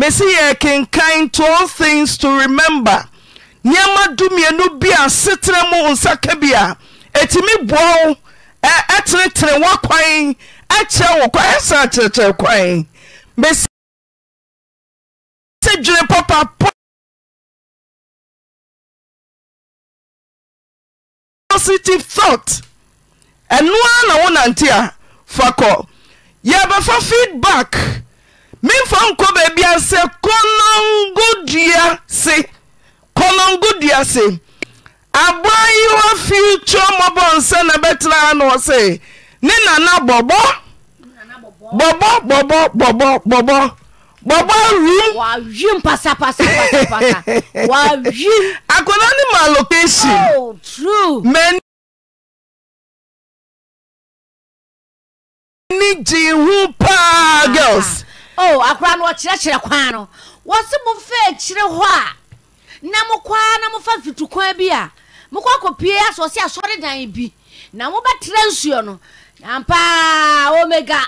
S1: me si yɛ kenkan to all things to remember nneɛma domienu bi a seterɛ muo nsaka bi a ɛtumi
S6: boawo ɛtere tere wa kwan ɛkyerɛ wo kwa ɛsa kyerɛkyerɛ kwan sɛ dwene pɔpapɔ positive thought ɛno ara na wo nante a fa kɔ yɛbɛfa feedback
S1: memfa nkɔ baabi a sɛ kɔnɔngodua se kɔnɔngodua se abayewa future mɔbɔnsɛ na ɛbɛtena na ɔ se ne nana bɔbɔ bɔbɔ bɔbɔ
S4: bɔbɔ bɔbɔ bbwpsw
S6: akono ne ma locationt oh, mani ge ho paa ah. girls oh, akora no ɔkyerɛkyerɛ kwa no wɔ se mo fɛi kyerɛ hɔ a
S4: na mokaa na mofa mfito kwa bi a mok kɔpie asɛ ɔse asɔre dane bi na mobɛtra nsuo no mpaa omɛga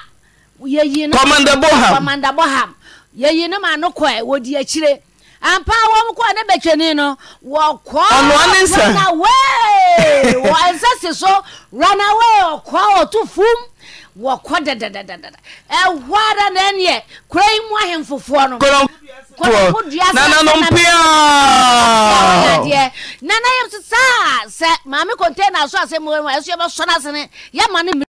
S4: yɛayi nocommandabohamcmandaboham yɛyi ne ma no kɔɛ wɔdi akyire ampa wɔn kɔ ne bɛtwɛni no wɔkɔ runaway wɔn nsɛsɛ so runaway ɔkɔ ɔtu fum wɔkɔ dadadadada ɛhɔ ara na ɛniɛ kura yi mu ahemfofoɔ no kɔlɔnko dua nananom pia nana yɛm sisan sɛ maame kɔntɛn na so asɛm wɔ mu a ɛso yɛ
S6: bɛ sɔ n'asene yɛ ma ne.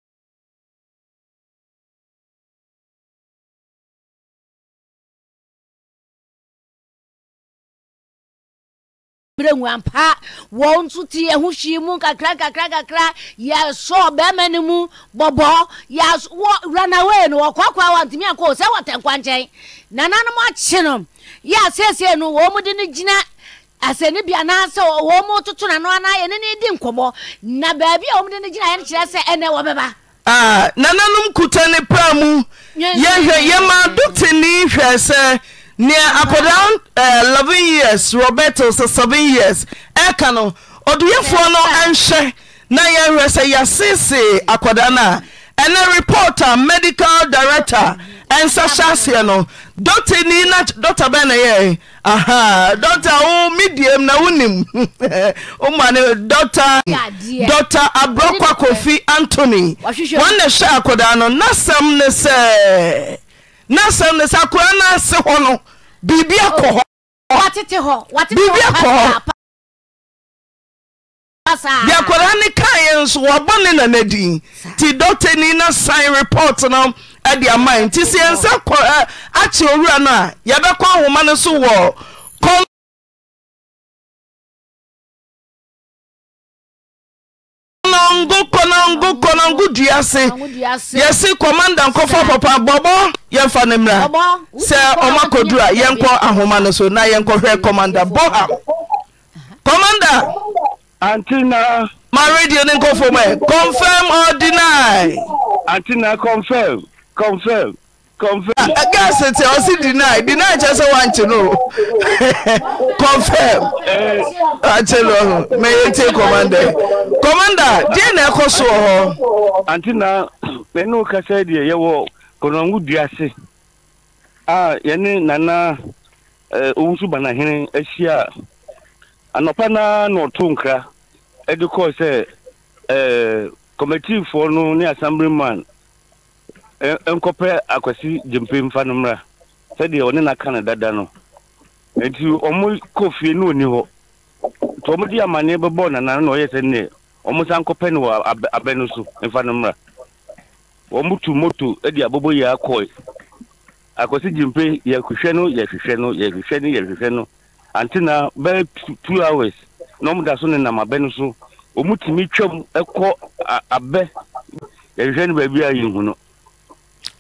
S6: berɛ ngu ampa wɔn nso te ɛho hwii mu kakra kakra kakra
S4: yɛsɔ bɛrima no mu bɔbɔ yɛs wɔ runaway no wɔkɔkɔa wɔntumi akɔ sɛ wɔtɛnkwa nkyɛn nananom akye no yɛ asiesie no wɔn mu de no gyina asɛnni bi anaasɛ wɔn mu toto n'ano anaa yɛn ne di nkɔmɔ na baabi a wɔn de no gyina yɛn kyerɛ sɛ ɛnɛ wɔbɛba.
S1: nananom kuta ne pra mu
S4: yɛhwɛ yɛma
S1: dɔkta ni ah, hwɛ sɛ. nea akɔdan eh, 11e years roberto sɛ seen years ɛɛka no ɔdoyafoɔ no ɛnhyɛ na yɛhwerɛ sɛ yɛsesee akɔda no a ɛnɛ reportar medical director ɛnsa syɛ aseɛ no dta ni na dɔa bɛnna yɛh dɔa wo media m na wonim woma ne ddɔa abrɔko akofi anthony wanɛ hyɛ akɔdan no na sɛm ne sɛ
S6: na sɛm ne sɛ akora na ase hɔ no biribia kɔhɔbiribia kɔ hɔ oh, de akwora ne kaeeɛ so
S1: wɔabɔne nan'a din nti dɔteni na sane report no ade ama nti sɛ yɛn
S6: sɛ k akye ɔwura no a yɛbɛkɔ homa no so wɔɔn kɔnɔngo kɔnɔngo kɔnɔngo dua se kɔmanda nkɔfɔ papa bɔbɔ
S1: yɛnfa ne mra sɛ ɔma kɔdura yɛnkɔ ahoma no so na yɛnkɔhwɛ kɔmanda bɔ kɔmanda
S15: antina ma radio ne nkɔfɔ mɛ confirm or deny antina confirm confirm
S1: confirm. gas ti ọ si deny deny kyerɛ sɛ wankye no confirm
S14: eh. akyɛ ah, no may mɛyɛ tie commander commander deɛ na so
S15: wɔ na ɛne wo kasa deɛ yɛwɔ kɔnɔngu a ah, yɛne nana eh, owusu banahene ahyia anɔpa na na ɔto nka, de kɔɔ sɛ eh, no nkɔpɛ akwasi gyempe mfa no mmra sɛdeɛ ɔne n'aka no dada no nti ɔmo kɔ fie no ɔni hɔ nti ɔmo de amanneɛ bɛbɔ nana na ɔyɛ sɛ nneɛ ɔmo san kɔpɛ no wɔ abɛ no so mfa no mmra ɔmo tu moto de abobɔ yɛ akɔe akwasi gyempe yɛhwehwɛ no yɛhwehwɛ no yɛhwehwɛ no yɛhwehwɛ no ante na bɛyɛ two hours na ɔmo da so nenam abɛ no so ɔmo tumi twam kɔ abɛ yɛhwehwɛ no baabi a yɛhu no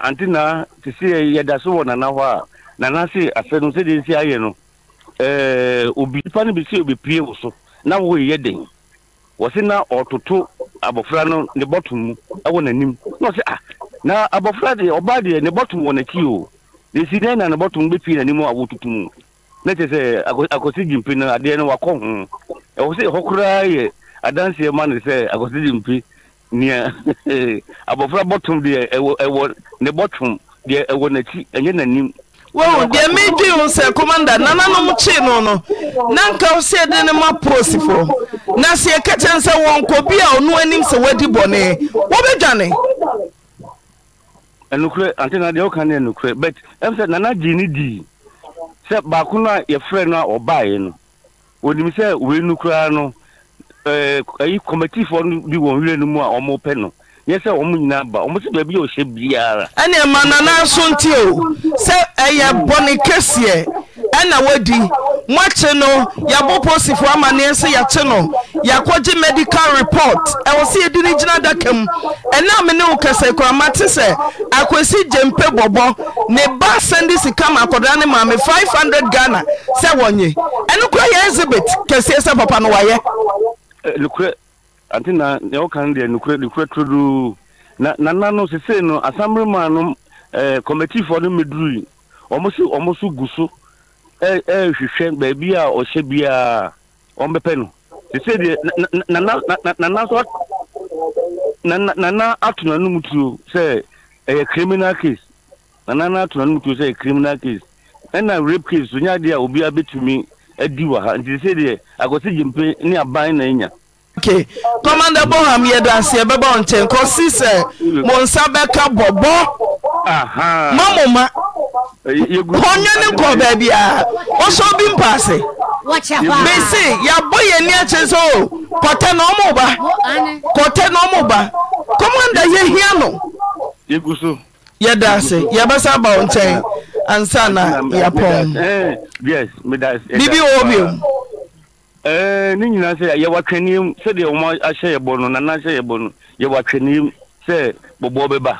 S15: anti na te sɛ eh, yɛda so wɔ nana hɔ a nana se afɛ no sɛdeɛ nsi ayɛ no ɛɛ eh, obi nipa no bi sɛ obepie wo so na wɔyɛ den wɔsi na ɔtoto abɔfra no ne bɔtum mu ɛwɔ n'anim na ɔsi ah na abɔfra deɛ ɔbaa deɛ ne bɔtum wɔ n'akyi o na esi dɛn na ne bɔtum bepie n'anim a wɔtutu mu na kyerɛ sɛ akɔsi gyimpe no adeɛ no wakɔ ho ɛwɔ sɛ ɛhɔ koraa yɛ adanseɛ ma ne sɛ akɔsi gyimpe. nea eh, abɔfra bɔtom deɛ ɛwɔ ne bɔtom deɛ ɛwɔ n'akyi ɛnyɛ n'anim wow deɛ medwe wo sɛ komanda nananom kyee no no
S1: na nka wo sɛ de ne ma polisifoɔ na sɛ yɛka kyɛn sɛ wɔnkɔ bi a ɔno anim sɛ woadi bɔne wobɛdwane
S15: ɛnokorɛ antena deɛ woka ne ɛnokorɛ but ɛm sɛ nana gyee ne dii sɛ baako no a yɛfrɛ no a ɔbaeɛ no ɛyi kɔmɛtifoɔ bi wɔ nwura no mu a ɔmo pɛ no yɛ sɛ ɔmo nyinaa ba ɔmo si baabi a ɔhyɛ biara. ɛnna ɛma nana nso nti o
S1: sɛ ɛyɛ eh, bɔnne kɛseɛ ɛna wadi mɔkye no yɛbɔ posifoɔ amanneɛ sɛ yɛkye no yɛakɔgye medical report ɛwɔ e sɛ yɛdi ne gyina adaka mu e ɛna me ne wo kɛsɛ kurama te sɛ akwasi gyempe bɔbɔ ne ba
S15: sɛnde sika ma akɔdaa ne maame 500
S1: ghana sɛ wɔnye ɛno e kora yɛ exhibit kɛseɛ sɛ papa no wayɛ
S15: Eh, nukuri ati na ya ọ kan deɛ nukuri nukuri tudu na na nanu sesee no asamblema no ɛɛ kɔmɛtifoɔ no eh, meduru yi wɔn so wɔn so gu so ɛɛ ɛɛhwehwɛ beebi a ɔhyɛ biara wɔn bɛpɛ no sise deɛ na na na na nana so nana nana ato n'anum tuo sɛ ɛyɛ criminal case nana ato n'anum tuo sɛ ɛyɛ criminal case ɛna rape case onyadeɛ a obi betumi. adi wɔ ha nti sɛ deɛ akɔsi gyempe ne aban na anya okay
S1: kɔmanda boham yɛda aseɛ bɛbɛ wo nkyɛn kɔsi sɛ mo nsa bɛka bɔbɔ mamoma hɔnwe ne kɔ baabi a wɔsɔ bi mpa ase
S4: bɛsi yɛabɔ yɛni akyi sɛ o kɔtɛ na ɔmo ba kɔtɛ na ɔmo ba
S15: kɔmanda yɛhia
S1: no yɛda ase yɛbɛsa ba wo nkyɛn ansa na yɛpɔbiribi
S15: wɔɔ bimɛɛ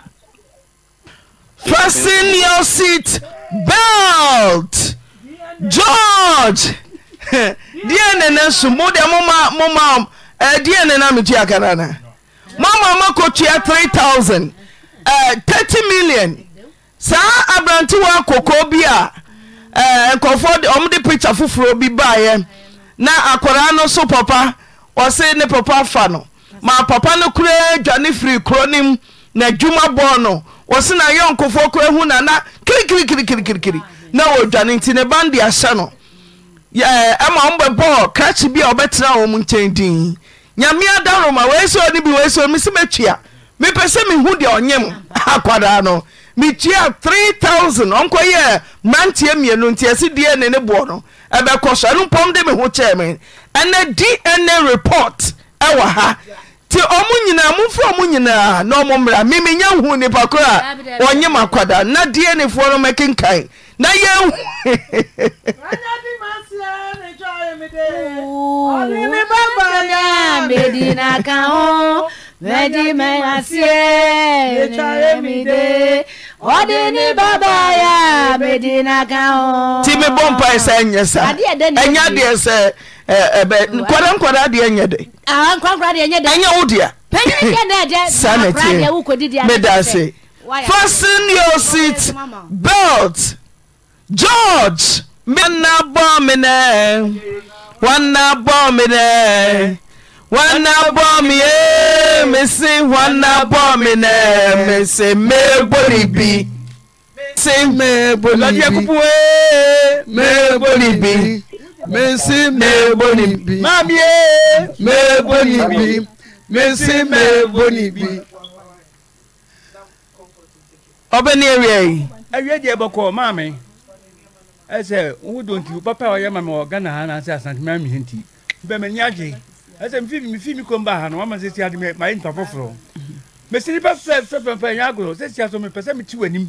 S15: fasin yoseat
S1: bilt
S15: george deɛ
S1: nɛno somu de oomadeɛ eh, neno metuakanno momamakɔtua 0s 30 eh, million saa aberantewa koko bi a eh, nkɔfoɔ ɔmode pikta foforɔ bi baeɛ na akwaraa no so papa ɔse ne papa afa no ma papa no koraa dwane firi kuro no m na adwuma bɔɔ no ɔse na yɔnkofoɔ kora hu nana kirikirikirikirikiri na wɔdwane nti ne bande ahyɛ no eh, ma ɔmbɛbɔɔ krakye bi a ɔbɛtena wɔ m nkyɛn din nyamea da roma wei sɛ ɔne bi wei sɛ ɔne mesɛ mɛtwia mepɛ sɛ mehu deɛ ɔnyem akwadaa no metua 3000 ɔnkɔyɛɛ mmeranteɛ mmienu nti ɛse dna ne boɔ no ɛbɛkɔ so ɛno mpɔm de me ho kyɛɛ me ɛnɛ dna report ɛwɔ ha nti ɔmo nyinaa momfa ɔmo nyinaa na ɔmo mmra memenya hu nnipa koro a ɔnye m akwada na dna foɔ no mɛkenkan
S3: na yɛhu Medina kan o mẹ́dìmẹ́
S4: àṣìẹ́ ẹ̀mídé ọdí ní bàbá yà mẹ́dínà kan o. tí mi bọ́ mpa ẹsẹ̀ ẹ̀yẹ sá ẹ̀yẹ adìẹ sẹ
S1: ẹbẹ nkwadaa nkwadaa adìẹ ẹ̀yẹ dẹ. àwọn nkwadaa adìẹ ẹ̀yẹ dẹ. ẹ̀yẹ wò díà. pẹ̀lú ìdíyẹ náà jẹ́ àkùrá yẹ wò kò dídí àdìẹ. mẹ́dà ṣe
S4: fasten your seat
S1: belt george mi na bọ́ mi nẹ́ wọ́n na bọ́ mi nẹ́ wana bɔ mi ye misi wana bɔ mi nɛ misi me boli bi misi me boli
S14: bi lɔdiɛ kuku ye me boli bi misi me boli bi eh, eh, maami ye me boli bi misi me boli bi. ɔbɛ ni ewia yi. ewia di ɛbɔkɔ maami ɛsɛ n ko don ti o papa wa yɛ maami wɔ gana ha na se asante maami yi ti bɛmɛ n y'a ɛsɛ mfi mi fi mi kɔn ba ha na wama sisi adi ma ye nta foforɔ mesi nipa fɛ fɛ fɛ fɛ nya agorɔ sisi aso mi pɛsɛ mi ti wɔ anim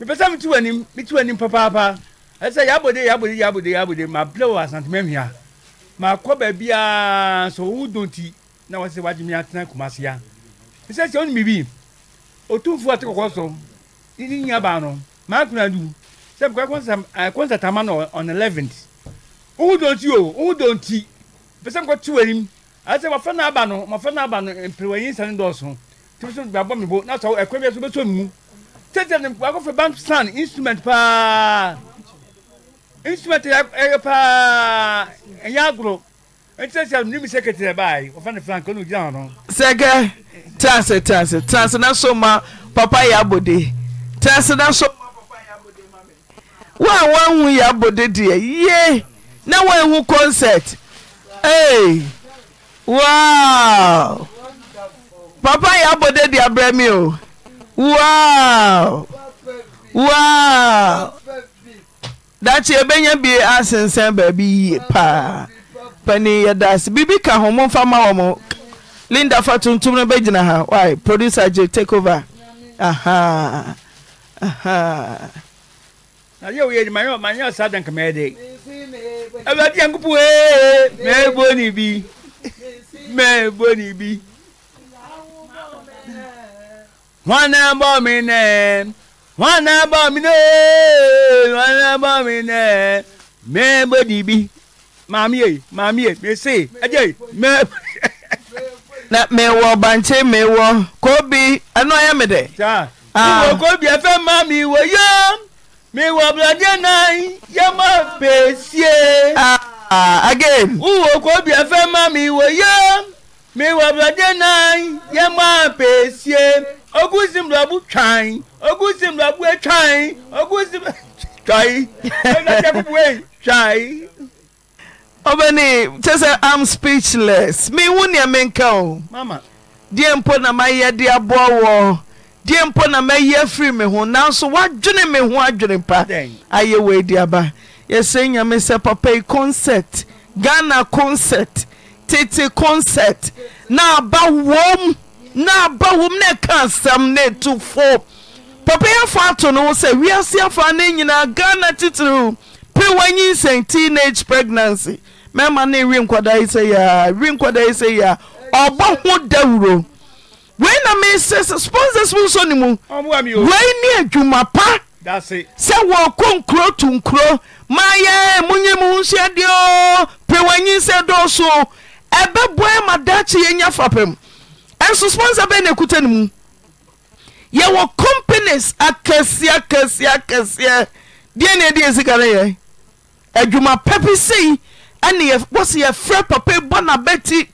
S14: mi pɛsɛ mi ti wɔ anim mi ti wɔ anim papaapa ɛsɛ yabɔ de yabɔ de ma bila wɔ asantemɛ mia ma kɔ baabiaa sɔ wo don ti na wɔ sɛ wagye mi atena kumasi ya sɛ sɛ ɔnu mi bi otumfu ati kɔkɔ sɔ ni nya ba no maa kuna du sɛ kɔnsa kɔnsa tama na on eleventh wohu dɔnti o wohu dɔnti pɛ sɛ nkɔte w'anim ayɛ sɛ wɔfrɛ no aba no wɔfrɛ no aba no mperewanyi nsane dɔɔso tumi so babɔ me bo na sɛ ɛkwa bi so bɛsɔ mu tɛtɛ no wakɔfrɛ bank san instrument paa instrument ɛyɛ paa ɛyɛ agorɔ ntisɛsɛ nim sɛkɛtɛ baayi wɔfrɛ no frank ɔne ogyina hɔ no
S1: sɛkɛ tase tase tase na so ma papa yɛ abɔde tase na so wo a woahu yɛ abɔde deɛ yee na wɔn ewu concert ee wow papa yɛ abɔde de abrɛ mi o wow wow dakye ebenya bi asensɛn baabi yie paa panyin yɛ daase bibi ka ho mo nfa ma wɔn linda fa tuntum no bɛgyina ha why producer jay take over aha aha
S14: na yɛ woyɛ adwuma yɛ ɔmanyɛ saa da nka mɛɛde awurade nyankopɔn ee mɛɛbɔ ne bi mɛɛbɔ ne bi hwana bɔ mi nɛ hwana bɔ mi nɛ hwana bɔ mi nɛ mɛɛbɔ ne bi maame yɛ maame yɛ mɛse ɛgye mɛɛ na mɛwɔ bankye mɛwɔ kobi ɛnɔ yɛ mi dɛ kobi ɛfɛ maami wɔ yɛm mi wọ bìlọ̀dé náà yẹ mọ̀ bèsè. Ah, again. wúwo kò bí ẹ fẹ́ mọ́ mi wò yẹ mi wọ bìlọ̀dé náà yẹ mọ̀ bèsè. ogún sí mbùlọ̀bù twàn ogún sí mbùlọ̀bù twàn ogún sí twàn ọjọ́ kúkú wẹ̀ twàn.
S1: ọbẹni tẹsẹ i'm speechless mi wúni ẹ mi nkan o. díẹ̀ mpo na ma yẹ di abọ́ wọ. y mpo na mɛy afri me ho nanso wodwene me ho adwene pa ɛ yɛsɛ nyamesɛ papai concert ghana concert tete concert na n mnɛka sɛm ne tofo papai afa ato no ho sɛ wiaseafaa ne nyinaa ghana tetiri o pe wanyisɛn teenage pregnancy ma neno wei na mese sponsors mu nso ne mu wei ne adwuma pa sɛ wɔkɔ nkuro to nkuro ma yɛ monye mu nhyɛ deɛ o pɛ w'anyi sɛ dɔɔso ɛbɛboa ma daakye yɛnya fapɛm ɛnso sponsor bɛn na ɛkuta ne mu yɛwɔ companies akɛseɛ akɛseɛ akɛseɛ deɛ na ɛde ɛsika no yɛ adwuma pɛpɛ sei ɛne yɛ wɔsi yɛfrɛ papa bɔ n'abɛti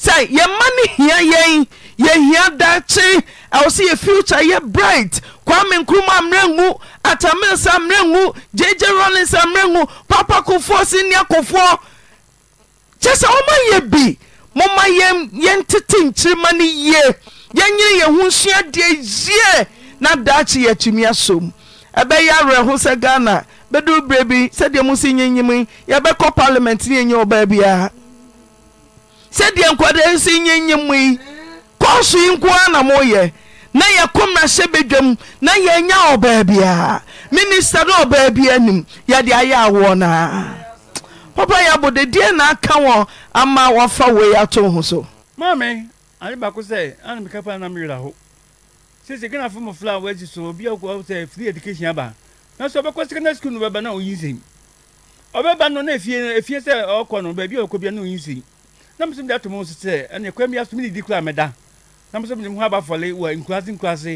S1: sɛ yɛma ne hia yɛn yɛhia dakye ɛwɔ sɛ yɛ future yɛ bright kwame Nkrumah mmerɛngu atamilsa mmerɛngu gyegye rollins mmerɛngu papa kofoɔ senia kofoɔ kyɛ sɛ wɔma yɛ bi momma yɛntete nkyirima no yie yɛnyere yɛ ho sua deɛ yie na daakye yɛatumi asom ɛbɛyɛ awerɛho sɛ ghana bɛduru berɛ bi sɛdeɛ mo si nyinyim yɛbɛkɔ parliament ne yɛnyɛ ɔbaa biara sɛdeɛ nkwadaa si nyinyim yi dɔɔso yi nko ara na moyɛ na yɛkɔ mmarahyɛ badwam na yɛnya ɔbaabia minista no ɔbaabia nim yɛde ayɛ awoɔ naa papa yɛ abɔdadiɛ na aka wɔn ama wɔfa wei ato ho so
S14: maame ade baako sɛ ana meka pa nam werɛ ho sɛsɛ ghana fo mmɔfra a wɔasi so obi akɔ sɛ free education aba na sɛ ɔbɛkɔ secondary school no bɛba na ɔyi nsɛm ɔbɛba no na efie efie sɛ ɔkɔ no baabi a bia na ɔyi nsɛm na mesɛ mede ato mu so sɛ ɛne kwan bi aso mede di kora meda na mo sɛ mede mo ho aba fɔle wɔ nkurase